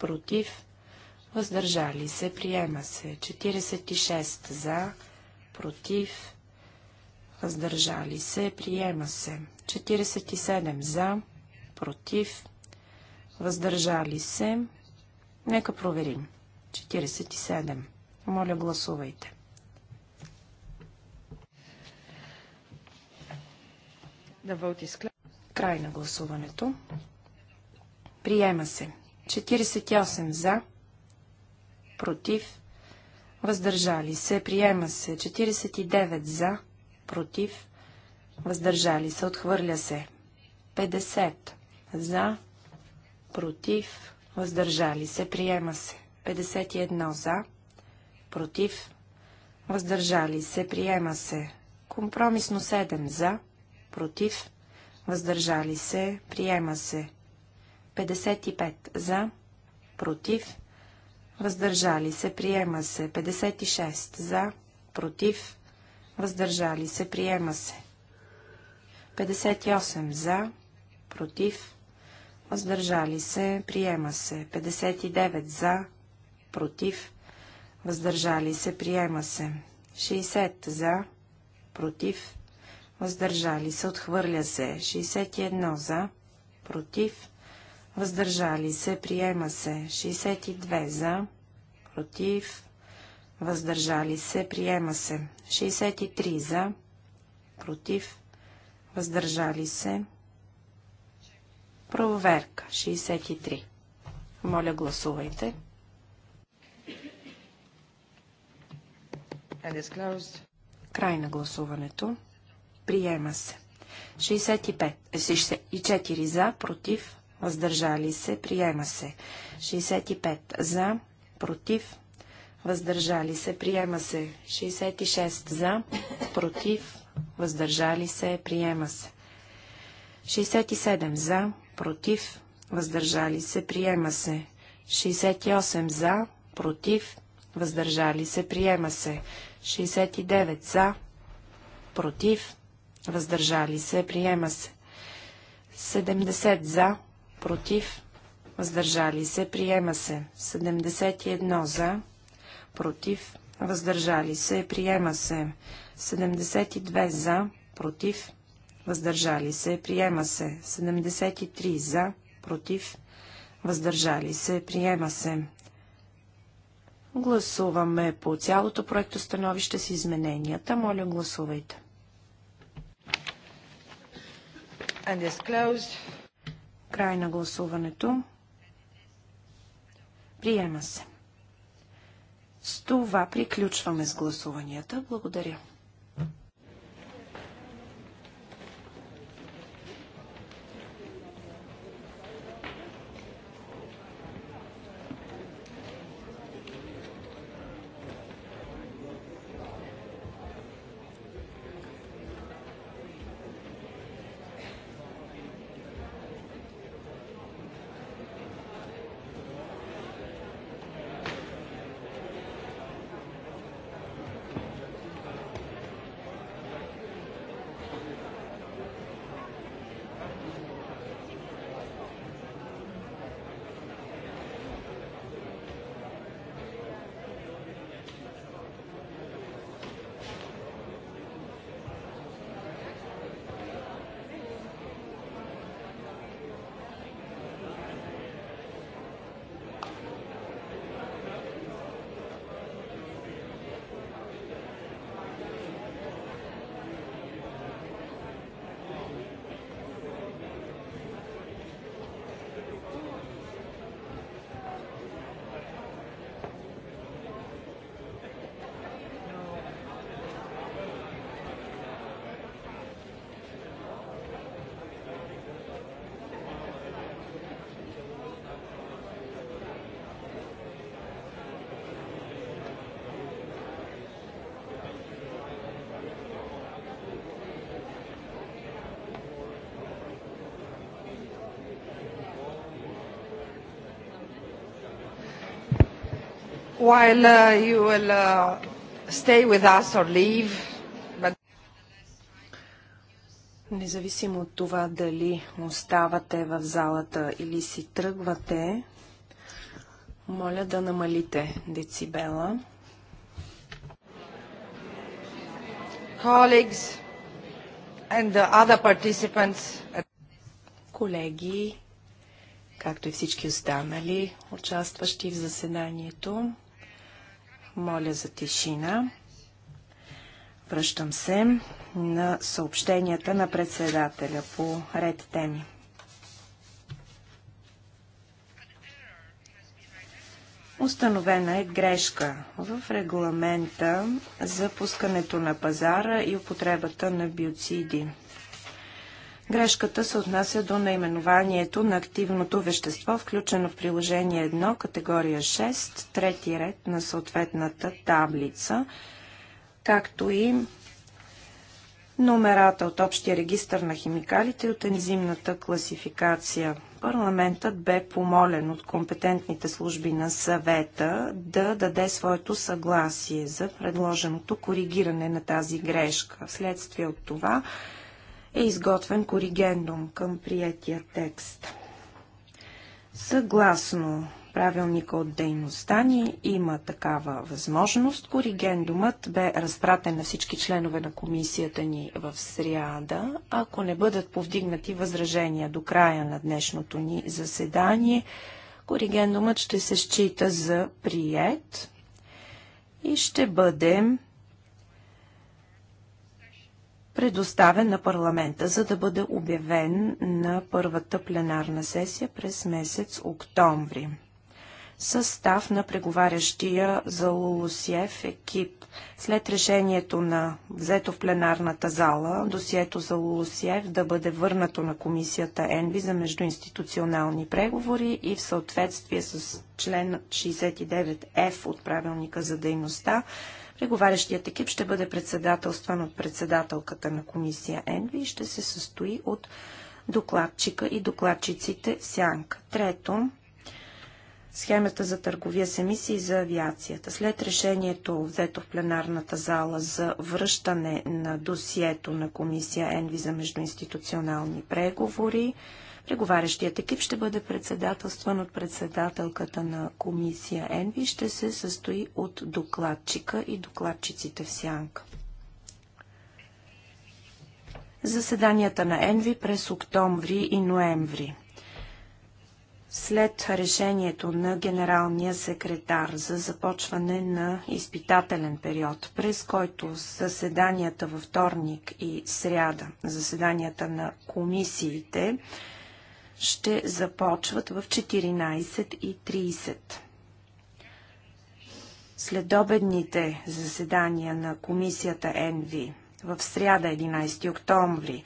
против, въздържали се, приема се. 46 за, против, въздържали се, приема се. 47 за, против, въздържали се. Нека проверим. 47. Моля, гласувайте. Край на гласуването. Приема се. 48 за, против, въздържали се, приема се. 49 за, против, въздържали се, отхвърля се. 50 за, против, въздържали се, приема се. 51 за, против, въздържали се, приема се. Компромисно 7 за, против, въздържали се, приема се. 55 за, против, въздържали се, приема се. 56 за, против, въздържали се, приема се. 58 за, против, въздържали се, приема се. 59 за, против, въздържали се, приема се. 60 за, против, въздържали се, отхвърля се. 61 за, против, въздържали се, приема се 62 за, против, въздържали се, приема се 63 за, против, въздържали се. Проверка 63. Моля, гласувайте. Край на гласуването. Приема се. 65, 64 е, за, против, въздържали се, приема се. 65 за, против, въздържали се, приема се. 66 за, против, въздържали се, приема се. 67 за, против, въздържали се, приема се. 68 за, против, въздържали се, приема се. 69 за, против, въздържали се, приема се. 70 за, против, въздържали се, приема се. 71 за, против, въздържали се, приема се. 72 за, против, въздържали се, приема се. 73 за, против, въздържали се, приема се. Гласуваме по цялото проекто становище с измененията. Моля, гласувайте. And is closed. Край на гласуването. Приема се. С това приключваме с гласуванията. Благодаря. while uh, you will uh, stay with us or leave. Независимо от това дали оставате в залата или си тръгвате, моля да намалите децибела. Colleagues and the other participants. Колеги, както и всички останали, участващи в заседанието, моля за тишина. Връщам се на съобщенията на председателя по ред теми. Установена е грешка в регламента за пускането на пазара и употребата на биоциди. Грешката се отнася до наименованието на активното вещество, включено в приложение 1, категория 6, трети ред на съответната таблица, както и номерата от общия регистр на химикалите и от ензимната класификация. Парламентът бе помолен от компетентните служби на съвета да даде своето съгласие за предложеното коригиране на тази грешка. Вследствие от това е изготвен коригендум към приятия текст. Съгласно правилника от дейността ни има такава възможност. Коригендумът бе разпратен на всички членове на комисията ни в сряда. Ако не бъдат повдигнати възражения до края на днешното ни заседание, коригендумът ще се счита за прият и ще бъде предоставен на парламента, за да бъде обявен на първата пленарна сесия през месец октомври. Състав на преговарящия за Лулусиев екип. След решението на взето в пленарната зала, досието за Лулусиев да бъде върнато на комисията ЕНВИ за междуинституционални преговори и в съответствие с член 69F от правилника за дейността, Преговарящият екип ще бъде председателстван от председателката на комисия Енви и ще се състои от докладчика и докладчиците в сянка. Трето, схемата за търговия с емисии за авиацията. След решението, взето в пленарната зала за връщане на досието на комисия Енви за междуинституционални преговори, Преговарящият екип ще бъде председателстван от председателката на комисия ЕНВИ, ще се състои от докладчика и докладчиците в сянка. Заседанията на ЕНВИ през октомври и ноември след решението на генералния секретар за започване на изпитателен период, през който заседанията във вторник и сряда, заседанията на комисиите, ще започват в 14.30. Следобедните заседания на комисията ЕНВИ в сряда 11 октомври,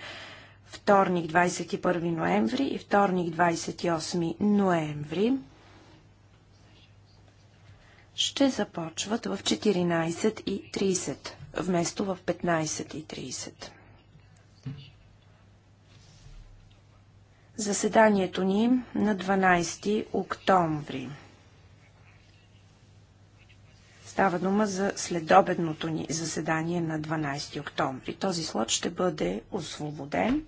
вторник 21 ноември и вторник 28 ноември ще започват в 14.30 вместо в 15.30. заседанието ни на 12 октомври. Става дума за следобедното ни заседание на 12 октомври. Този слот ще бъде освободен.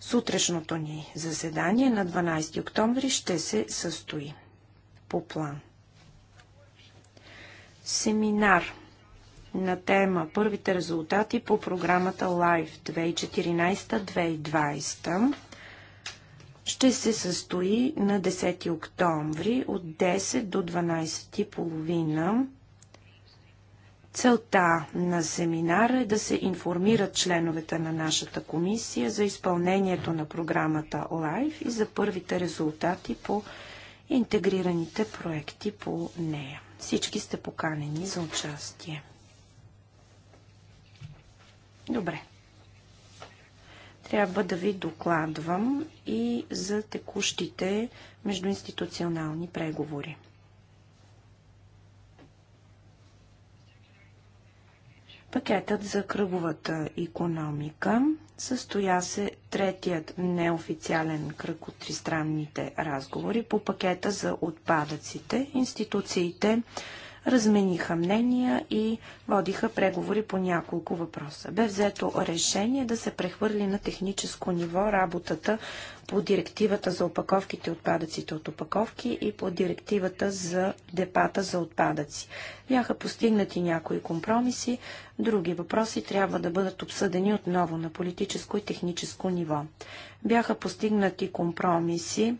Сутрешното ни заседание на 12 октомври ще се състои по план. Семинар на тема Първите резултати по програмата LIFE 2014-2020 ще се състои на 10 октомври от 10 до 12.30. Целта на семинара е да се информират членовете на нашата комисия за изпълнението на програмата LIFE и за първите резултати по интегрираните проекти по нея. Всички сте поканени за участие. Добре. Трябва да ви докладвам и за текущите междуинституционални преговори. Пакетът за кръговата економика състоя се третият неофициален кръг от тристранните разговори по пакета за отпадъците. Институциите размениха мнения и водиха преговори по няколко въпроса. Бе взето решение да се прехвърли на техническо ниво работата по директивата за опаковките и отпадъците от опаковки и по директивата за депата за отпадъци. Бяха постигнати някои компромиси, други въпроси трябва да бъдат обсъдени отново на политическо и техническо ниво. Бяха постигнати компромиси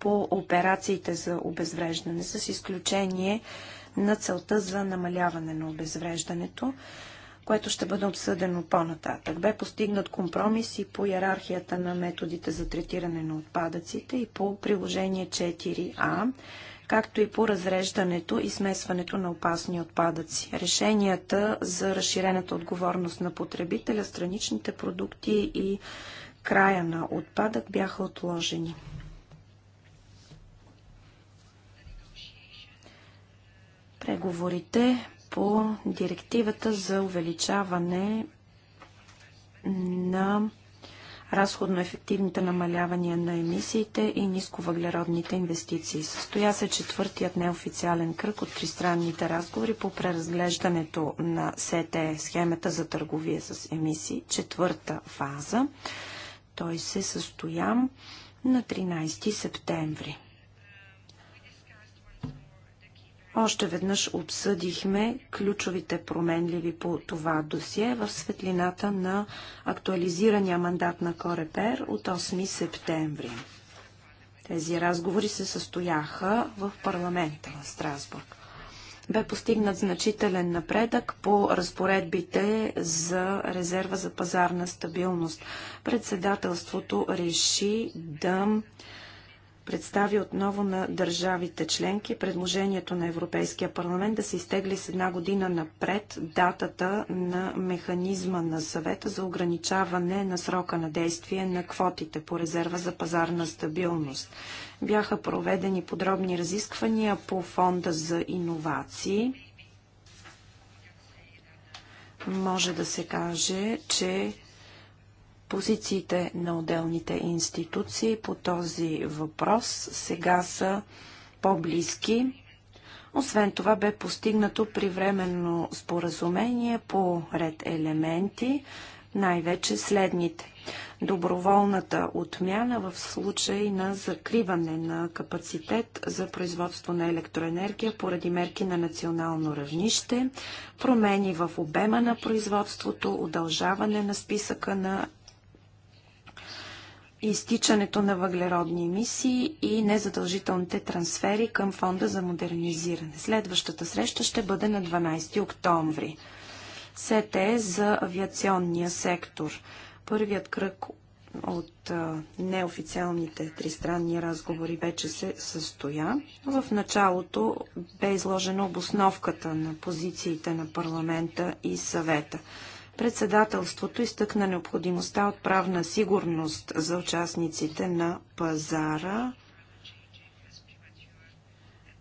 по операциите за обезвреждане, с изключение на целта за намаляване на обезвреждането, което ще бъде обсъдено по-нататък. Бе постигнат компромис и по иерархията на методите за третиране на отпадъците и по приложение 4А, както и по разреждането и смесването на опасни отпадъци. Решенията за разширената отговорност на потребителя, страничните продукти и края на отпадък бяха отложени. преговорите по директивата за увеличаване на разходно-ефективните намалявания на емисиите и нисковъглеродните инвестиции. Състоя се четвъртият неофициален кръг от тристранните разговори по преразглеждането на СЕТЕ, схемата за търговия с емисии, четвърта фаза. Той се състоя на 13 септември. Още веднъж обсъдихме ключовите променливи по това досие в светлината на актуализирания мандат на Корепер от 8 септември. Тези разговори се състояха в парламента на Страсбург. Бе постигнат значителен напредък по разпоредбите за резерва за пазарна стабилност. Председателството реши да представи отново на държавите членки предложението на Европейския парламент да се изтегли с една година напред датата на механизма на съвета за ограничаване на срока на действие на квотите по резерва за пазарна стабилност. Бяха проведени подробни разисквания по фонда за иновации. Може да се каже, че Позициите на отделните институции по този въпрос сега са по-близки. Освен това бе постигнато привременно споразумение по ред елементи, най-вече следните. Доброволната отмяна в случай на закриване на капацитет за производство на електроенергия поради мерки на национално равнище, промени в обема на производството, удължаване на списъка на изтичането на въглеродни емисии и незадължителните трансфери към Фонда за модернизиране. Следващата среща ще бъде на 12 октомври. СЕТЕ за авиационния сектор. Първият кръг от неофициалните тристранни разговори вече се състоя. В началото бе изложена обосновката на позициите на парламента и съвета. Председателството изтъкна необходимостта от правна сигурност за участниците на пазара.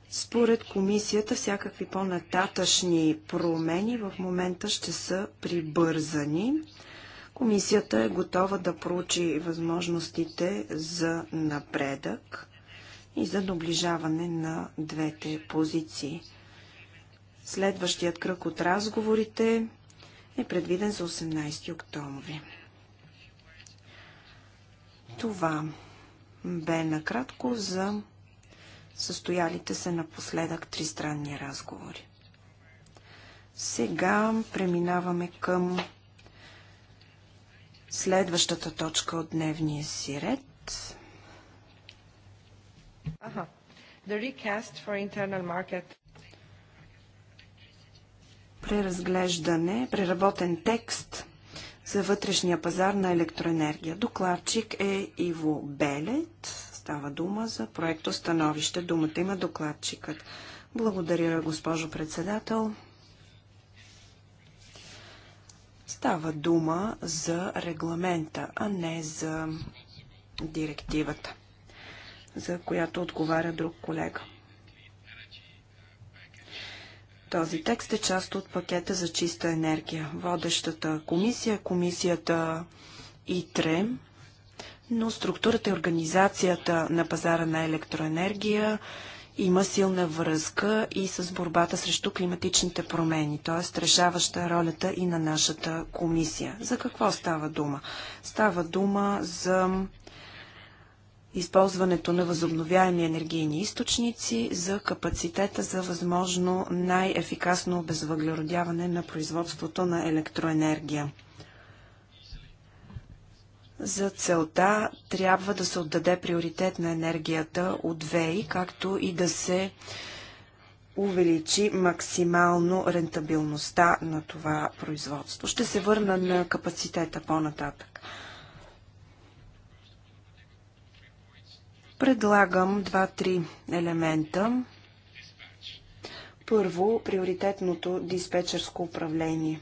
Според комисията, всякакви по-нататъчни промени в момента ще са прибързани. Комисията е готова да проучи възможностите за напредък и за доближаване на двете позиции. Следващият кръг от разговорите е предвиден за 18 октомври. Това бе накратко за състоялите се напоследък тристранни разговори. Сега преминаваме към следващата точка от дневния си ред. Ага. The recast for internal market преразглеждане, преработен текст за вътрешния пазар на електроенергия. Докладчик е Иво Белет. Става дума за проекто становище. Думата има докладчикът. Благодаря, госпожо председател. Става дума за регламента, а не за директивата, за която отговаря друг колега. Този текст е част от пакета за чиста енергия. Водещата комисия, е комисията ИТРЕ, но структурата и организацията на пазара на електроенергия има силна връзка и с борбата срещу климатичните промени, т.е. решаваща ролята и на нашата комисия. За какво става дума? Става дума за използването на възобновяеми енергийни източници за капацитета за възможно най-ефикасно обезвъглеродяване на производството на електроенергия. За целта трябва да се отдаде приоритет на енергията от ВЕИ, както и да се увеличи максимално рентабилността на това производство. Ще се върна на капацитета по-нататък. Предлагам два-три елемента. Първо, приоритетното диспетчерско управление.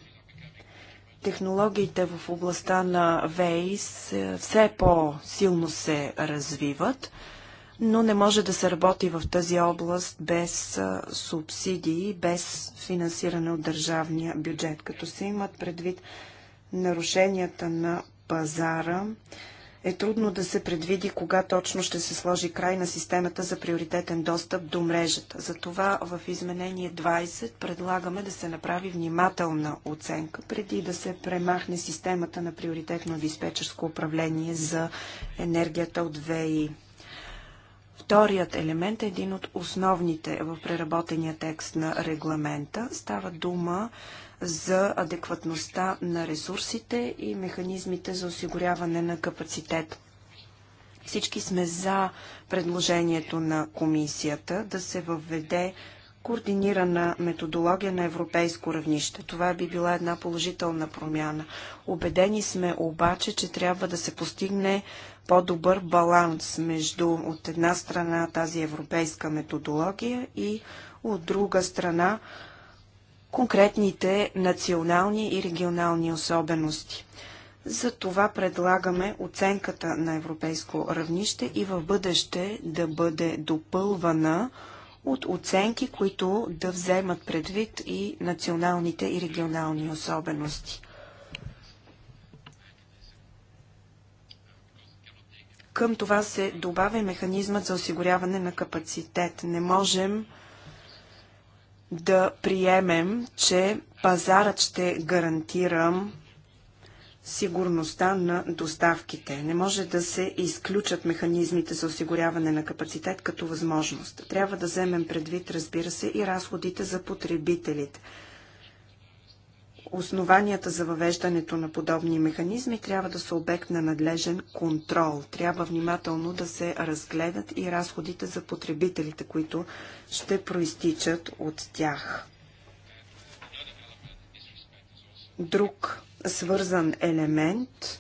Технологиите в областта на ВЕИС все по-силно се развиват, но не може да се работи в тази област без субсидии, без финансиране от държавния бюджет. Като се имат предвид нарушенията на пазара, е трудно да се предвиди кога точно ще се сложи край на системата за приоритетен достъп до мрежата. Затова в изменение 20 предлагаме да се направи внимателна оценка преди да се премахне системата на приоритетно диспетчерско управление за енергията от ВИ. Вторият елемент е един от основните в преработения текст на регламента. Става дума за адекватността на ресурсите и механизмите за осигуряване на капацитет. Всички сме за предложението на комисията да се въведе координирана методология на европейско равнище. Това би била една положителна промяна. Обедени сме обаче, че трябва да се постигне по-добър баланс между от една страна тази европейска методология и от друга страна конкретните национални и регионални особености. За това предлагаме оценката на европейско равнище и в бъдеще да бъде допълвана от оценки, които да вземат предвид и националните и регионални особености. Към това се добавя механизмът за осигуряване на капацитет. Не можем да приемем, че пазарът ще гарантира сигурността на доставките. Не може да се изключат механизмите за осигуряване на капацитет като възможност. Трябва да вземем предвид, разбира се, и разходите за потребителите основанията за въвеждането на подобни механизми трябва да са обект на надлежен контрол. Трябва внимателно да се разгледат и разходите за потребителите, които ще проистичат от тях. Друг свързан елемент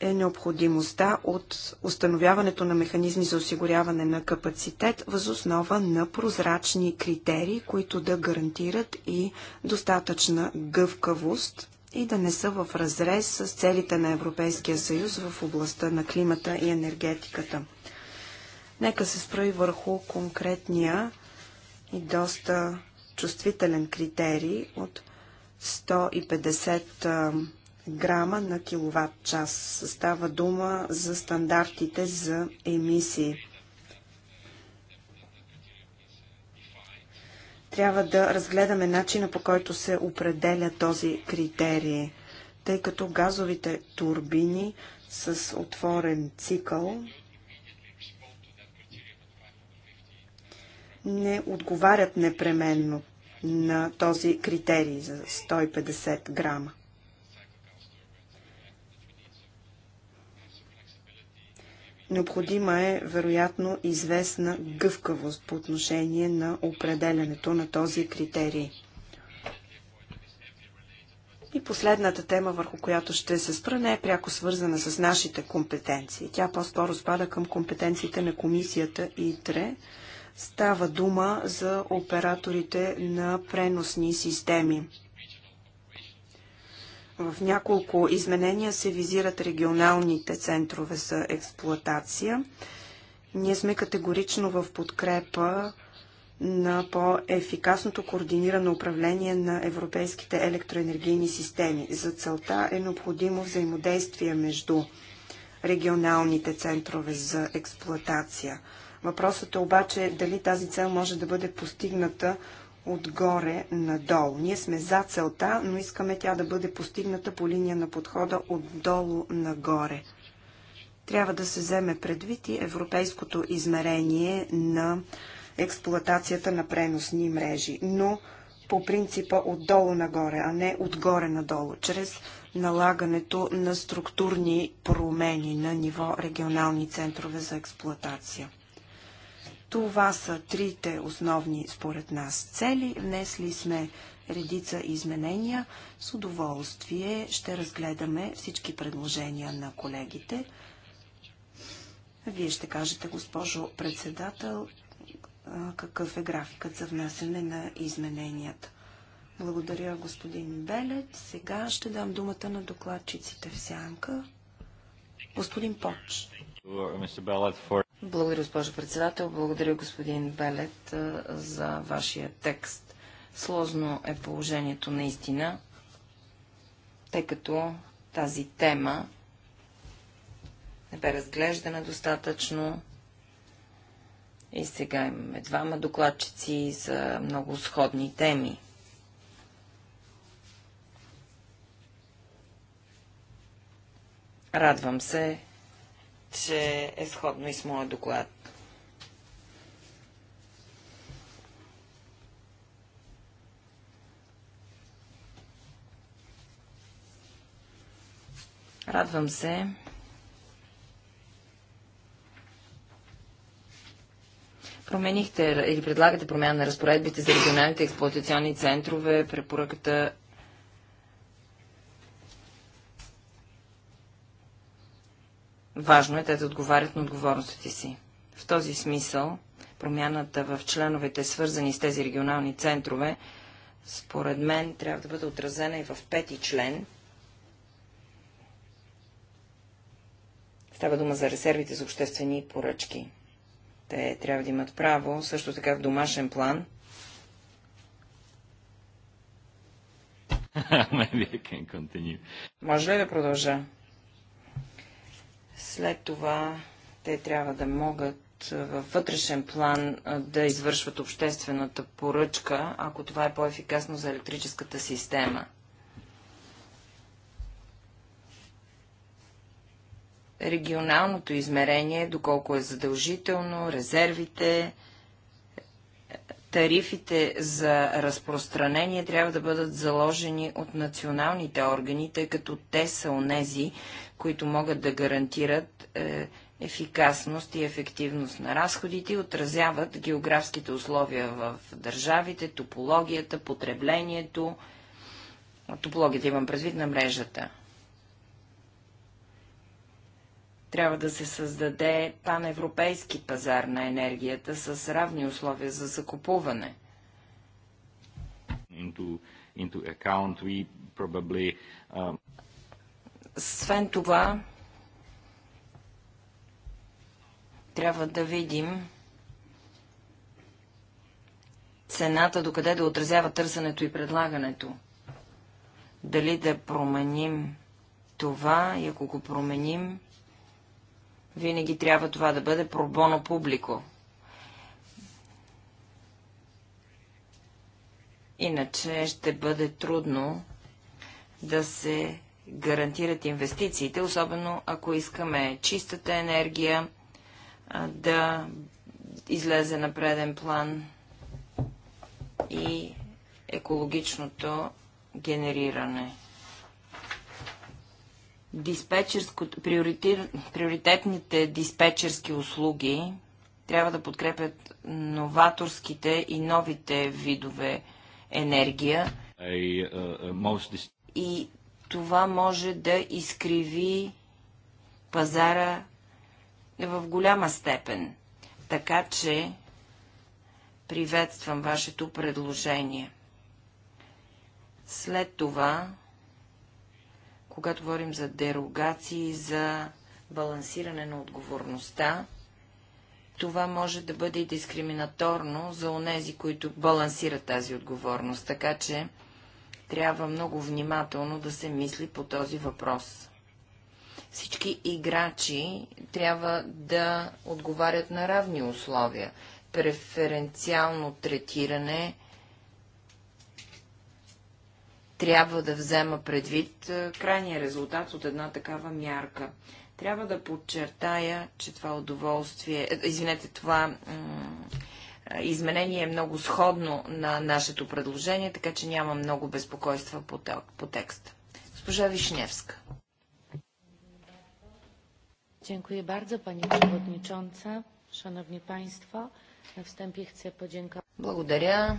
е необходимостта от установяването на механизми за осигуряване на капацитет възоснова на прозрачни критерии, които да гарантират и достатъчна гъвкавост и да не са в разрез с целите на Европейския съюз в областта на климата и енергетиката. Нека се спрои върху конкретния и доста чувствителен критерий от 150 грама на киловатт час. Става дума за стандартите за емисии. Трябва да разгледаме начина по който се определя този критерий, тъй като газовите турбини с отворен цикъл не отговарят непременно на този критерий за 150 грама. Необходима е, вероятно, известна гъвкавост по отношение на определенето на този критерий. И последната тема, върху която ще се спра, не е пряко свързана с нашите компетенции. Тя по-скоро спада към компетенциите на комисията ИТРЕ. Става дума за операторите на преносни системи. В няколко изменения се визират регионалните центрове за експлоатация. Ние сме категорично в подкрепа на по-ефикасното координирано управление на европейските електроенергийни системи. За целта е необходимо взаимодействие между регионалните центрове за експлоатация. Въпросът е обаче дали тази цел може да бъде постигната отгоре надолу. Ние сме за целта, но искаме тя да бъде постигната по линия на подхода отдолу нагоре. Трябва да се вземе предвид и европейското измерение на експлуатацията на преносни мрежи, но по принципа отдолу нагоре, а не отгоре надолу, чрез налагането на структурни промени на ниво регионални центрове за експлуатация. Това са трите основни, според нас, цели. Внесли сме редица изменения. С удоволствие ще разгледаме всички предложения на колегите. Вие ще кажете, госпожо председател, какъв е графикът за внасяне на измененията. Благодаря, господин Белет. Сега ще дам думата на докладчиците в сянка. Господин Поч. Благодаря, госпожо председател. Благодаря, господин Белет, за вашия текст. Сложно е положението наистина, тъй като тази тема не бе разглеждана достатъчно. И сега имаме двама докладчици за много сходни теми. Радвам се, че е сходно и с моя доклад. Радвам се, променихте или предлагате промяна на разпоредбите за регионалните експлуатационни центрове, препоръката Важно е те да отговарят на отговорностите си. В този смисъл, промяната в членовете, свързани с тези регионални центрове, според мен трябва да бъде отразена и в пети член. Става дума за резервите за обществени поръчки. Те трябва да имат право, също така в домашен план. Може ли да продължа? След това те трябва да могат във вътрешен план да извършват обществената поръчка, ако това е по-ефикасно за електрическата система. Регионалното измерение, доколко е задължително, резервите, тарифите за разпространение трябва да бъдат заложени от националните органи, тъй като те са онези, които могат да гарантират е, ефикасност и ефективност на разходите и отразяват географските условия в държавите, топологията, потреблението. Топологията имам предвид на мрежата. Трябва да се създаде паневропейски пазар на енергията с равни условия за закупуване. Into, into account, we probably, um... Свен това, трябва да видим цената, докъде да отразява търсенето и предлагането. Дали да променим това и ако го променим, винаги трябва това да бъде пробоно публико. Иначе ще бъде трудно да се гарантират инвестициите, особено ако искаме чистата енергия да излезе на преден план и екологичното генериране. приоритетните диспетчерски услуги трябва да подкрепят новаторските и новите видове енергия. Uh, uh, и това може да изкриви пазара в голяма степен. Така че приветствам вашето предложение. След това, когато говорим за дерогации, за балансиране на отговорността, това може да бъде и дискриминаторно за онези, които балансират тази отговорност. Така че трябва много внимателно да се мисли по този въпрос. Всички играчи трябва да отговарят на равни условия. Преференциално третиране трябва да взема предвид е, крайния резултат от една такава мярка. Трябва да подчертая, че това удоволствие, е, извинете, това изменение е много сходно на нашето предложение, така че няма много безпокойства по, по текста. Госпожа Вишневска. Dziękuję bardzo Pani Przewodnicząca, Szanowni Państwo. Na wstępie chcę podziękować. Благодаря.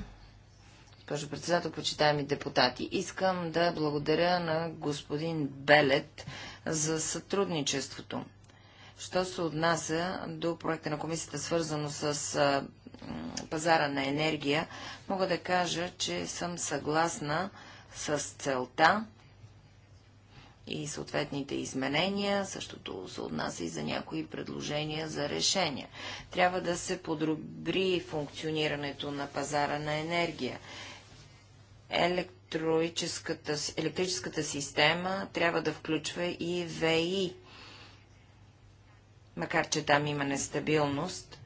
Госпожо председател, почитаеми депутати, искам да благодаря на господин Белет за сътрудничеството. Що се отнася до проекта на комисията, свързано с пазара на енергия, мога да кажа, че съм съгласна с целта и съответните изменения, същото се отнася и за някои предложения за решения. Трябва да се подобри функционирането на пазара на енергия. Електрическата, електрическата система трябва да включва и ВИ. Макар, че там има нестабилност,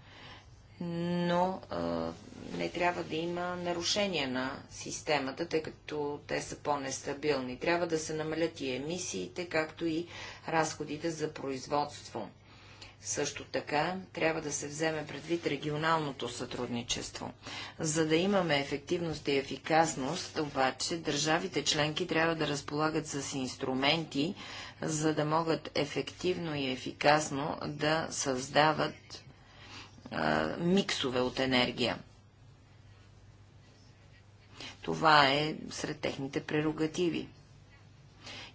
но а, не трябва да има нарушения на системата, тъй като те са по-нестабилни. Трябва да се намалят и емисиите, както и разходите за производство. Също така трябва да се вземе предвид регионалното сътрудничество. За да имаме ефективност и ефикасност, обаче, държавите членки трябва да разполагат с инструменти, за да могат ефективно и ефикасно да създават а, миксове от енергия. Това е сред техните прерогативи.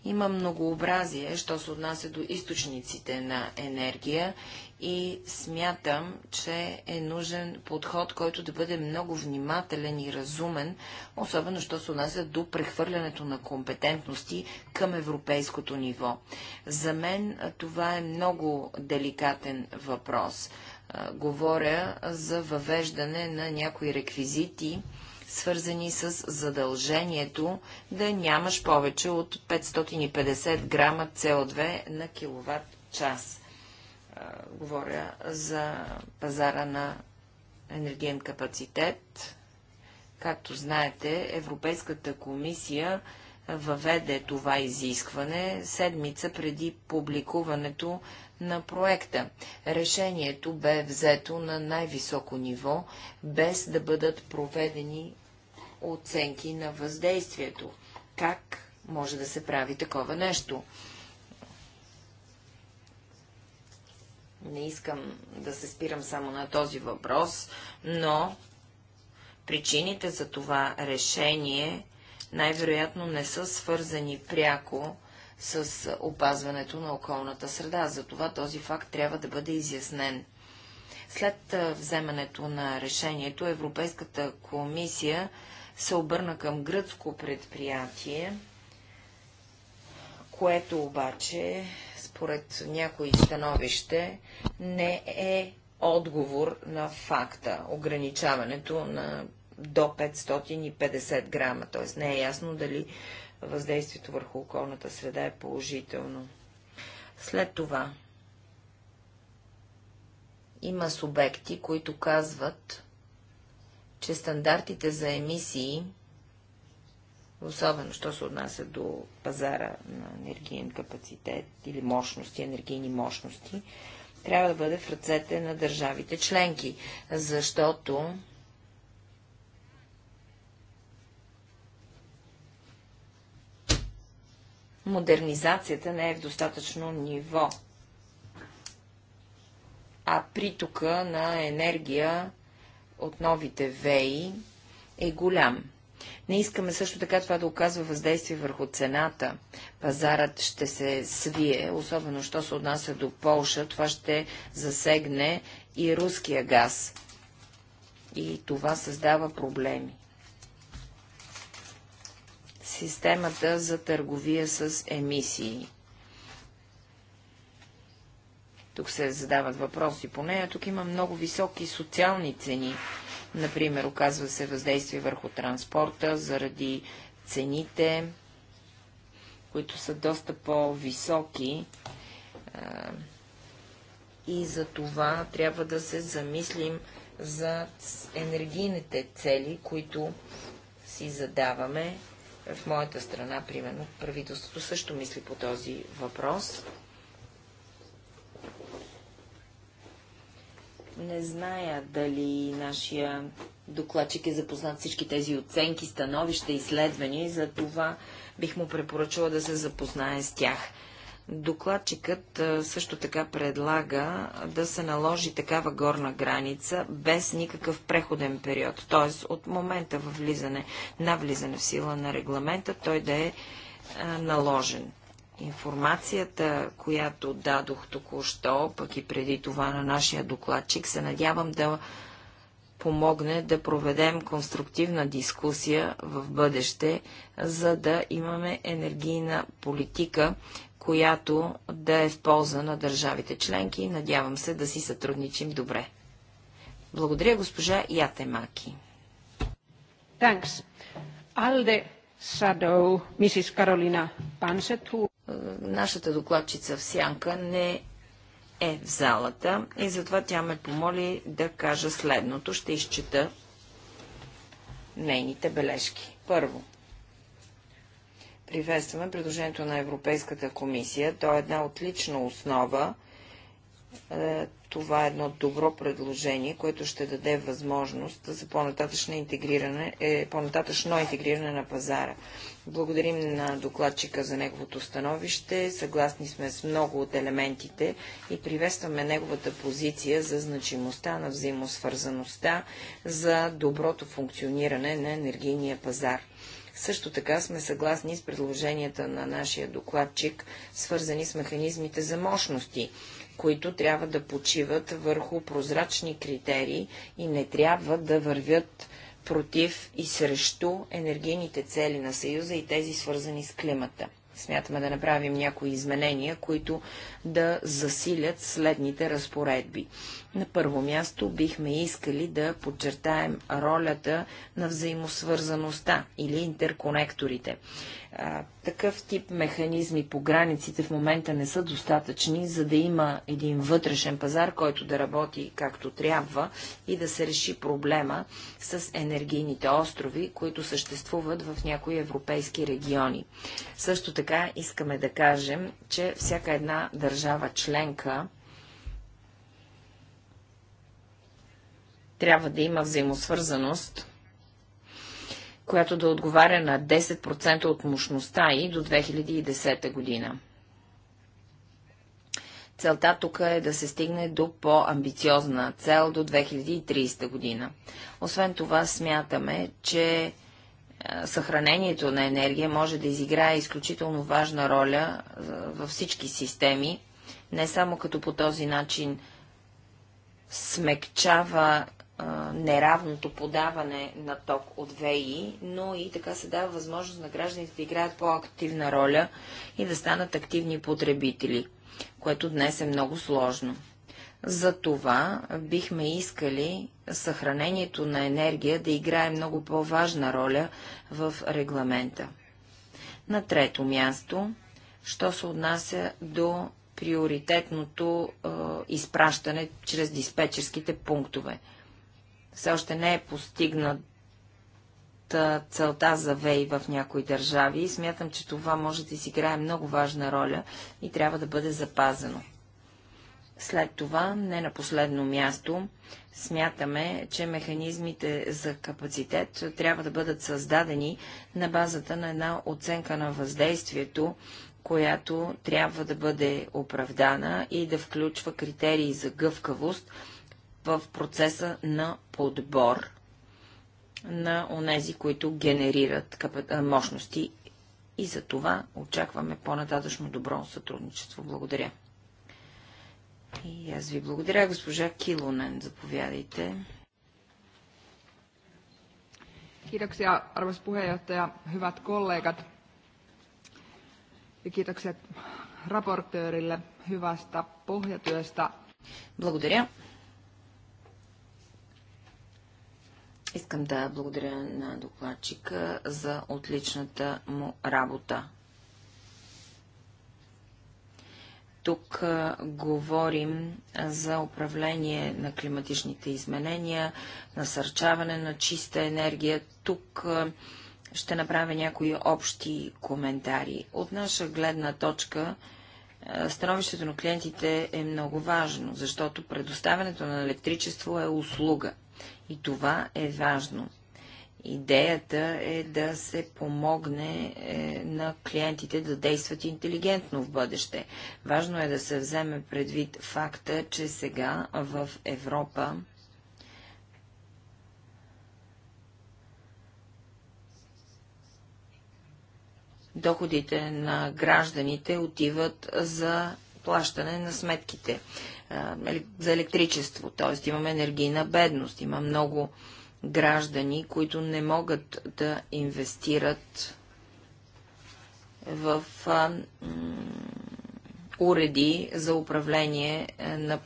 Има многообразие, що се отнася до източниците на енергия и смятам, че е нужен подход, който да бъде много внимателен и разумен, особено що се отнася до прехвърлянето на компетентности към европейското ниво. За мен това е много деликатен въпрос говоря за въвеждане на някои реквизити, свързани с задължението да нямаш повече от 550 грама CO2 на киловатт час. Говоря за пазара на енергиен капацитет. Както знаете, Европейската комисия въведе това изискване седмица преди публикуването на проекта. Решението бе взето на най-високо ниво, без да бъдат проведени оценки на въздействието. Как може да се прави такова нещо? Не искам да се спирам само на този въпрос, но причините за това решение най-вероятно не са свързани пряко с опазването на околната среда. Затова този факт трябва да бъде изяснен. След вземането на решението, Европейската комисия се обърна към гръцко предприятие, което обаче, според някои становище, не е отговор на факта, ограничаването на до 550 грама. Т.е. не е ясно дали въздействието върху околната среда е положително. След това има субекти, които казват, че стандартите за емисии, особено, що се отнася до пазара на енергиен капацитет или мощности, енергийни мощности, трябва да бъде в ръцете на държавите членки, защото модернизацията не е в достатъчно ниво. А притока на енергия от новите веи е голям. Не искаме също така това да оказва въздействие върху цената. Пазарът ще се свие, особено що се отнася до Полша. Това ще засегне и руския газ. И това създава проблеми системата за търговия с емисии. Тук се задават въпроси по нея. Тук има много високи социални цени. Например, оказва се въздействие върху транспорта заради цените, които са доста по-високи. И за това трябва да се замислим за енергийните цели, които си задаваме в моята страна, примерно, правителството също мисли по този въпрос. Не зная дали нашия докладчик е запознат всички тези оценки, становища, изследвания и за това бих му препоръчала да се запознае с тях. Докладчикът също така предлага да се наложи такава горна граница без никакъв преходен период, т.е. от момента в влизане, на влизане в сила на регламента той да е наложен. Информацията, която дадох току-що, пък и преди това на нашия докладчик, се надявам да помогне да проведем конструктивна дискусия в бъдеще, за да имаме енергийна политика, която да е в полза на държавите членки и надявам се да си сътрудничим добре. Благодаря, госпожа Ятемаки. Thanks. Alde Shadow, Mrs. Carolina Нашата докладчица в Сянка не е в залата и затова тя ме помоли да кажа следното. Ще изчета нейните бележки. Първо, приветстваме предложението на Европейската комисия. То е една отлична основа. Е, това е едно добро предложение, което ще даде възможност за по-нататъчно интегриране, е, по-нататъчно интегриране на пазара. Благодарим на докладчика за неговото становище. Съгласни сме с много от елементите и приветстваме неговата позиция за значимостта на взаимосвързаността за доброто функциониране на енергийния пазар. Също така сме съгласни с предложенията на нашия докладчик, свързани с механизмите за мощности, които трябва да почиват върху прозрачни критерии и не трябва да вървят против и срещу енергийните цели на Съюза и тези свързани с климата. Смятаме да направим някои изменения, които да засилят следните разпоредби. На първо място бихме искали да подчертаем ролята на взаимосвързаността или интерконекторите. А, такъв тип механизми по границите в момента не са достатъчни, за да има един вътрешен пазар, който да работи както трябва и да се реши проблема с енергийните острови, които съществуват в някои европейски региони. Също така искаме да кажем, че всяка една държава членка Трябва да има взаимосвързаност, която да отговаря на 10% от мощността и до 2010 година. Целта тук е да се стигне до по-амбициозна цел до 2030 година. Освен това смятаме, че е, съхранението на енергия може да изиграе изключително важна роля е, във всички системи, не само като по този начин смекчава неравното подаване на ток от ВИ, но и така се дава възможност на гражданите да играят по-активна роля и да станат активни потребители, което днес е много сложно. За това бихме искали съхранението на енергия да играе много по-важна роля в регламента. На трето място, що се отнася до приоритетното е, изпращане чрез диспетчерските пунктове – все още не е постигнат целта за ВЕИ в някои държави и смятам, че това може да изиграе много важна роля и трябва да бъде запазено. След това, не на последно място, смятаме, че механизмите за капацитет трябва да бъдат създадени на базата на една оценка на въздействието, която трябва да бъде оправдана и да включва критерии за гъвкавост, в процеса на подбор на онези, които генерират мощности и за това очакваме по-нататъчно добро сътрудничество. Благодаря. И аз ви благодаря, госпожа Килонен. Заповядайте. Kiitoksia, arvoisa puheenjohtaja, hyvät kollegat. Ja kiitokset raportöörille hyvästä pohjatyöstä. Благодаря. Искам да благодаря на докладчика за отличната му работа. Тук говорим за управление на климатичните изменения, насърчаване на чиста енергия. Тук ще направя някои общи коментари. От наша гледна точка, становището на клиентите е много важно, защото предоставянето на електричество е услуга – и това е важно. Идеята е да се помогне е, на клиентите да действат интелигентно в бъдеще. Важно е да се вземе предвид факта, че сега в Европа доходите на гражданите отиват за плащане на сметките за електричество, т.е. имаме енергийна бедност. Има много граждани, които не могат да инвестират в уреди за управление на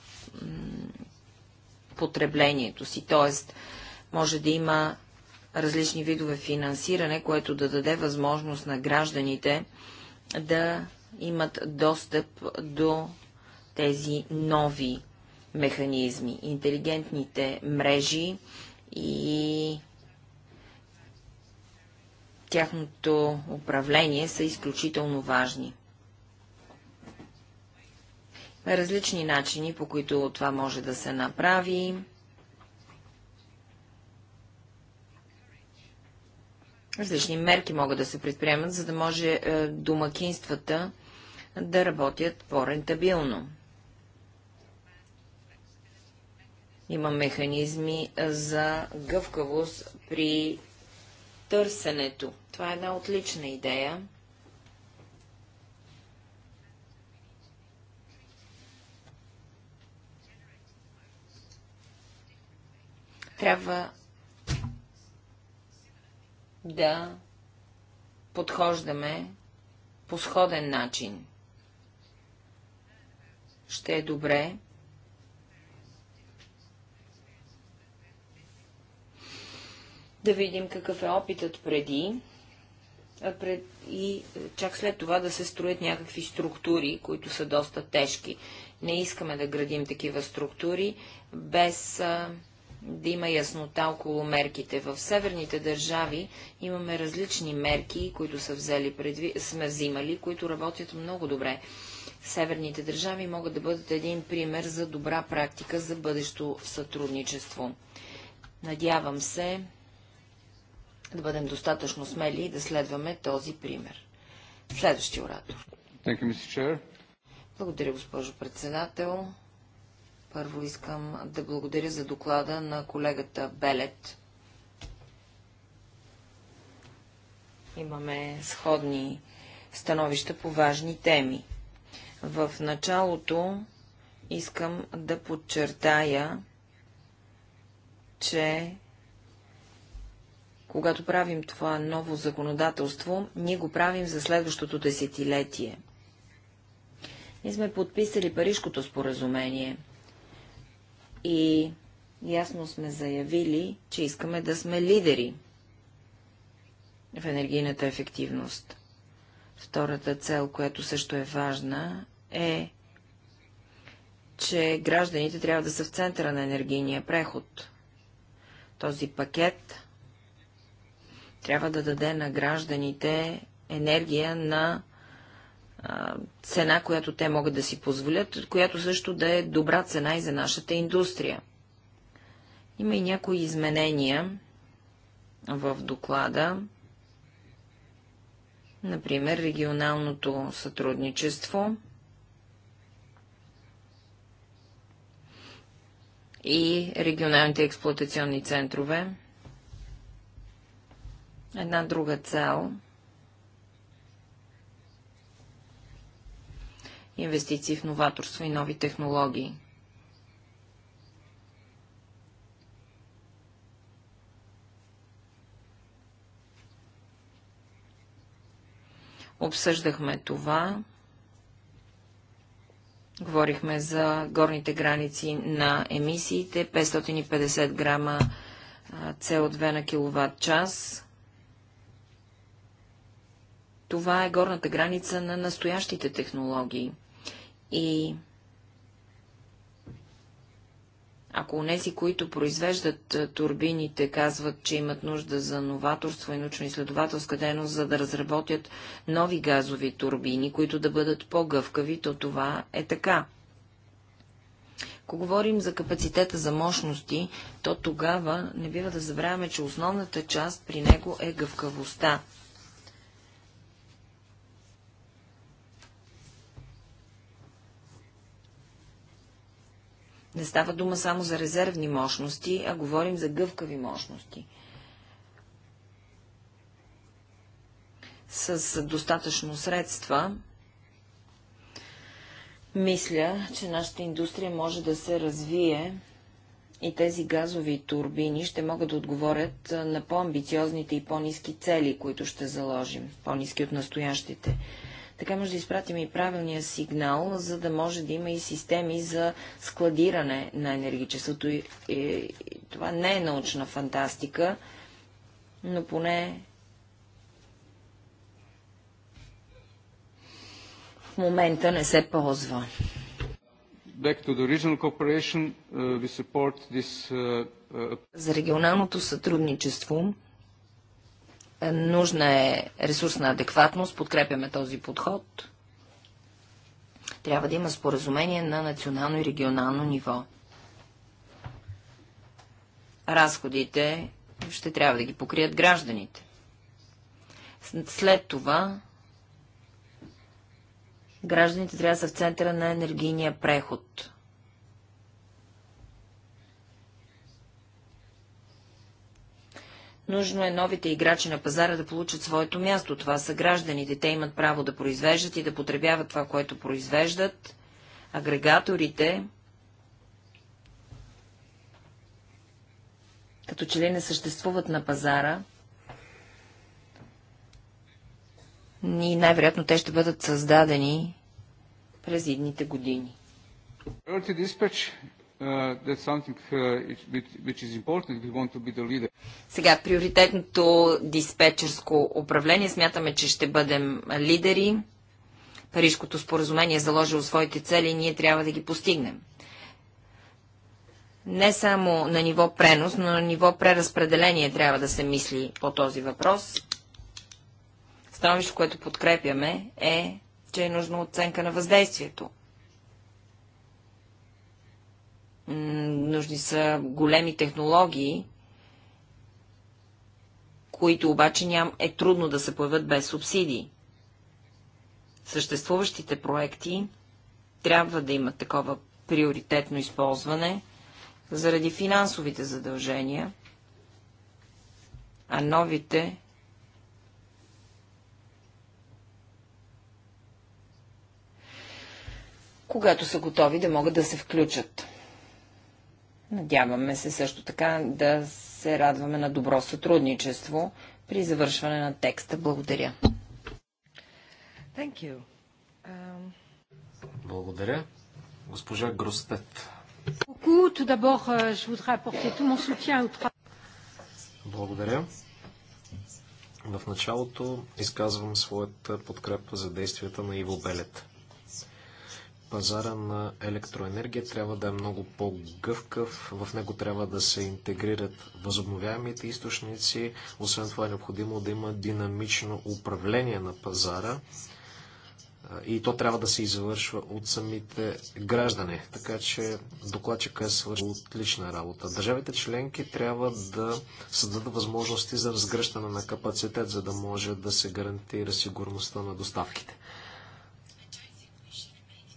потреблението си. Т.е. може да има различни видове финансиране, което да даде възможност на гражданите да имат достъп до тези нови механизми, интелигентните мрежи и тяхното управление са изключително важни. Различни начини, по които това може да се направи. Различни мерки могат да се предприемат, за да може е, домакинствата да работят по-рентабилно. Има механизми за гъвкавост при търсенето. Това е една отлична идея. Трябва да подхождаме по сходен начин. Ще е добре да видим какъв е опитът преди пред, и е, чак след това да се строят някакви структури, които са доста тежки. Не искаме да градим такива структури без а, да има яснота около мерките. В северните държави имаме различни мерки, които са взели предви... сме взимали, които работят много добре. Северните държави могат да бъдат един пример за добра практика за бъдещо сътрудничество. Надявам се да бъдем достатъчно смели и да следваме този пример. Следващия оратор. You, Благодаря, госпожо председател. Първо искам да благодаря за доклада на колегата Белет. Имаме сходни становища по важни теми. В началото искам да подчертая, че когато правим това ново законодателство, ние го правим за следващото десетилетие. Ние сме подписали Парижкото споразумение и ясно сме заявили, че искаме да сме лидери в енергийната ефективност. Втората цел, която също е важна, е, че гражданите трябва да са в центъра на енергийния преход. Този пакет трябва да даде на гражданите енергия на цена, която те могат да си позволят, която също да е добра цена и за нашата индустрия. Има и някои изменения в доклада, например регионалното сътрудничество и регионалните експлуатационни центрове една друга цел. Инвестиции в новаторство и нови технологии. Обсъждахме това. Говорихме за горните граници на емисиите, 550 грама CO2 на киловатт час. Това е горната граница на настоящите технологии. И ако унеси, които произвеждат е, турбините, казват, че имат нужда за новаторство и научно-изследователска дейност, за да разработят нови газови турбини, които да бъдат по-гъвкави, то това е така. Ако говорим за капацитета за мощности, то тогава не бива да забравяме, че основната част при него е гъвкавостта. Не става дума само за резервни мощности, а говорим за гъвкави мощности. С достатъчно средства, мисля, че нашата индустрия може да се развие и тези газови турбини ще могат да отговорят на по-амбициозните и по-низки цели, които ще заложим, по-низки от настоящите. Така може да изпратим и правилния сигнал, за да може да има и системи за складиране на енергичеството. И, и, и това не е научна фантастика, но поне в момента не се ползва. Uh, this, uh, uh... За регионалното сътрудничество Нужна е ресурсна адекватност, подкрепяме този подход. Трябва да има споразумение на национално и регионално ниво. Разходите ще трябва да ги покрият гражданите. След това гражданите трябва да са в центъра на енергийния преход. Нужно е новите играчи на пазара да получат своето място. Това са гражданите. Те имат право да произвеждат и да потребяват това, което произвеждат. Агрегаторите, като че ли не съществуват на пазара, и най-вероятно те ще бъдат създадени през идните години. Сега, приоритетното диспетчерско управление смятаме, че ще бъдем лидери. Парижкото споразумение е заложило своите цели и ние трябва да ги постигнем. Не само на ниво пренос, но на ниво преразпределение трябва да се мисли по този въпрос. Становище, което подкрепяме е, че е нужна оценка на въздействието нужни са големи технологии, които обаче ням, е трудно да се появят без субсидии. Съществуващите проекти трябва да имат такова приоритетно използване заради финансовите задължения, а новите когато са готови да могат да се включат. Надяваме се също така да се радваме на добро сътрудничество при завършване на текста. Благодаря. Thank you. Um... Благодаря. Госпожа Гростет. Euh, Благодаря. В началото изказвам своята подкрепа за действията на Иво Белет пазара на електроенергия трябва да е много по-гъвкав, в него трябва да се интегрират възобновяемите източници, освен това е необходимо да има динамично управление на пазара и то трябва да се извършва от самите граждани. Така че докладчика е свършил отлична работа. Държавите членки трябва да създадат възможности за разгръщане на капацитет, за да може да се гарантира сигурността на доставките.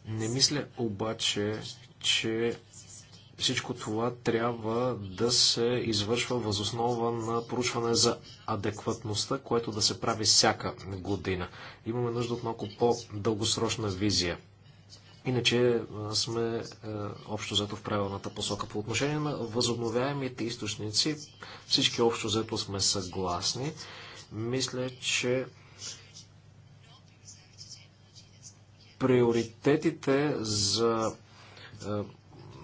Не мисля обаче, че всичко това трябва да се извършва възоснова на поручване за адекватността, което да се прави всяка година. Имаме нужда от малко по-дългосрочна визия. Иначе сме е, общо взето в правилната посока. По отношение на възобновяемите източници, всички общо взето сме съгласни. Мисля, че приоритетите за е,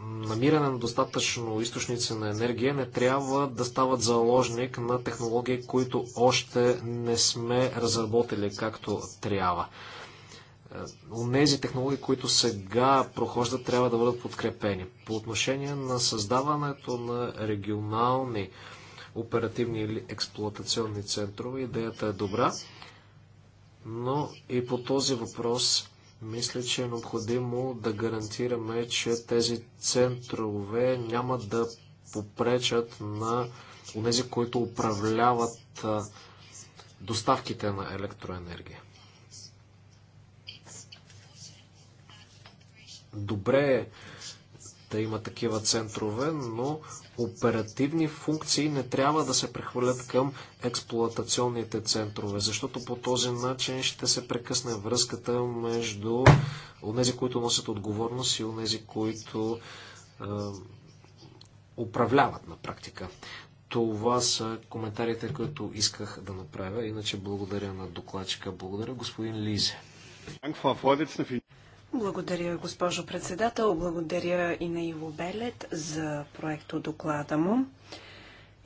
намиране на достатъчно източници на енергия не трябва да стават заложник на технологии, които още не сме разработили както трябва. Е, онези технологии, които сега прохождат, трябва да бъдат подкрепени. По отношение на създаването на регионални оперативни или експлуатационни центрове, идеята е добра, но и по този въпрос мисля, че е необходимо да гарантираме, че тези центрове няма да попречат на тези, които управляват доставките на електроенергия. Добре е да има такива центрове, но оперативни функции не трябва да се прехвърлят към експлоатационните центрове, защото по този начин ще се прекъсне връзката между онези, които носят отговорност и онези, които е, управляват на практика. Това са коментарите, които исках да направя. Иначе благодаря на докладчика. Благодаря господин Лизе. Благодаря, госпожо председател. Благодаря и на Иво Белет за проекто доклада му.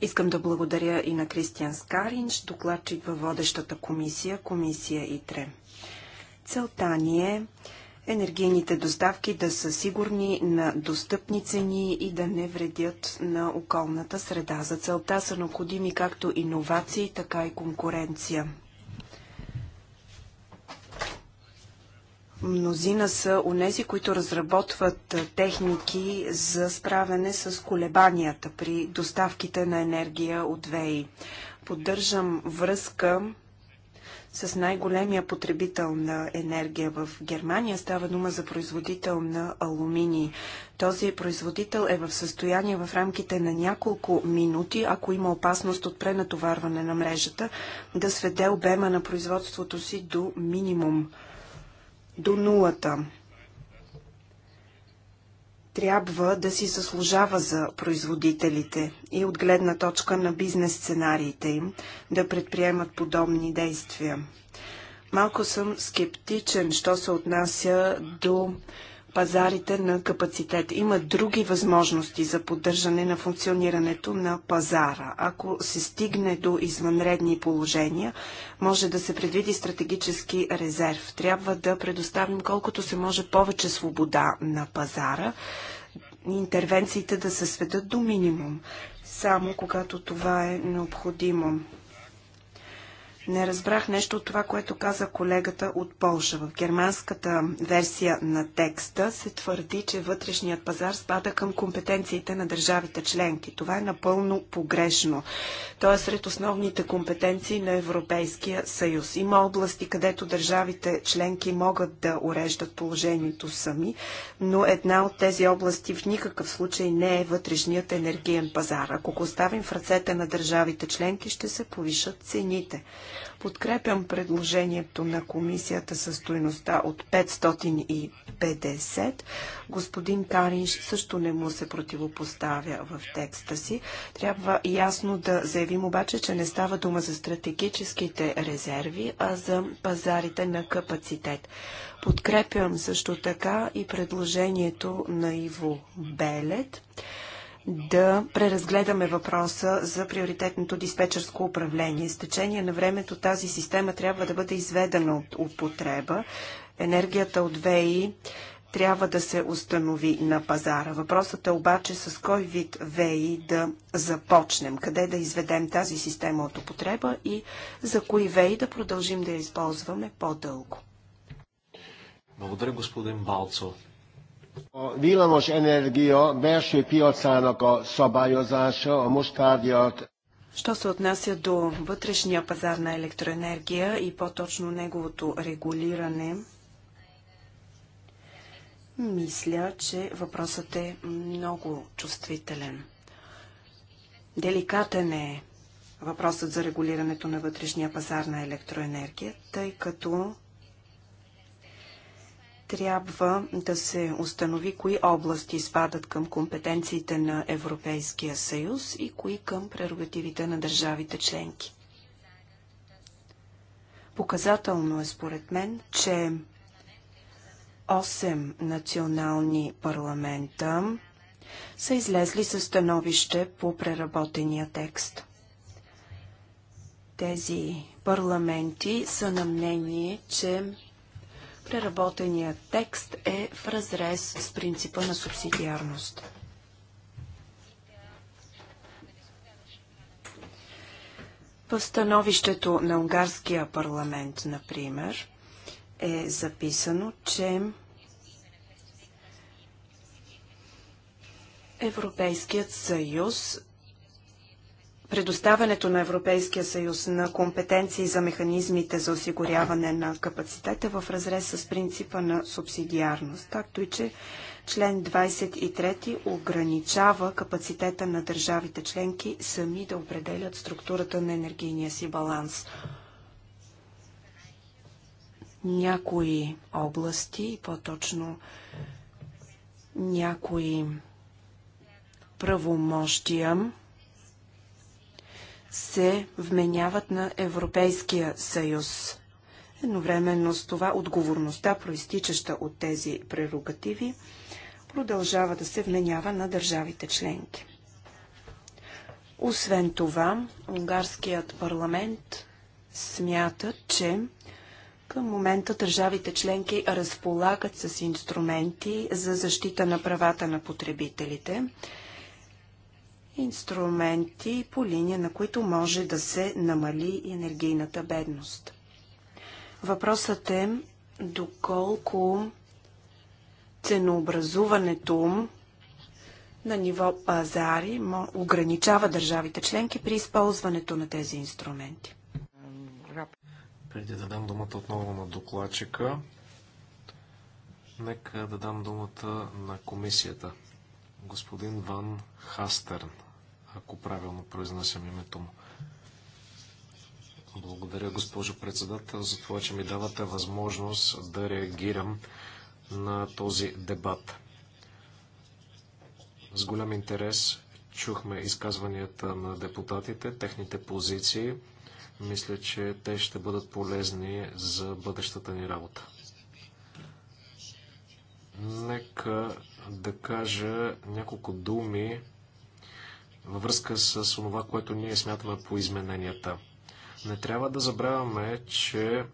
Искам да благодаря и на Кристиан Скаринч, докладчик във водещата комисия, комисия ИТРЕ. Целта ни е енергийните доставки да са сигурни на достъпни цени и да не вредят на околната среда. За целта са необходими както иновации, така и конкуренция. Мнозина са унези, които разработват техники за справяне с колебанията при доставките на енергия от ВЕИ. Поддържам връзка с най-големия потребител на енергия в Германия. Става дума за производител на алуминий. Този производител е в състояние в рамките на няколко минути, ако има опасност от пренатоварване на мрежата, да сведе обема на производството си до минимум до нулата. Трябва да си заслужава за производителите и от гледна точка на бизнес сценариите им да предприемат подобни действия. Малко съм скептичен, що се отнася до пазарите на капацитет. Има други възможности за поддържане на функционирането на пазара. Ако се стигне до извънредни положения, може да се предвиди стратегически резерв. Трябва да предоставим колкото се може повече свобода на пазара, интервенциите да се сведат до минимум, само когато това е необходимо. Не разбрах нещо от това, което каза колегата от Полша. В германската версия на текста се твърди, че вътрешният пазар спада към компетенциите на държавите членки. Това е напълно погрешно. То е сред основните компетенции на Европейския съюз. Има области, където държавите членки могат да уреждат положението сами, но една от тези области в никакъв случай не е вътрешният енергиен пазар. Ако го оставим в ръцете на държавите членки, ще се повишат цените. Подкрепям предложението на комисията със стоеността от 550. Господин Каринш също не му се противопоставя в текста си. Трябва ясно да заявим обаче, че не става дума за стратегическите резерви, а за пазарите на капацитет. Подкрепям също така и предложението на Иво Белет – да преразгледаме въпроса за приоритетното диспетчерско управление. С течение на времето тази система трябва да бъде изведена от употреба. Енергията от ВЕИ трябва да се установи на пазара. Въпросът е обаче с кой вид ВЕИ да започнем, къде да изведем тази система от употреба и за кои ВЕИ да продължим да я използваме по-дълго. Благодаря, господин Балцо. A villamos energia belső piacának a szabályozása, a most tárgyalt Що се отнася до вътрешния пазар на електроенергия и по-точно неговото регулиране, мисля, че въпросът е много чувствителен. Деликатен е въпросът за регулирането на вътрешния пазар на електроенергия, тъй като трябва да се установи кои области спадат към компетенциите на Европейския съюз и кои към прерогативите на държавите членки. Показателно е според мен, че 8 национални парламента са излезли със становище по преработения текст. Тези парламенти са на мнение, че преработеният текст е в разрез с принципа на субсидиарност. В становището на унгарския парламент, например, е записано, че Европейският съюз предоставянето на Европейския съюз на компетенции за механизмите за осигуряване на капацитета в разрез с принципа на субсидиарност, както и че член 23 ограничава капацитета на държавите членки сами да определят структурата на енергийния си баланс. Някои области, по-точно някои правомощия, се вменяват на Европейския съюз. Едновременно с това отговорността, проистичаща от тези прерогативи, продължава да се вменява на държавите членки. Освен това, унгарският парламент смята, че към момента държавите членки разполагат с инструменти за защита на правата на потребителите – инструменти, по линия на които може да се намали енергийната бедност. Въпросът е доколко ценообразуването на ниво пазари ограничава държавите членки при използването на тези инструменти. Преди да дам думата отново на докладчика, нека да дам думата на комисията. Господин Ван Хастерн ако правилно произнасям името му. Благодаря, госпожо председател, за това, че ми давате възможност да реагирам на този дебат. С голям интерес чухме изказванията на депутатите, техните позиции. Мисля, че те ще бъдат полезни за бъдещата ни работа. Нека да кажа няколко думи във връзка с това, което ние смятаме по измененията. Не трябва да забравяме, че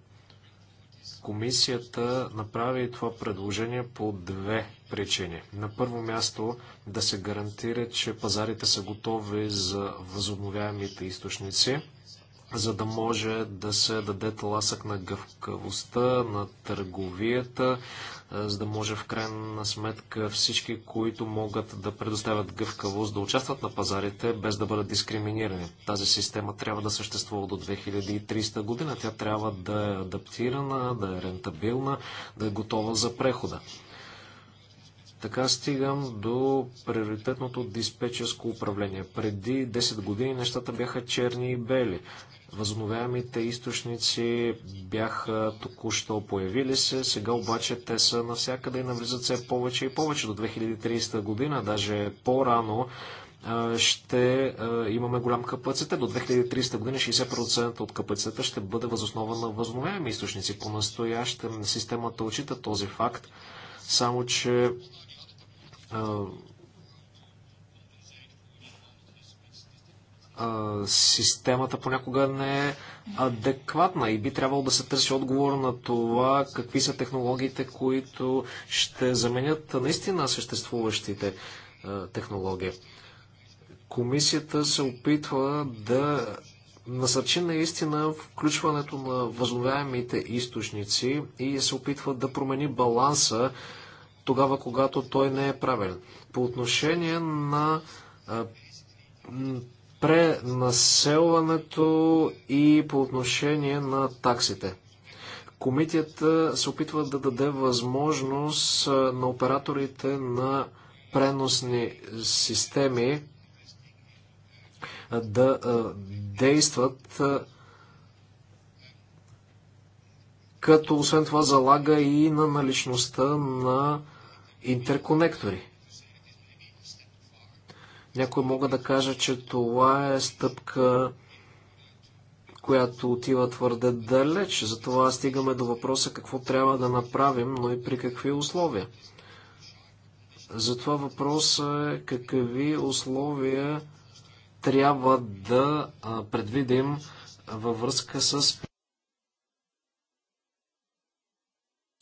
комисията направи това предложение по две причини. На първо място да се гарантира, че пазарите са готови за възобновяемите източници за да може да се даде тласък на гъвкавостта, на търговията, е, за да може в крайна сметка всички, които могат да предоставят гъвкавост, да участват на пазарите, без да бъдат дискриминирани. Тази система трябва да съществува до 2300 година. Тя трябва да е адаптирана, да е рентабилна, да е готова за прехода. Така стигам до приоритетното диспетчерско управление. Преди 10 години нещата бяха черни и бели. Възобновяемите източници бяха току-що появили се, сега обаче те са навсякъде и навлизат все повече и повече до 2030 година, даже по-рано ще имаме голям капацитет. До 2300 година 60% от капацитета ще бъде възоснова на възновяеми източници. По настоящем системата очита този факт, само че системата понякога не е адекватна и би трябвало да се търси отговор на това какви са технологиите, които ще заменят наистина съществуващите технологии. Комисията се опитва да насърчи наистина включването на възобновяемите източници и се опитва да промени баланса тогава, когато той не е правилен. По отношение на пренаселването и по отношение на таксите. Комитията се опитва да даде възможност на операторите на преносни системи да действат като освен това залага и на наличността на интерконектори. Някой мога да кажа, че това е стъпка, която отива твърде далеч. Затова стигаме до въпроса какво трябва да направим, но и при какви условия. Затова въпросът е какви условия трябва да предвидим във връзка с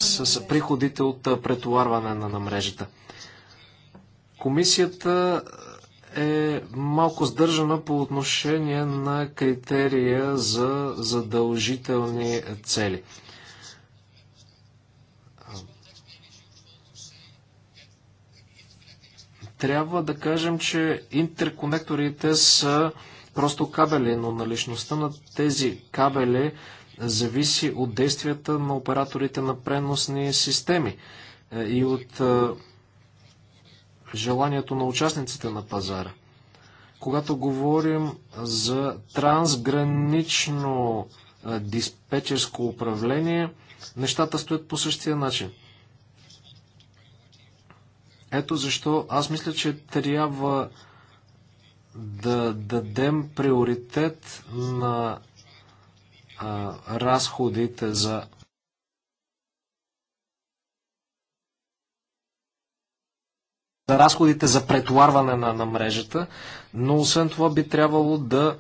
с приходите от претоварване на, на мрежата. Комисията е малко сдържана по отношение на критерия за задължителни цели. Трябва да кажем, че интерконекторите са просто кабели, но наличността на тези кабели зависи от действията на операторите на преносни системи е, и от е, желанието на участниците на пазара. Когато говорим за трансгранично диспетчерско управление, нещата стоят по същия начин. Ето защо аз мисля, че трябва да дадем приоритет на а, разходите за за разходите за претоварване на, на мрежата, но освен това би трябвало да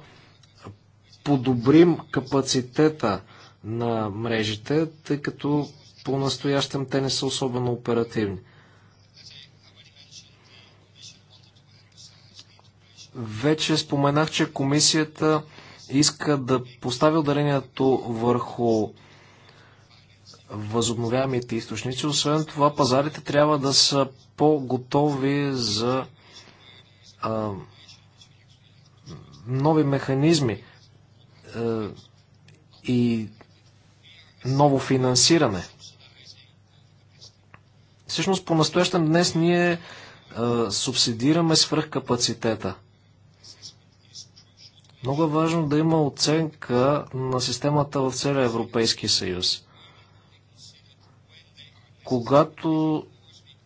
подобрим капацитета на мрежите, тъй като по-настоящем те не са особено оперативни. Вече споменах, че комисията иска да постави ударението върху възобновяемите източници. Освен това, пазарите трябва да са по-готови за а, нови механизми а, е, и ново финансиране. Всъщност, по-настоящем днес ние а, е, субсидираме свръхкапацитета. Много е важно да има оценка на системата в целия Европейски съюз. Когато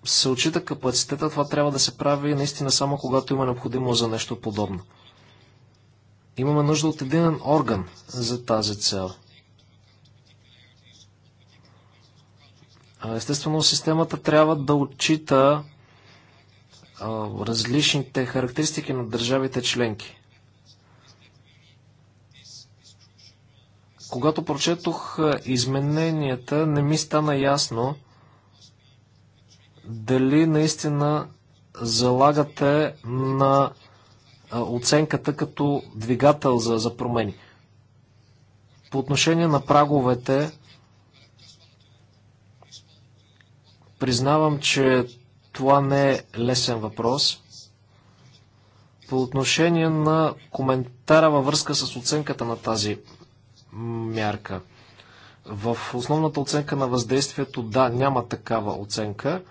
се отчита капацитета, това трябва да се прави наистина само когато има необходимост за нещо подобно. Имаме нужда от един орган за тази цел. Естествено, системата трябва да отчита различните характеристики на държавите членки. Когато прочетох измененията, не ми стана ясно, дали наистина залагате на оценката като двигател за, за промени. По отношение на праговете, признавам, че това не е лесен въпрос. По отношение на коментара във връзка с оценката на тази мярка. В основната оценка на въздействието, да, няма такава оценка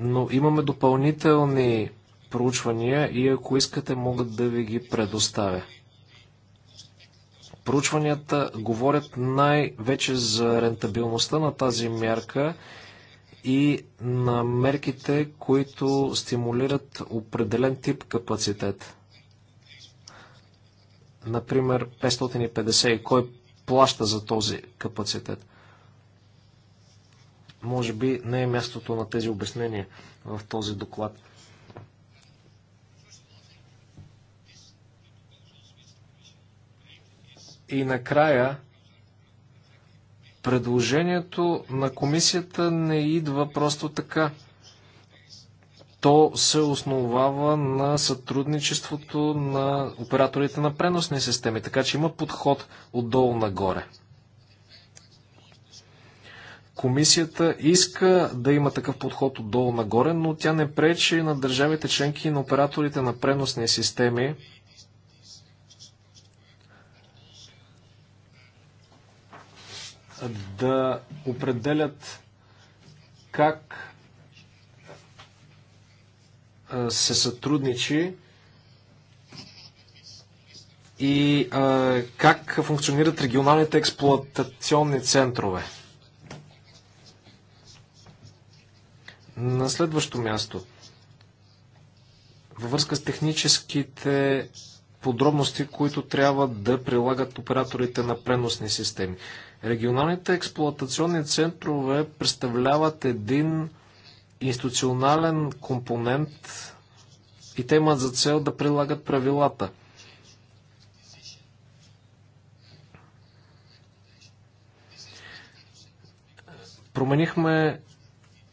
но имаме допълнителни проучвания и ако искате могат да ви ги предоставя. Проучванията говорят най-вече за рентабилността на тази мярка и на мерките, които стимулират определен тип капацитет. Например, 550 и кой плаща за този капацитет. Може би не е мястото на тези обяснения в този доклад. И накрая, предложението на комисията не идва просто така. То се основава на сътрудничеството на операторите на преносни системи, така че има подход отдолу нагоре. Комисията иска да има такъв подход отдолу нагоре, но тя не пречи на държавите членки и на операторите на преносни системи да определят как се сътрудничи и а, как функционират регионалните експлуатационни центрове. На следващо място, във връзка с техническите подробности, които трябва да прилагат операторите на преносни системи. Регионалните експлуатационни центрове представляват един институционален компонент и те имат за цел да прилагат правилата. Променихме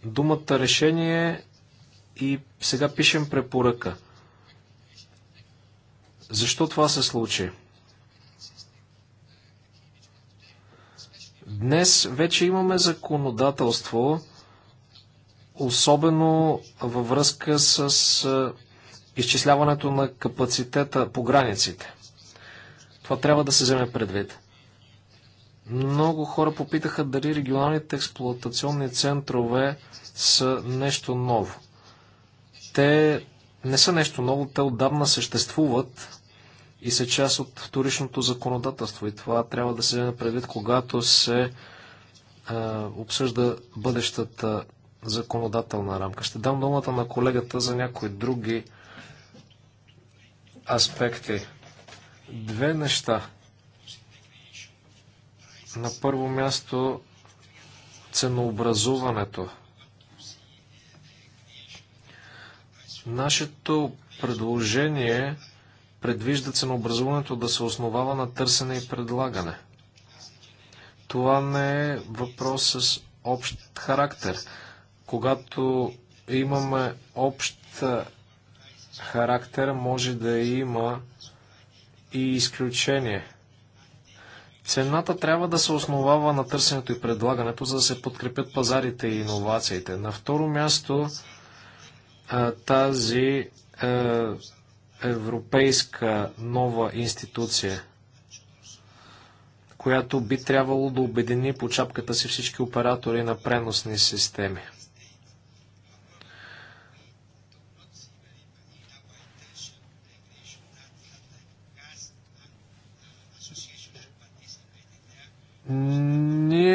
думата решение и сега пишем препоръка. Защо това се случи? Днес вече имаме законодателство, особено във връзка с изчисляването на капацитета по границите. Това трябва да се вземе предвид. Много хора попитаха дали регионалните експлуатационни центрове са нещо ново. Те не са нещо ново, те отдавна съществуват и са част от вторичното законодателство. И това трябва да се вземе предвид, когато се е, обсъжда бъдещата законодателна рамка. Ще дам думата на колегата за някои други аспекти. Две неща на първо място ценообразуването. Нашето предложение предвижда ценообразуването да се основава на търсене и предлагане. Това не е въпрос с общ характер. Когато имаме общ характер, може да има и изключение – Цената трябва да се основава на търсенето и предлагането, за да се подкрепят пазарите и иновациите. На второ място тази европейска нова институция, която би трябвало да обедини по чапката си всички оператори на преносни системи.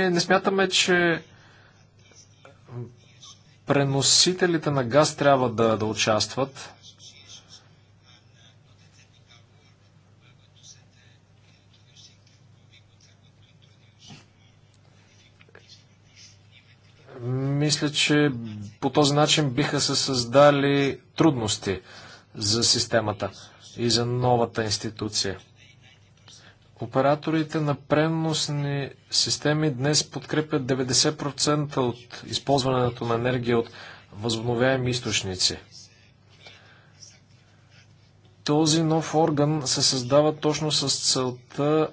Ние не смятаме, че преносителите на газ трябва да, да участват. Мисля, че по този начин биха се създали трудности за системата и за новата институция. Операторите на преносни системи днес подкрепят 90% от използването на енергия от възобновяеми източници. Този нов орган се създава точно с целта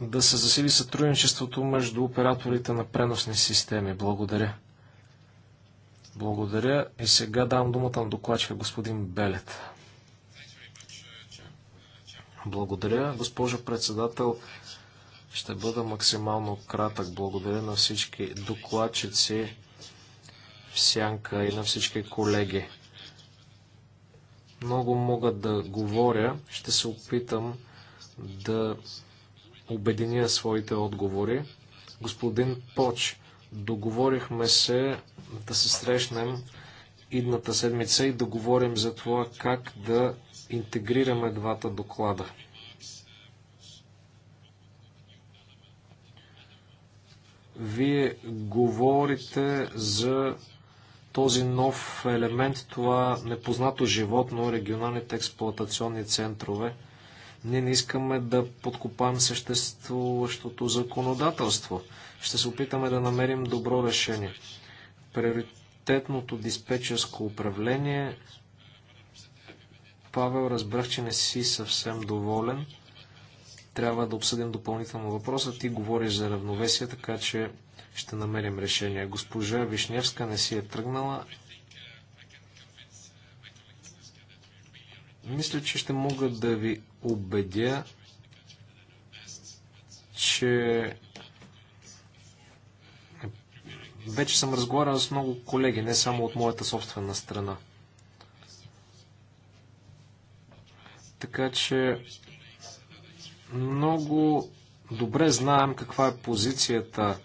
да се засили сътрудничеството между операторите на преносни системи. Благодаря. Благодаря и сега дам думата на докладчика господин Белет. Благодаря, госпожо председател. Ще бъда максимално кратък. Благодаря на всички докладчици в сянка и на всички колеги. Много мога да говоря. Ще се опитам да обединя своите отговори. Господин Поч, договорихме се да се срещнем идната седмица и да говорим за това как да интегрираме двата доклада. Вие говорите за този нов елемент, това непознато животно, регионалните експлуатационни центрове. Ние не искаме да подкопаем съществуващото законодателство. Ще се опитаме да намерим добро решение. Приоритет приоритетното диспетчерско управление. Павел, разбрах, че не си съвсем доволен. Трябва да обсъдим допълнително въпроса. Ти говориш за равновесие, така че ще намерим решение. Госпожа Вишневска не си е тръгнала. Мисля, че ще мога да ви убедя, че вече съм разговарял с много колеги, не само от моята собствена страна. Така че много добре знаем каква е позицията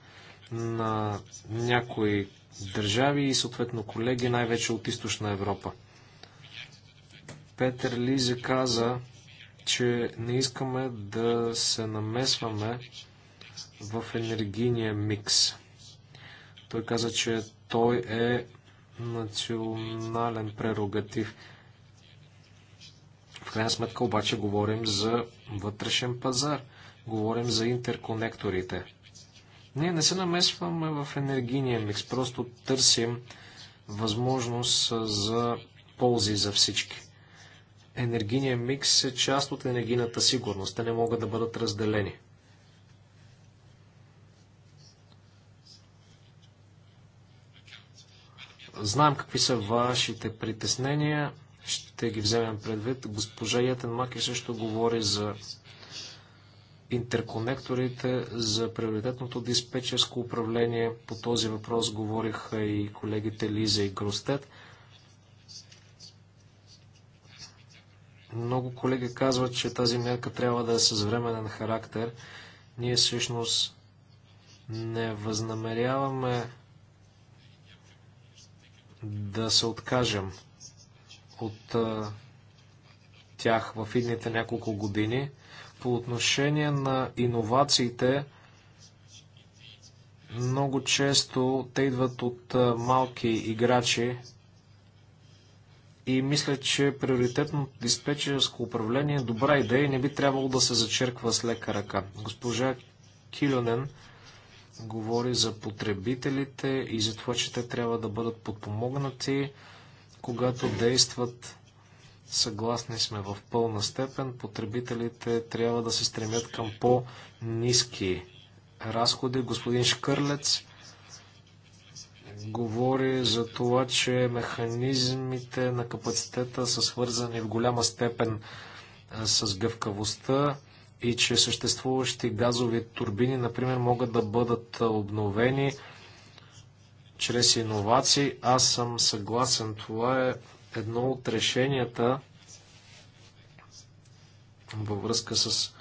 на някои държави и съответно колеги, най-вече от източна Европа. Петър Лизе каза, че не искаме да се намесваме в енергийния микс. Той каза, че той е национален прерогатив. В крайна сметка обаче говорим за вътрешен пазар, говорим за интерконекторите. Ние не се намесваме в енергийния микс, просто търсим възможност за ползи за всички. Енергийният микс е част от енергийната сигурност, те не могат да бъдат разделени. Знаем какви са вашите притеснения. Ще ги вземем предвид. Госпожа Ятен Маки също говори за интерконекторите, за приоритетното диспетчерско управление. По този въпрос говориха и колегите Лиза и Гростет. Много колеги казват, че тази мерка трябва да е с временен характер. Ние всъщност не възнамеряваме да се откажем от а, тях в идните няколко години. По отношение на иновациите, много често те идват от а, малки играчи и мисля, че приоритетно диспетчерско управление е добра идея и не би трябвало да се зачерква с лека ръка. Госпожа Килюнен говори за потребителите и за това, че те трябва да бъдат подпомогнати, когато действат. Съгласни сме в пълна степен. Потребителите трябва да се стремят към по-низки разходи. Господин Шкърлец говори за това, че механизмите на капацитета са свързани в голяма степен с гъвкавостта и че съществуващи газови турбини, например, могат да бъдат обновени чрез иновации. Аз съм съгласен. Това е едно от решенията във връзка с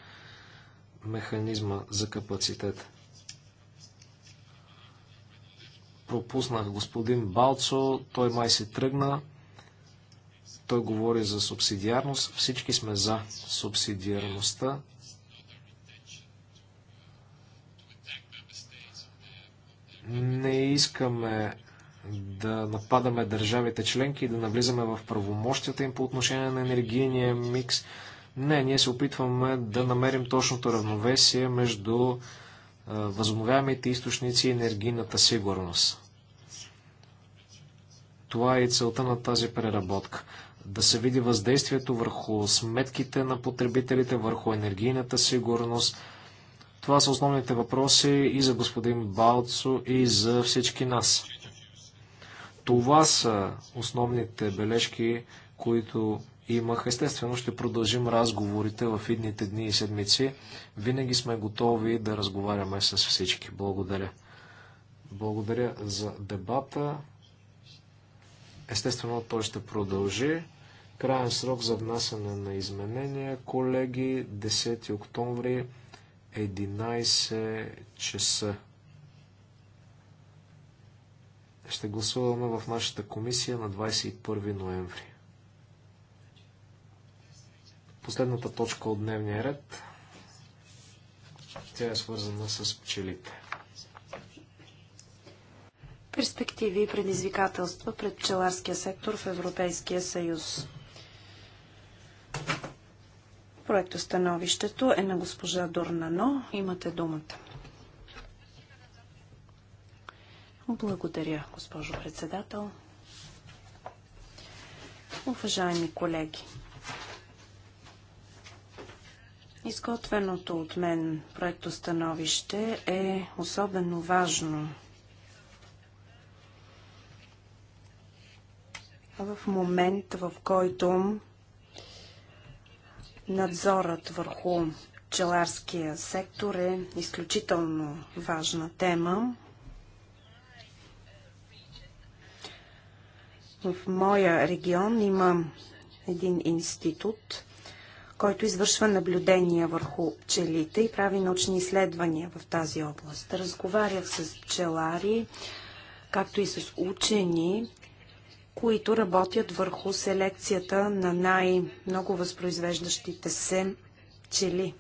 механизма за капацитет. Пропуснах господин Балцо, той май си тръгна. Той говори за субсидиарност. Всички сме за субсидиарността. Не искаме да нападаме държавите членки и да навлизаме в правомощията им по отношение на енергийния микс. Не, ние се опитваме да намерим точното равновесие между възобновяемите източници и енергийната сигурност. Това е и целта на тази преработка. Да се види въздействието върху сметките на потребителите, върху енергийната сигурност – това са основните въпроси и за господин Балцо, и за всички нас. Това са основните бележки, които имах. Естествено, ще продължим разговорите в идните дни и седмици. Винаги сме готови да разговаряме с всички. Благодаря. Благодаря за дебата. Естествено, той ще продължи. Краен срок за внасяне на изменения, колеги, 10 октомври 11 часа. Ще гласуваме в нашата комисия на 21 ноември. Последната точка от дневния ред. Тя е свързана с пчелите. Перспективи и предизвикателства пред пчеларския сектор в Европейския съюз становището е на госпожа Дорнано. Имате думата. Благодаря, госпожо председател. Уважаеми колеги, изготвеното от мен становище е особено важно. В момент, в който Надзорът върху пчеларския сектор е изключително важна тема. В моя регион има един институт, който извършва наблюдения върху пчелите и прави научни изследвания в тази област. Разговарях с пчелари, както и с учени, които работят върху селекцията на най-много възпроизвеждащите се пчели.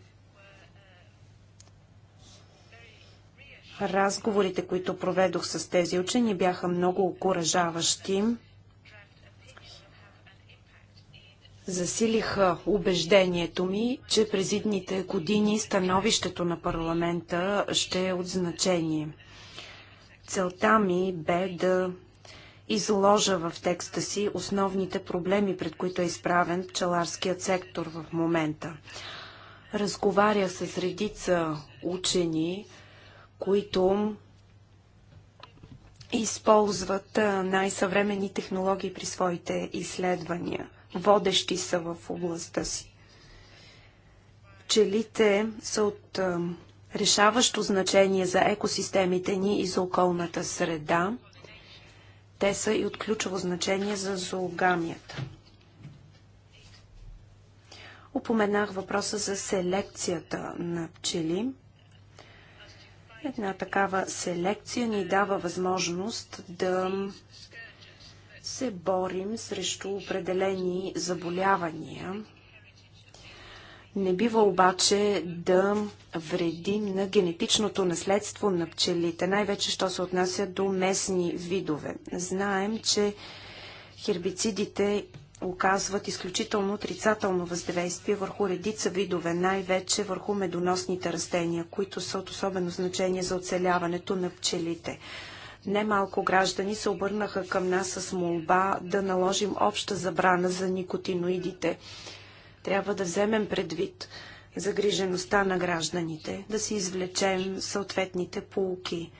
Разговорите, които проведох с тези учени, бяха много окоръжаващи. Засилиха убеждението ми, че през идните години становището на парламента ще е от значение. Целта ми бе да изложа в текста си основните проблеми, пред които е изправен пчеларският сектор в момента. Разговаря с редица учени, които използват най-съвремени технологии при своите изследвания. Водещи са в областта си. Пчелите са от решаващо значение за екосистемите ни и за околната среда. Те са и от ключово значение за зоогамията. Упоменах въпроса за селекцията на пчели. Една такава селекция ни дава възможност да се борим срещу определени заболявания, не бива обаче да вредим на генетичното наследство на пчелите, най-вече що се отнася до местни видове. Знаем, че хербицидите оказват изключително отрицателно въздействие върху редица видове, най-вече върху медоносните растения, които са от особено значение за оцеляването на пчелите. Немалко граждани се обърнаха към нас с молба да наложим обща забрана за никотиноидите трябва да вземем предвид загрижеността на гражданите, да си извлечем съответните полки.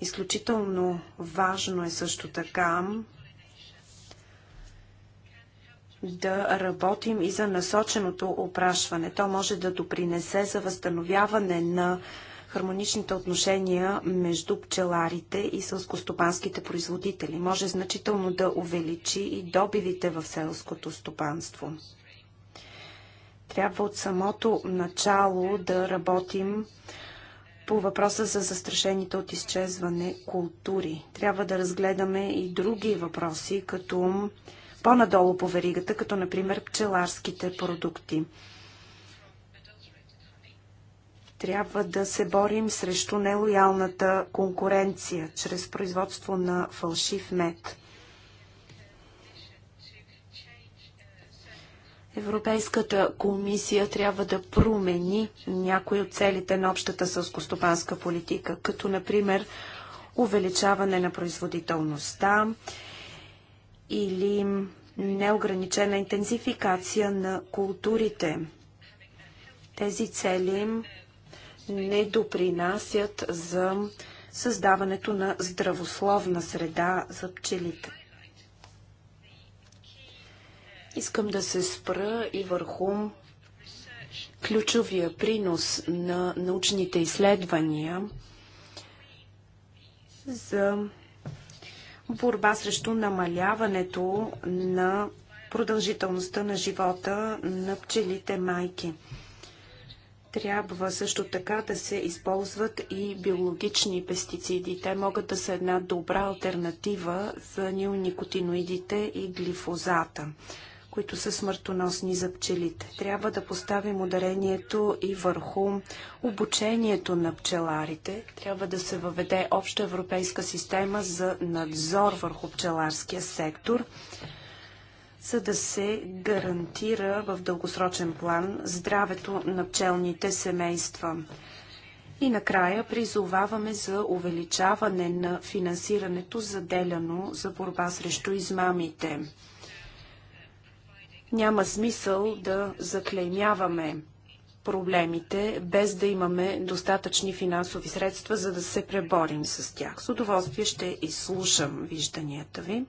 Изключително важно е също така да работим и за насоченото опрашване. То може да допринесе за възстановяване на хармоничните отношения между пчеларите и селскостопанските производители. Може значително да увеличи и добивите в селското стопанство. Трябва от самото начало да работим по въпроса за застрашените от изчезване култури. Трябва да разгледаме и други въпроси, като по-надолу по веригата, като например пчеларските продукти. Трябва да се борим срещу нелоялната конкуренция чрез производство на фалшив мед. Европейската комисия трябва да промени някои от целите на общата сълскостопанска политика, като например увеличаване на производителността или неограничена интензификация на културите. Тези цели не допринасят за създаването на здравословна среда за пчелите. Искам да се спра и върху ключовия принос на научните изследвания за борба срещу намаляването на продължителността на живота на пчелите майки. Трябва също така да се използват и биологични пестициди. Те могат да са една добра альтернатива за неоникотиноидите и глифозата които са смъртоносни за пчелите. Трябва да поставим ударението и върху обучението на пчеларите. Трябва да се въведе обща европейска система за надзор върху пчеларския сектор, за да се гарантира в дългосрочен план здравето на пчелните семейства. И накрая призоваваме за увеличаване на финансирането, заделяно за борба срещу измамите. Няма смисъл да заклеймяваме проблемите, без да имаме достатъчни финансови средства, за да се преборим с тях. С удоволствие ще изслушам вижданията ви.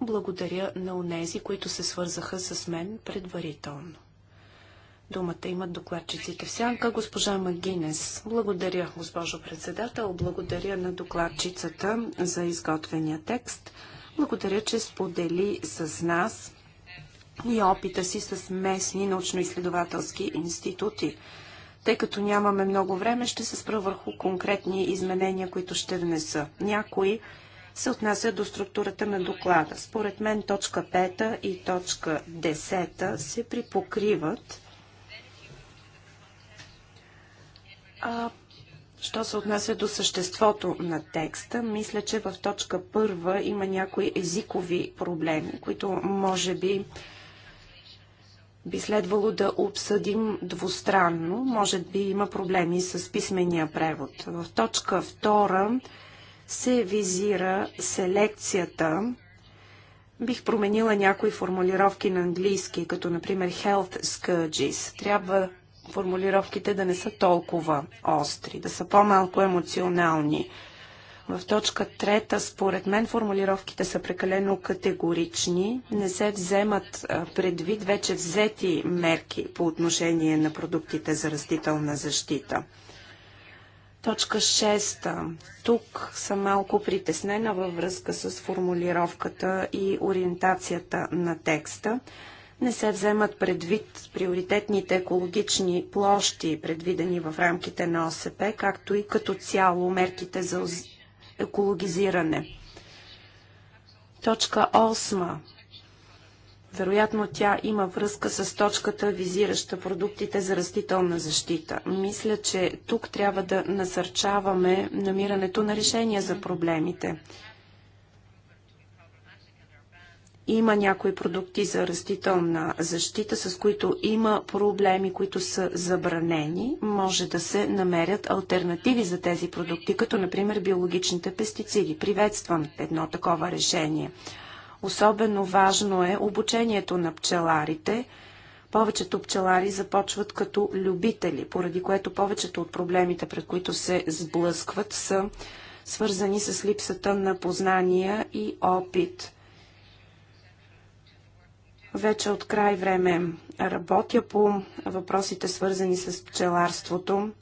Благодаря на онези, които се свързаха с мен предварително. Думата имат докладчиците в сянка. Госпожа Магинес, благодаря, госпожо председател, благодаря на докладчицата за изготвения текст. Благодаря, че сподели с нас и опита си с местни научно-изследователски институти. Тъй като нямаме много време, ще се спра върху конкретни изменения, които ще внеса. Някои се отнася до структурата на доклада. Според мен точка 5 и точка 10 се припокриват, Що се отнася до съществото на текста, мисля, че в точка първа има някои езикови проблеми, които може би би следвало да обсъдим двустранно. Може би има проблеми с писмения превод. В точка втора се визира селекцията. Бих променила някои формулировки на английски, като например health scourges. Трябва формулировките да не са толкова остри, да са по-малко емоционални. В точка трета, според мен, формулировките са прекалено категорични. Не се вземат предвид вече взети мерки по отношение на продуктите за растителна защита. Точка 6. Тук съм малко притеснена във връзка с формулировката и ориентацията на текста не се вземат предвид приоритетните екологични площи, предвидени в рамките на ОСП, както и като цяло мерките за екологизиране. Точка 8. Вероятно тя има връзка с точката, визираща продуктите за растителна защита. Мисля, че тук трябва да насърчаваме намирането на решения за проблемите. Има някои продукти за растителна защита, с които има проблеми, които са забранени. Може да се намерят альтернативи за тези продукти, като например биологичните пестициди. Приветствам едно такова решение. Особено важно е обучението на пчеларите. Повечето пчелари започват като любители, поради което повечето от проблемите, пред които се сблъскват, са свързани с липсата на познания и опит. Вече от край време работя по въпросите свързани с пчеларството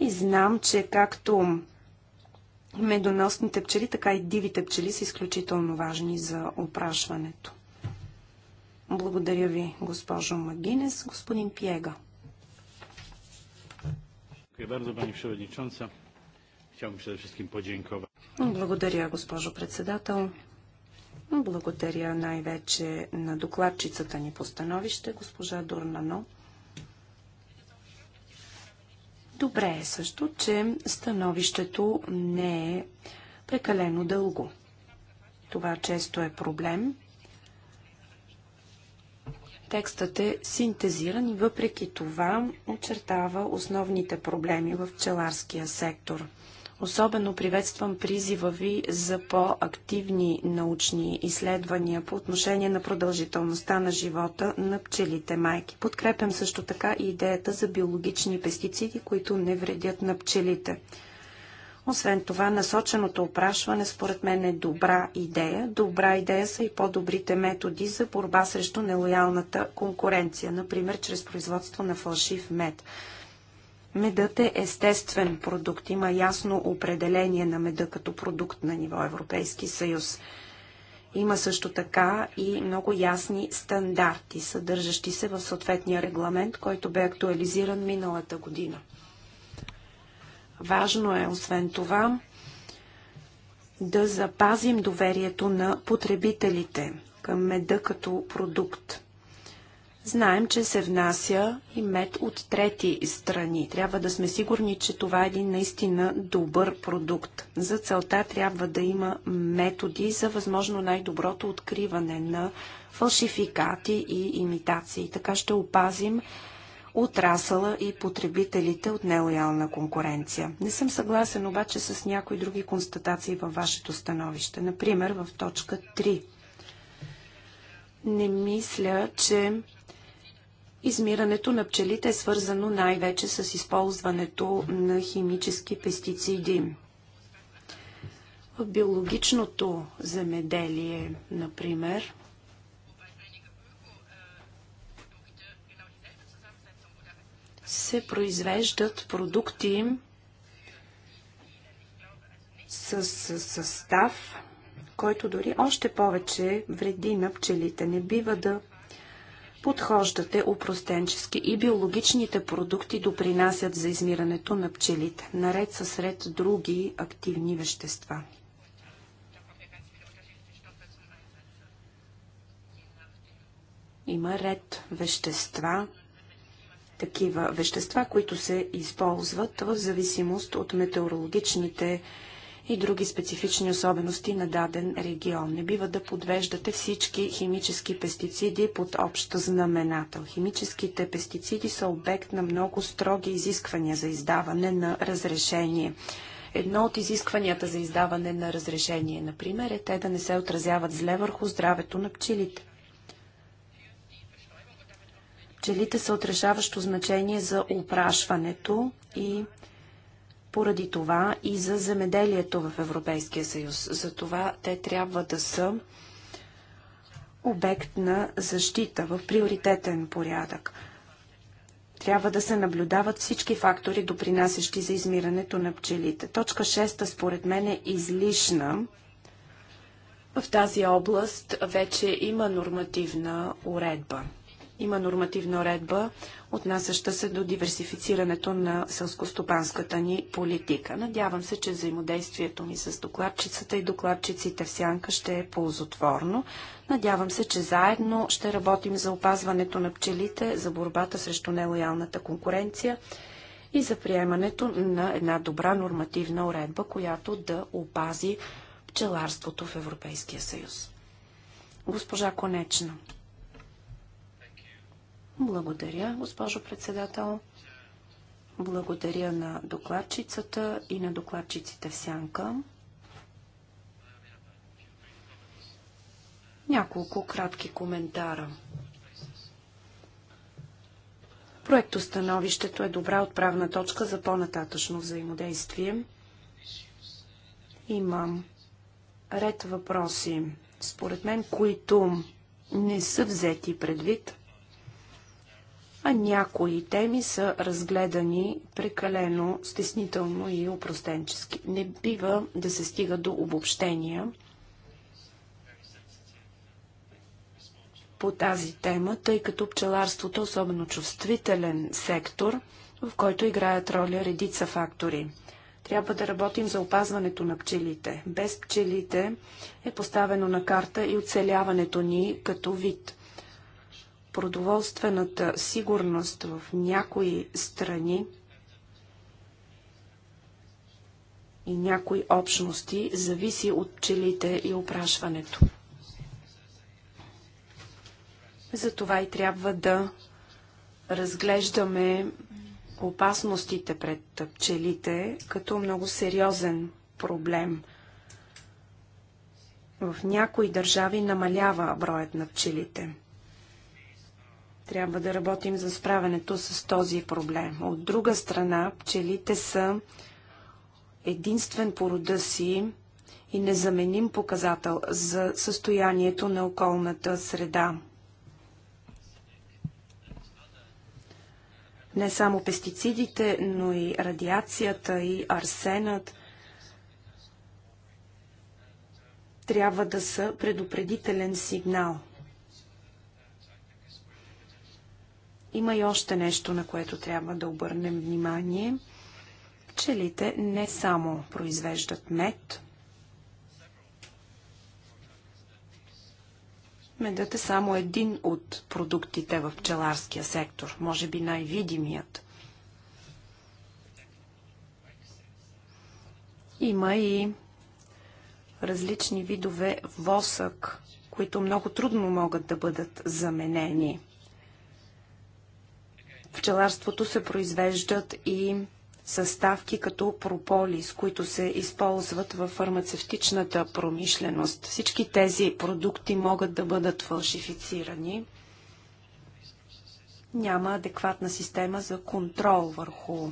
и знам, че както медоносните пчели, така и дивите пчели са изключително важни за опрашването. Благодаря ви, госпожо Магинес. Господин Пиега. Благодаря, госпожо председател. Благодаря най-вече на докладчицата ни по становище, госпожа Дурнано. Добре е също, че становището не е прекалено дълго. Това често е проблем. Текстът е синтезиран и въпреки това очертава основните проблеми в пчеларския сектор – Особено приветствам призива ви за по-активни научни изследвания по отношение на продължителността на живота на пчелите майки. Подкрепям също така и идеята за биологични пестициди, които не вредят на пчелите. Освен това, насоченото опрашване според мен е добра идея. Добра идея са и по-добрите методи за борба срещу нелоялната конкуренция, например чрез производство на фалшив мед. Медът е естествен продукт. Има ясно определение на меда като продукт на ниво Европейски съюз. Има също така и много ясни стандарти, съдържащи се в съответния регламент, който бе актуализиран миналата година. Важно е, освен това, да запазим доверието на потребителите към меда като продукт. Знаем, че се внася и мед от трети страни. Трябва да сме сигурни, че това е един наистина добър продукт. За целта трябва да има методи за възможно най-доброто откриване на фалшификати и имитации. Така ще опазим отрасъла и потребителите от нелоялна конкуренция. Не съм съгласен обаче с някои други констатации във вашето становище. Например, в точка 3. Не мисля, че Измирането на пчелите е свързано най-вече с използването на химически пестициди. В биологичното земеделие, например, се произвеждат продукти с състав, който дори още повече вреди на пчелите. Не бива да подхождате упростенчески и биологичните продукти допринасят за измирането на пчелите, наред със сред други активни вещества. Има ред вещества, такива вещества, които се използват в зависимост от метеорологичните и други специфични особености на даден регион. Не бива да подвеждате всички химически пестициди под общ знаменател. Химическите пестициди са обект на много строги изисквания за издаване на разрешение. Едно от изискванията за издаване на разрешение, например, е те да не се отразяват зле върху здравето на пчелите. Пчелите са отрешаващо значение за опрашването и поради това и за земеделието в Европейския съюз. За това те трябва да са обект на защита в приоритетен порядък. Трябва да се наблюдават всички фактори, допринасящи за измирането на пчелите. Точка 6 според мен е излишна. В тази област вече има нормативна уредба. Има нормативна уредба, отнасяща се до диверсифицирането на селскостопанската ни политика. Надявам се, че взаимодействието ми с докладчицата и докладчиците в сянка ще е ползотворно. Надявам се, че заедно ще работим за опазването на пчелите, за борбата срещу нелоялната конкуренция и за приемането на една добра нормативна уредба, която да опази пчеларството в Европейския съюз. Госпожа Конечна. Благодаря, госпожо председател. Благодаря на докладчицата и на докладчиците в сянка. Няколко кратки коментара. становището е добра отправна точка за по-нататъчно взаимодействие. Имам ред въпроси, според мен, които не са взети предвид – а някои теми са разгледани прекалено стеснително и упростенчески. Не бива да се стига до обобщения по тази тема, тъй като пчеларството е особено чувствителен сектор, в който играят роля редица фактори трябва да работим за опазването на пчелите. Без пчелите е поставено на карта и оцеляването ни като вид продоволствената сигурност в някои страни и някои общности зависи от пчелите и опрашването. Затова и трябва да разглеждаме опасностите пред пчелите като много сериозен проблем. В някои държави намалява броят на пчелите. Трябва да работим за справянето с този проблем. От друга страна, пчелите са единствен по рода си и незаменим показател за състоянието на околната среда. Не само пестицидите, но и радиацията и арсенът трябва да са предупредителен сигнал – Има и още нещо, на което трябва да обърнем внимание. Пчелите не само произвеждат мед. Медът е само един от продуктите в пчеларския сектор, може би най-видимият. Има и различни видове восък, които много трудно могат да бъдат заменени – пчеларството се произвеждат и съставки като прополис, които се използват във фармацевтичната промишленост. Всички тези продукти могат да бъдат фалшифицирани. Няма адекватна система за контрол върху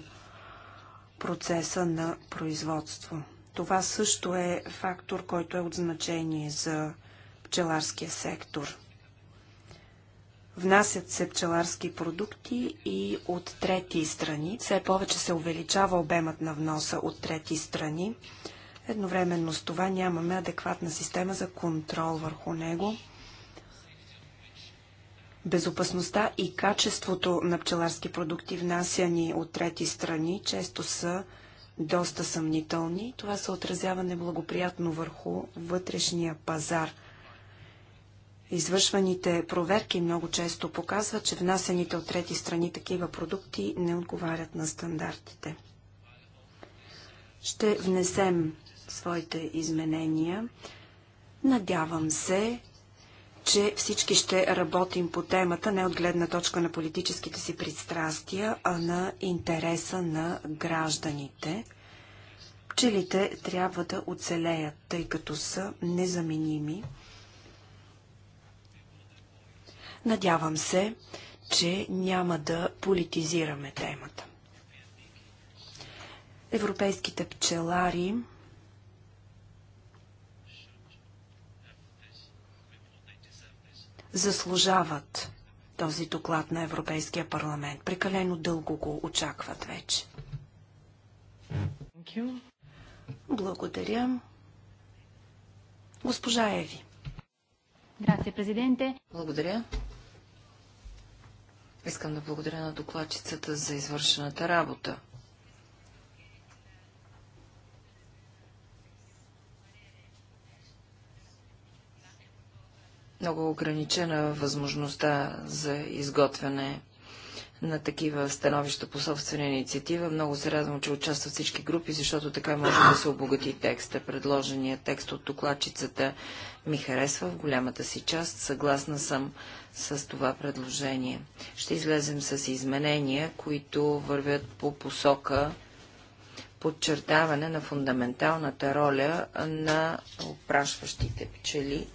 процеса на производство. Това също е фактор, който е от значение за пчеларския сектор. Внасят се пчеларски продукти и от трети страни. Все повече се увеличава обемът на вноса от трети страни. Едновременно с това нямаме адекватна система за контрол върху него. Безопасността и качеството на пчеларски продукти, внасяни от трети страни, често са доста съмнителни. Това се отразява неблагоприятно върху вътрешния пазар – Извършваните проверки много често показват, че внасените от трети страни такива продукти не отговарят на стандартите. Ще внесем своите изменения. Надявам се, че всички ще работим по темата не от гледна точка на политическите си пристрастия, а на интереса на гражданите. Пчелите трябва да оцелеят, тъй като са незаменими Надявам се, че няма да политизираме темата. Европейските пчелари заслужават този доклад на Европейския парламент. Прекалено дълго го очакват вече. Благодаря. Госпожа Еви. Благодаря. Искам да благодаря на докладчицата за извършената работа. Много ограничена възможността за изготвяне на такива становища по собствена инициатива. Много се радвам, че участват всички групи, защото така може да се обогати текста. Предложения текст от докладчицата ми харесва в голямата си част. Съгласна съм с това предложение. Ще излезем с изменения, които вървят по посока подчертаване на фундаменталната роля на опрашващите пчели,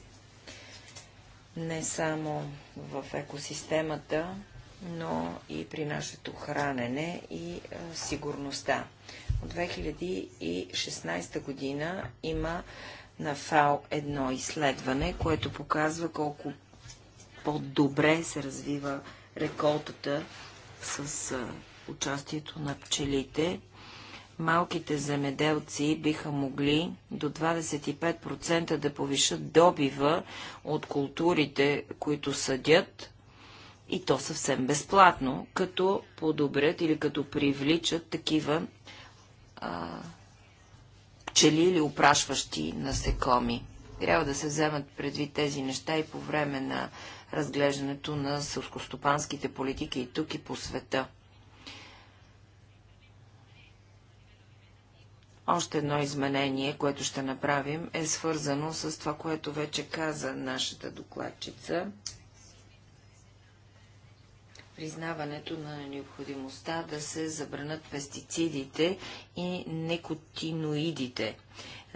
не само в екосистемата, но и при нашето хранене и сигурността. От 2016 година има на ФАО едно изследване, което показва колко по-добре се развива реколтата с участието на пчелите. Малките земеделци биха могли до 25% да повишат добива от културите, които съдят, и то съвсем безплатно, като подобрят или като привличат такива а, пчели или опрашващи насекоми. Трябва да се вземат предвид тези неща и по време на разглеждането на сълскостопанските политики и тук и по света. Още едно изменение, което ще направим, е свързано с това, което вече каза нашата докладчица. Признаването на необходимостта да се забранат пестицидите и некотиноидите.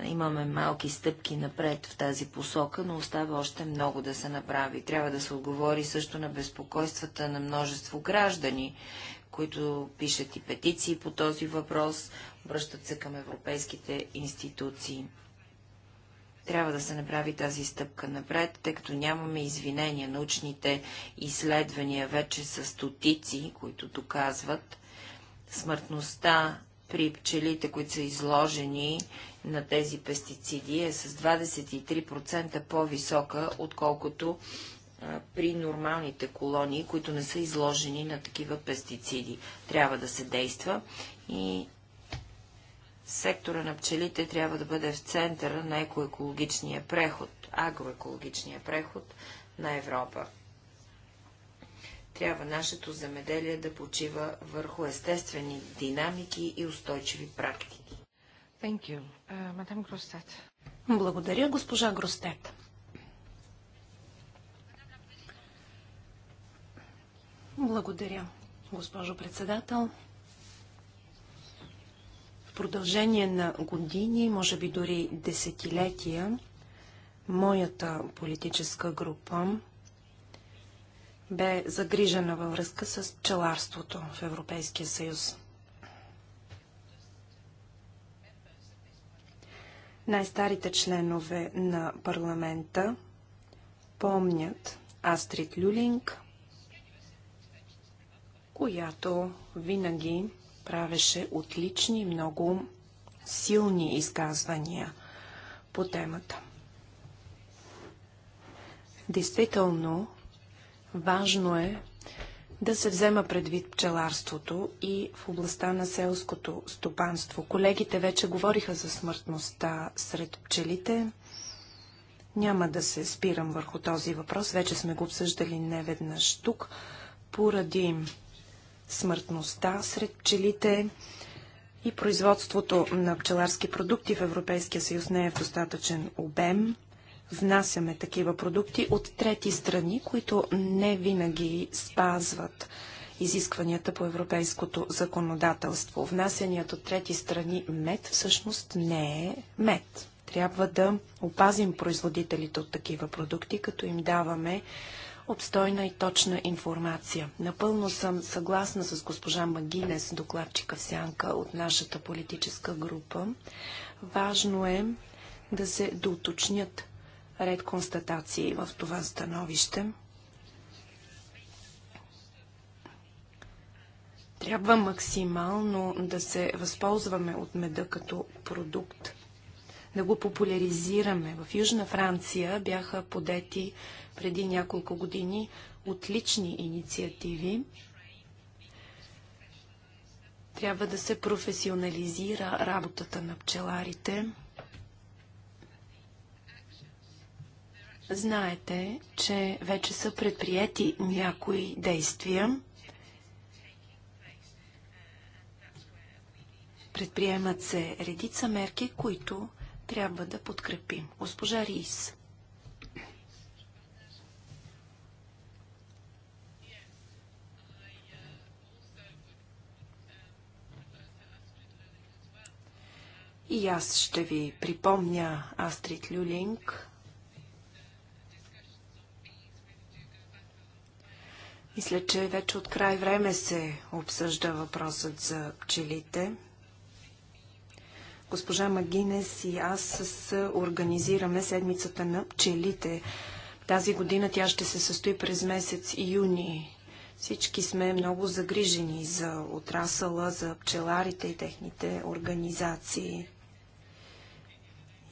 Имаме малки стъпки напред в тази посока, но остава още много да се направи. Трябва да се отговори също на безпокойствата на множество граждани, които пишат и петиции по този въпрос, обръщат се към европейските институции. Трябва да се направи тази стъпка напред, тъй като нямаме извинения. Научните изследвания вече са стотици, които доказват смъртността при пчелите, които са изложени на тези пестициди е с 23% по-висока, отколкото при нормалните колонии, които не са изложени на такива пестициди. Трябва да се действа и сектора на пчелите трябва да бъде в центъра на екоекологичния преход, агроекологичния преход на Европа. Трябва нашето земеделие да почива върху естествени динамики и устойчиви практики. Thank you. Мадам Гростет. Благодаря, госпожа Гростет. Благодаря, госпожо председател. В продължение на години, може би дори десетилетия, моята политическа група бе загрижена във връзка с пчеларството в Европейския съюз. Най-старите членове на парламента помнят Астрид Люлинг, която винаги правеше отлични, много силни изказвания по темата. Действително, важно е да се взема предвид пчеларството и в областта на селското стопанство. Колегите вече говориха за смъртността сред пчелите. Няма да се спирам върху този въпрос, вече сме го обсъждали неведнъж тук. Поради смъртността сред пчелите и производството на пчеларски продукти в Европейския съюз не е в достатъчен обем – внасяме такива продукти от трети страни, които не винаги спазват изискванията по европейското законодателство. Внасяният от трети страни мед всъщност не е мед. Трябва да опазим производителите от такива продукти, като им даваме обстойна и точна информация. Напълно съм съгласна с госпожа Магинес, докладчика в сянка от нашата политическа група. Важно е да се доуточнят ред констатации в това становище. Трябва максимално да се възползваме от меда като продукт, да го популяризираме. В Южна Франция бяха подети преди няколко години отлични инициативи. Трябва да се професионализира работата на пчеларите – Знаете, че вече са предприяти някои действия. Предприемат се редица мерки, които трябва да подкрепим. Госпожа Рис. И аз ще ви припомня Астрид Люлинг, Мисля, че вече от край време се обсъжда въпросът за пчелите. Госпожа Магинес и аз организираме седмицата на пчелите. Тази година тя ще се състои през месец юни. Всички сме много загрижени за отрасъла, за пчеларите и техните организации.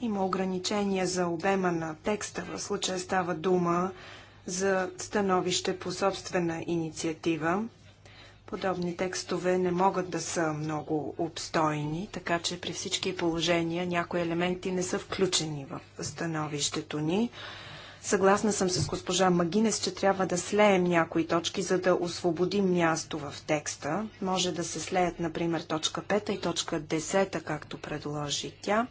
Има ограничения за обема на текста. В случая става дума за становище по собствена инициатива. Подобни текстове не могат да са много обстойни, така че при всички положения някои елементи не са включени в становището ни. Съгласна съм с госпожа Магинес, че трябва да слеем някои точки, за да освободим място в текста. Може да се слеят, например, точка 5 и точка 10, както предложи тя.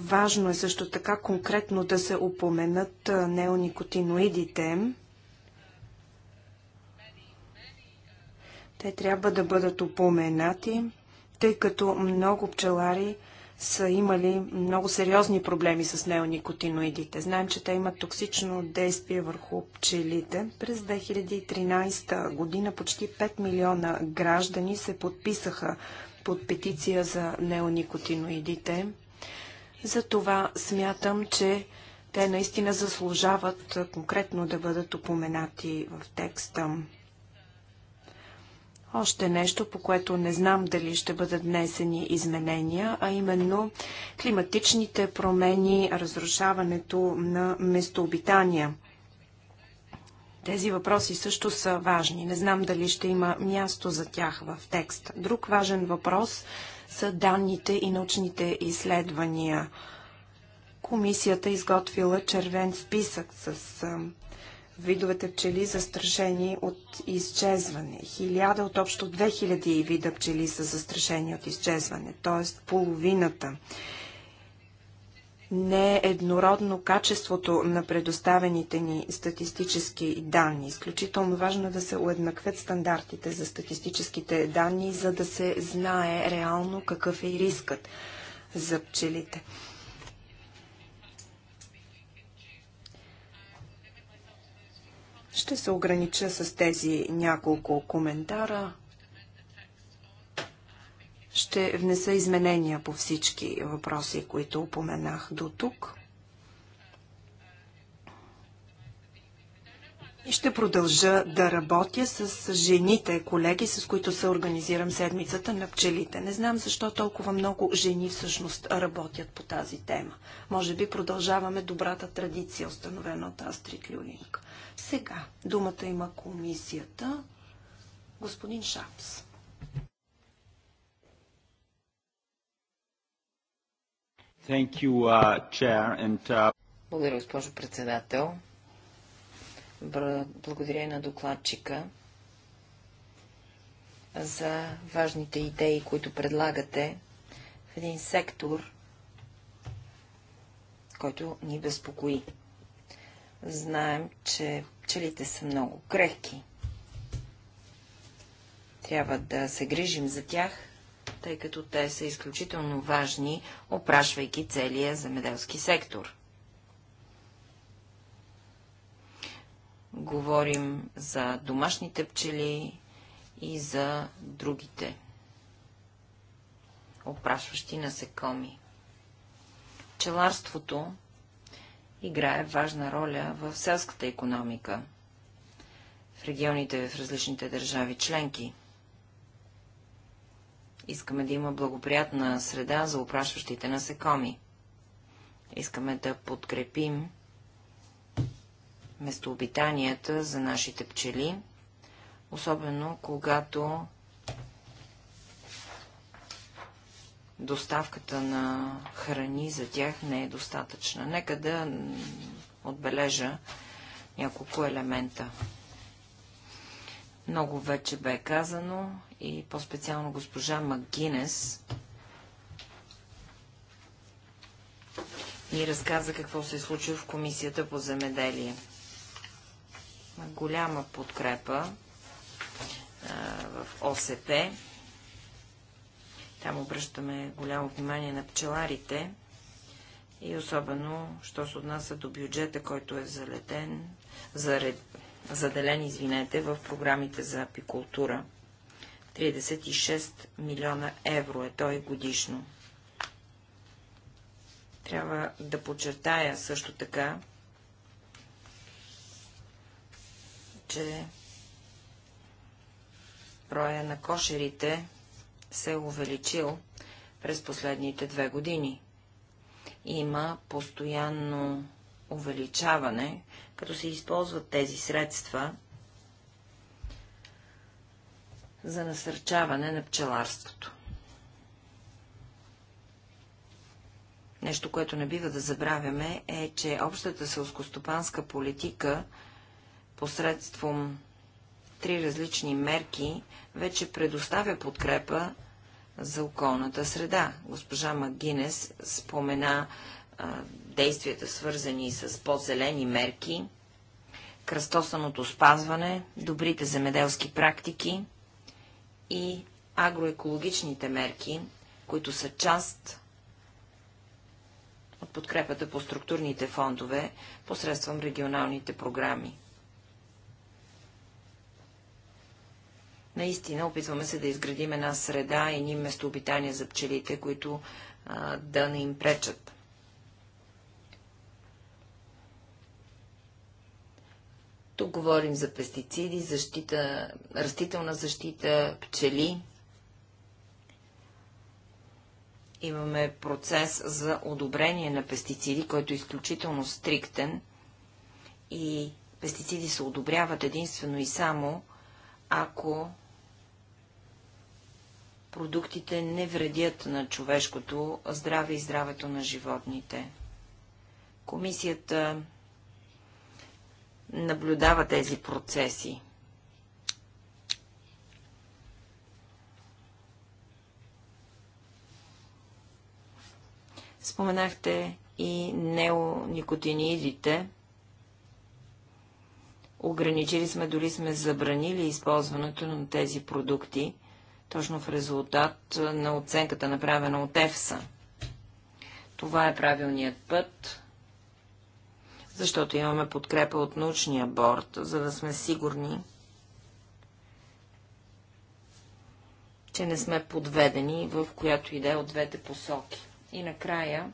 Важно е също така конкретно да се упоменат неоникотиноидите. Те трябва да бъдат упоменати, тъй като много пчелари са имали много сериозни проблеми с неоникотиноидите. Знаем, че те имат токсично действие върху пчелите. През 2013 година почти 5 милиона граждани се подписаха под петиция за неоникотиноидите. Затова смятам, че те наистина заслужават конкретно да бъдат упоменати в текста. Още нещо, по което не знам дали ще бъдат внесени изменения, а именно климатичните промени, разрушаването на местообитания. Тези въпроси също са важни. Не знам дали ще има място за тях в текст. Друг важен въпрос са данните и научните изследвания. Комисията изготвила червен списък с видовете пчели застрашени от изчезване. Хиляда от общо 2000 вида пчели са застрашени от изчезване, т.е. половината не е еднородно качеството на предоставените ни статистически данни. Изключително важно е да се уеднаквят стандартите за статистическите данни, за да се знае реално какъв е и рискът за пчелите. Ще се огранича с тези няколко коментара. Ще внеса изменения по всички въпроси, които упоменах до тук. И ще продължа да работя с жените, колеги, с които се организирам седмицата на пчелите. Не знам защо толкова много жени всъщност работят по тази тема. Може би продължаваме добрата традиция, установена от Астрид Люлинг. Сега думата има комисията. Господин Шапс. You, uh, chair, and, uh... Благодаря, госпожо председател. Благодаря на докладчика за важните идеи, които предлагате в един сектор, който ни безпокои. Знаем, че пчелите са много крехки. Трябва да се грижим за тях тъй като те са изключително важни, опрашвайки целия земеделски сектор. Говорим за домашните пчели и за другите опрашващи насекоми. Пчеларството играе важна роля в селската економика в регионите в различните държави членки. Искаме да има благоприятна среда за опрашващите насекоми. Искаме да подкрепим местообитанията за нашите пчели, особено когато доставката на храни за тях не е достатъчна. Нека да отбележа няколко елемента. Много вече бе казано и по-специално госпожа Магинес ни разказа какво се е случило в Комисията по земеделие. Голяма подкрепа а, в ОСП. Там обръщаме голямо внимание на пчеларите и особено, що се отнася до бюджета, който е залетен, заред, Заделени, извинете, в програмите за апикултура. 36 милиона евро е той годишно. Трябва да подчертая също така, че броя на кошерите се е увеличил през последните две години. Има постоянно увеличаване като се използват тези средства за насърчаване на пчеларството. Нещо, което не бива да забравяме, е, че общата селскостопанска политика посредством три различни мерки вече предоставя подкрепа за околната среда. Госпожа Магинес спомена действията, свързани с по-зелени мерки, кръстосаното спазване, добрите земеделски практики и агроекологичните мерки, които са част от подкрепата по структурните фондове посредством регионалните програми. Наистина опитваме се да изградим една среда и ни местообитания за пчелите, които а, да не им пречат. Тук говорим за пестициди, защита, растителна защита, пчели. Имаме процес за одобрение на пестициди, който е изключително стриктен и пестициди се одобряват единствено и само, ако продуктите не вредят на човешкото здраве и здравето на животните. Комисията наблюдава тези процеси. Споменахте и неоникотиниидите. Ограничили сме, дори сме забранили използването на тези продукти, точно в резултат на оценката, направена от ЕФСА. Това е правилният път защото имаме подкрепа от научния борт, за да сме сигурни, че не сме подведени в която иде от двете посоки. И накрая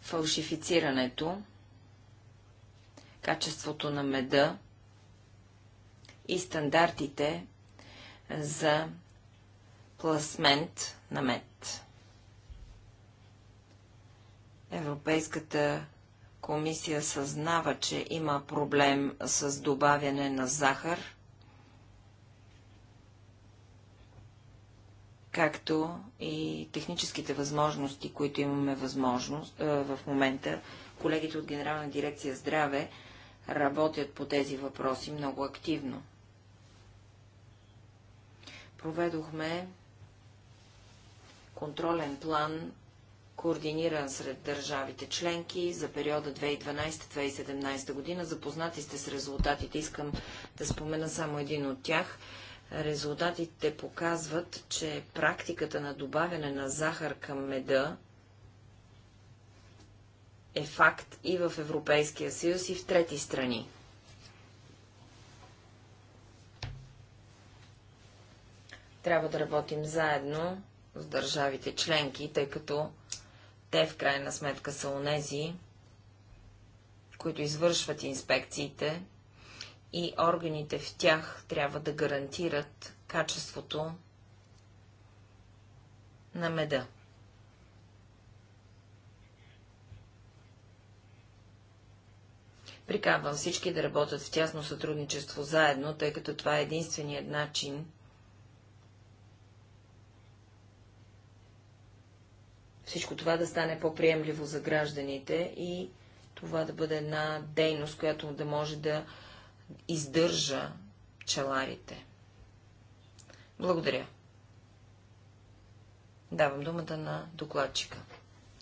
фалшифицирането, качеството на меда и стандартите за пласмент на мед. Европейската комисия съзнава, че има проблем с добавяне на захар, както и техническите възможности, които имаме възможност е, в момента. Колегите от Генерална дирекция здраве работят по тези въпроси много активно. Проведохме контролен план координиран сред държавите членки за периода 2012-2017 година. Запознати сте с резултатите. Искам да спомена само един от тях. Резултатите показват, че практиката на добавяне на захар към меда е факт и в Европейския съюз, и в трети страни. Трябва да работим заедно с държавите членки, тъй като те в крайна сметка са онези, които извършват инспекциите и органите в тях трябва да гарантират качеството на меда. Приказвам всички да работят в тясно сътрудничество заедно, тъй като това е единственият начин всичко това да стане по-приемливо за гражданите и това да бъде една дейност, която да може да издържа пчеларите. Благодаря. Давам думата на докладчика.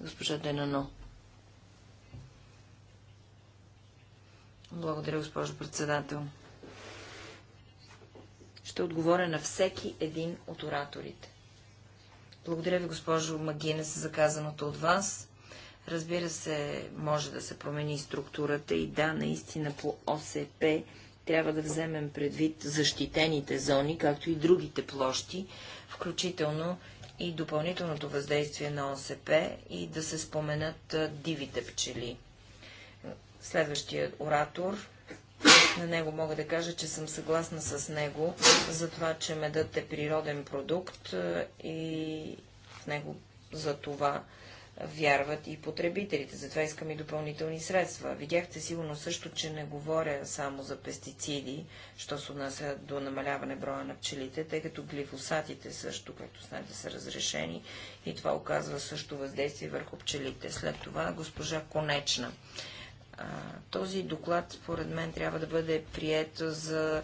Госпожа Денано. Благодаря, госпожо председател. Ще отговоря на всеки един от ораторите. Благодаря ви, госпожо Магинес, за казаното от вас. Разбира се, може да се промени структурата и да, наистина по ОСП трябва да вземем предвид защитените зони, както и другите площи, включително и допълнителното въздействие на ОСП и да се споменат дивите пчели. Следващия оратор на него мога да кажа, че съм съгласна с него за това, че медът е природен продукт е, и в него за това вярват и потребителите. Затова искам и допълнителни средства. Видяхте сигурно също, че не говоря само за пестициди, що се отнася до намаляване броя на пчелите, тъй като глифосатите също, както знаете, са разрешени и това оказва също въздействие върху пчелите. След това госпожа Конечна този доклад, според мен, трябва да бъде прият за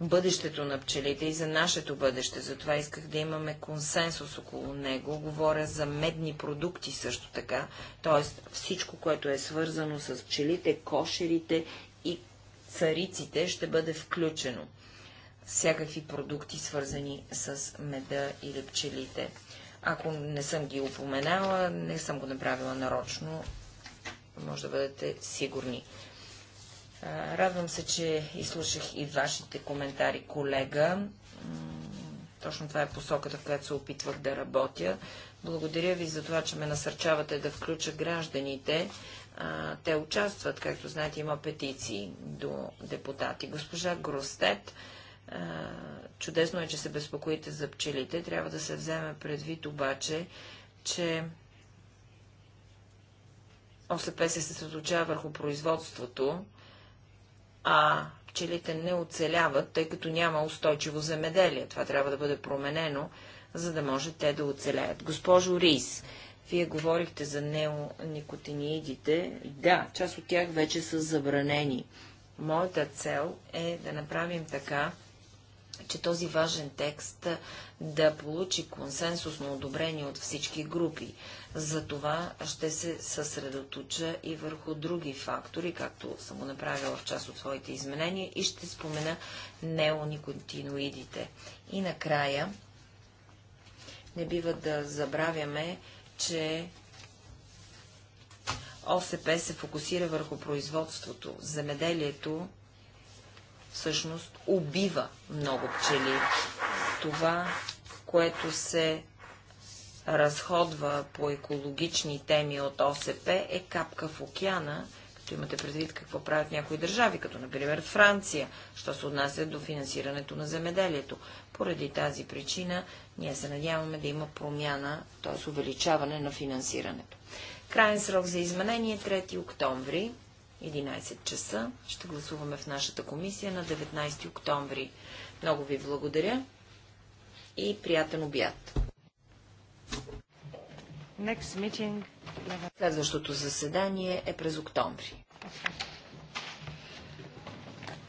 бъдещето на пчелите и за нашето бъдеще. Затова исках да имаме консенсус около него. Говоря за медни продукти също така, т.е. всичко, което е свързано с пчелите, кошерите и цариците ще бъде включено. Всякакви продукти, свързани с меда или пчелите. Ако не съм ги упоменала, не съм го направила нарочно, може да бъдете сигурни. Радвам се, че изслушах и вашите коментари, колега. Точно това е посоката, в която се опитвах да работя. Благодаря ви за това, че ме насърчавате да включа гражданите. те участват, както знаете, има петиции до депутати. Госпожа Гростет Чудесно е, че се безпокоите за пчелите. Трябва да се вземе предвид обаче, че ОСП се съсредоточава върху производството, а пчелите не оцеляват, тъй като няма устойчиво земеделие. Това трябва да бъде променено, за да може те да оцеляят. Госпожо Рис, вие говорихте за неоникотиниидите. Да, част от тях вече са забранени. Моята цел е да направим така, че този важен текст да получи консенсусно одобрение от всички групи. За това ще се съсредоточа и върху други фактори, както съм го направила в част от своите изменения, и ще спомена неоникотиноидите. И накрая не бива да забравяме, че ОСП се фокусира върху производството, земеделието всъщност убива много пчели. Това, което се разходва по екологични теми от ОСП е капка в океана, като имате предвид какво правят някои държави, като например Франция, що се отнася до финансирането на земеделието. Поради тази причина ние се надяваме да има промяна, т.е. увеличаване на финансирането. Крайен срок за изменение 3 е октомври. 11 часа. Ще гласуваме в нашата комисия на 19 октомври. Много ви благодаря и приятен обяд. Следващото заседание е през октомври.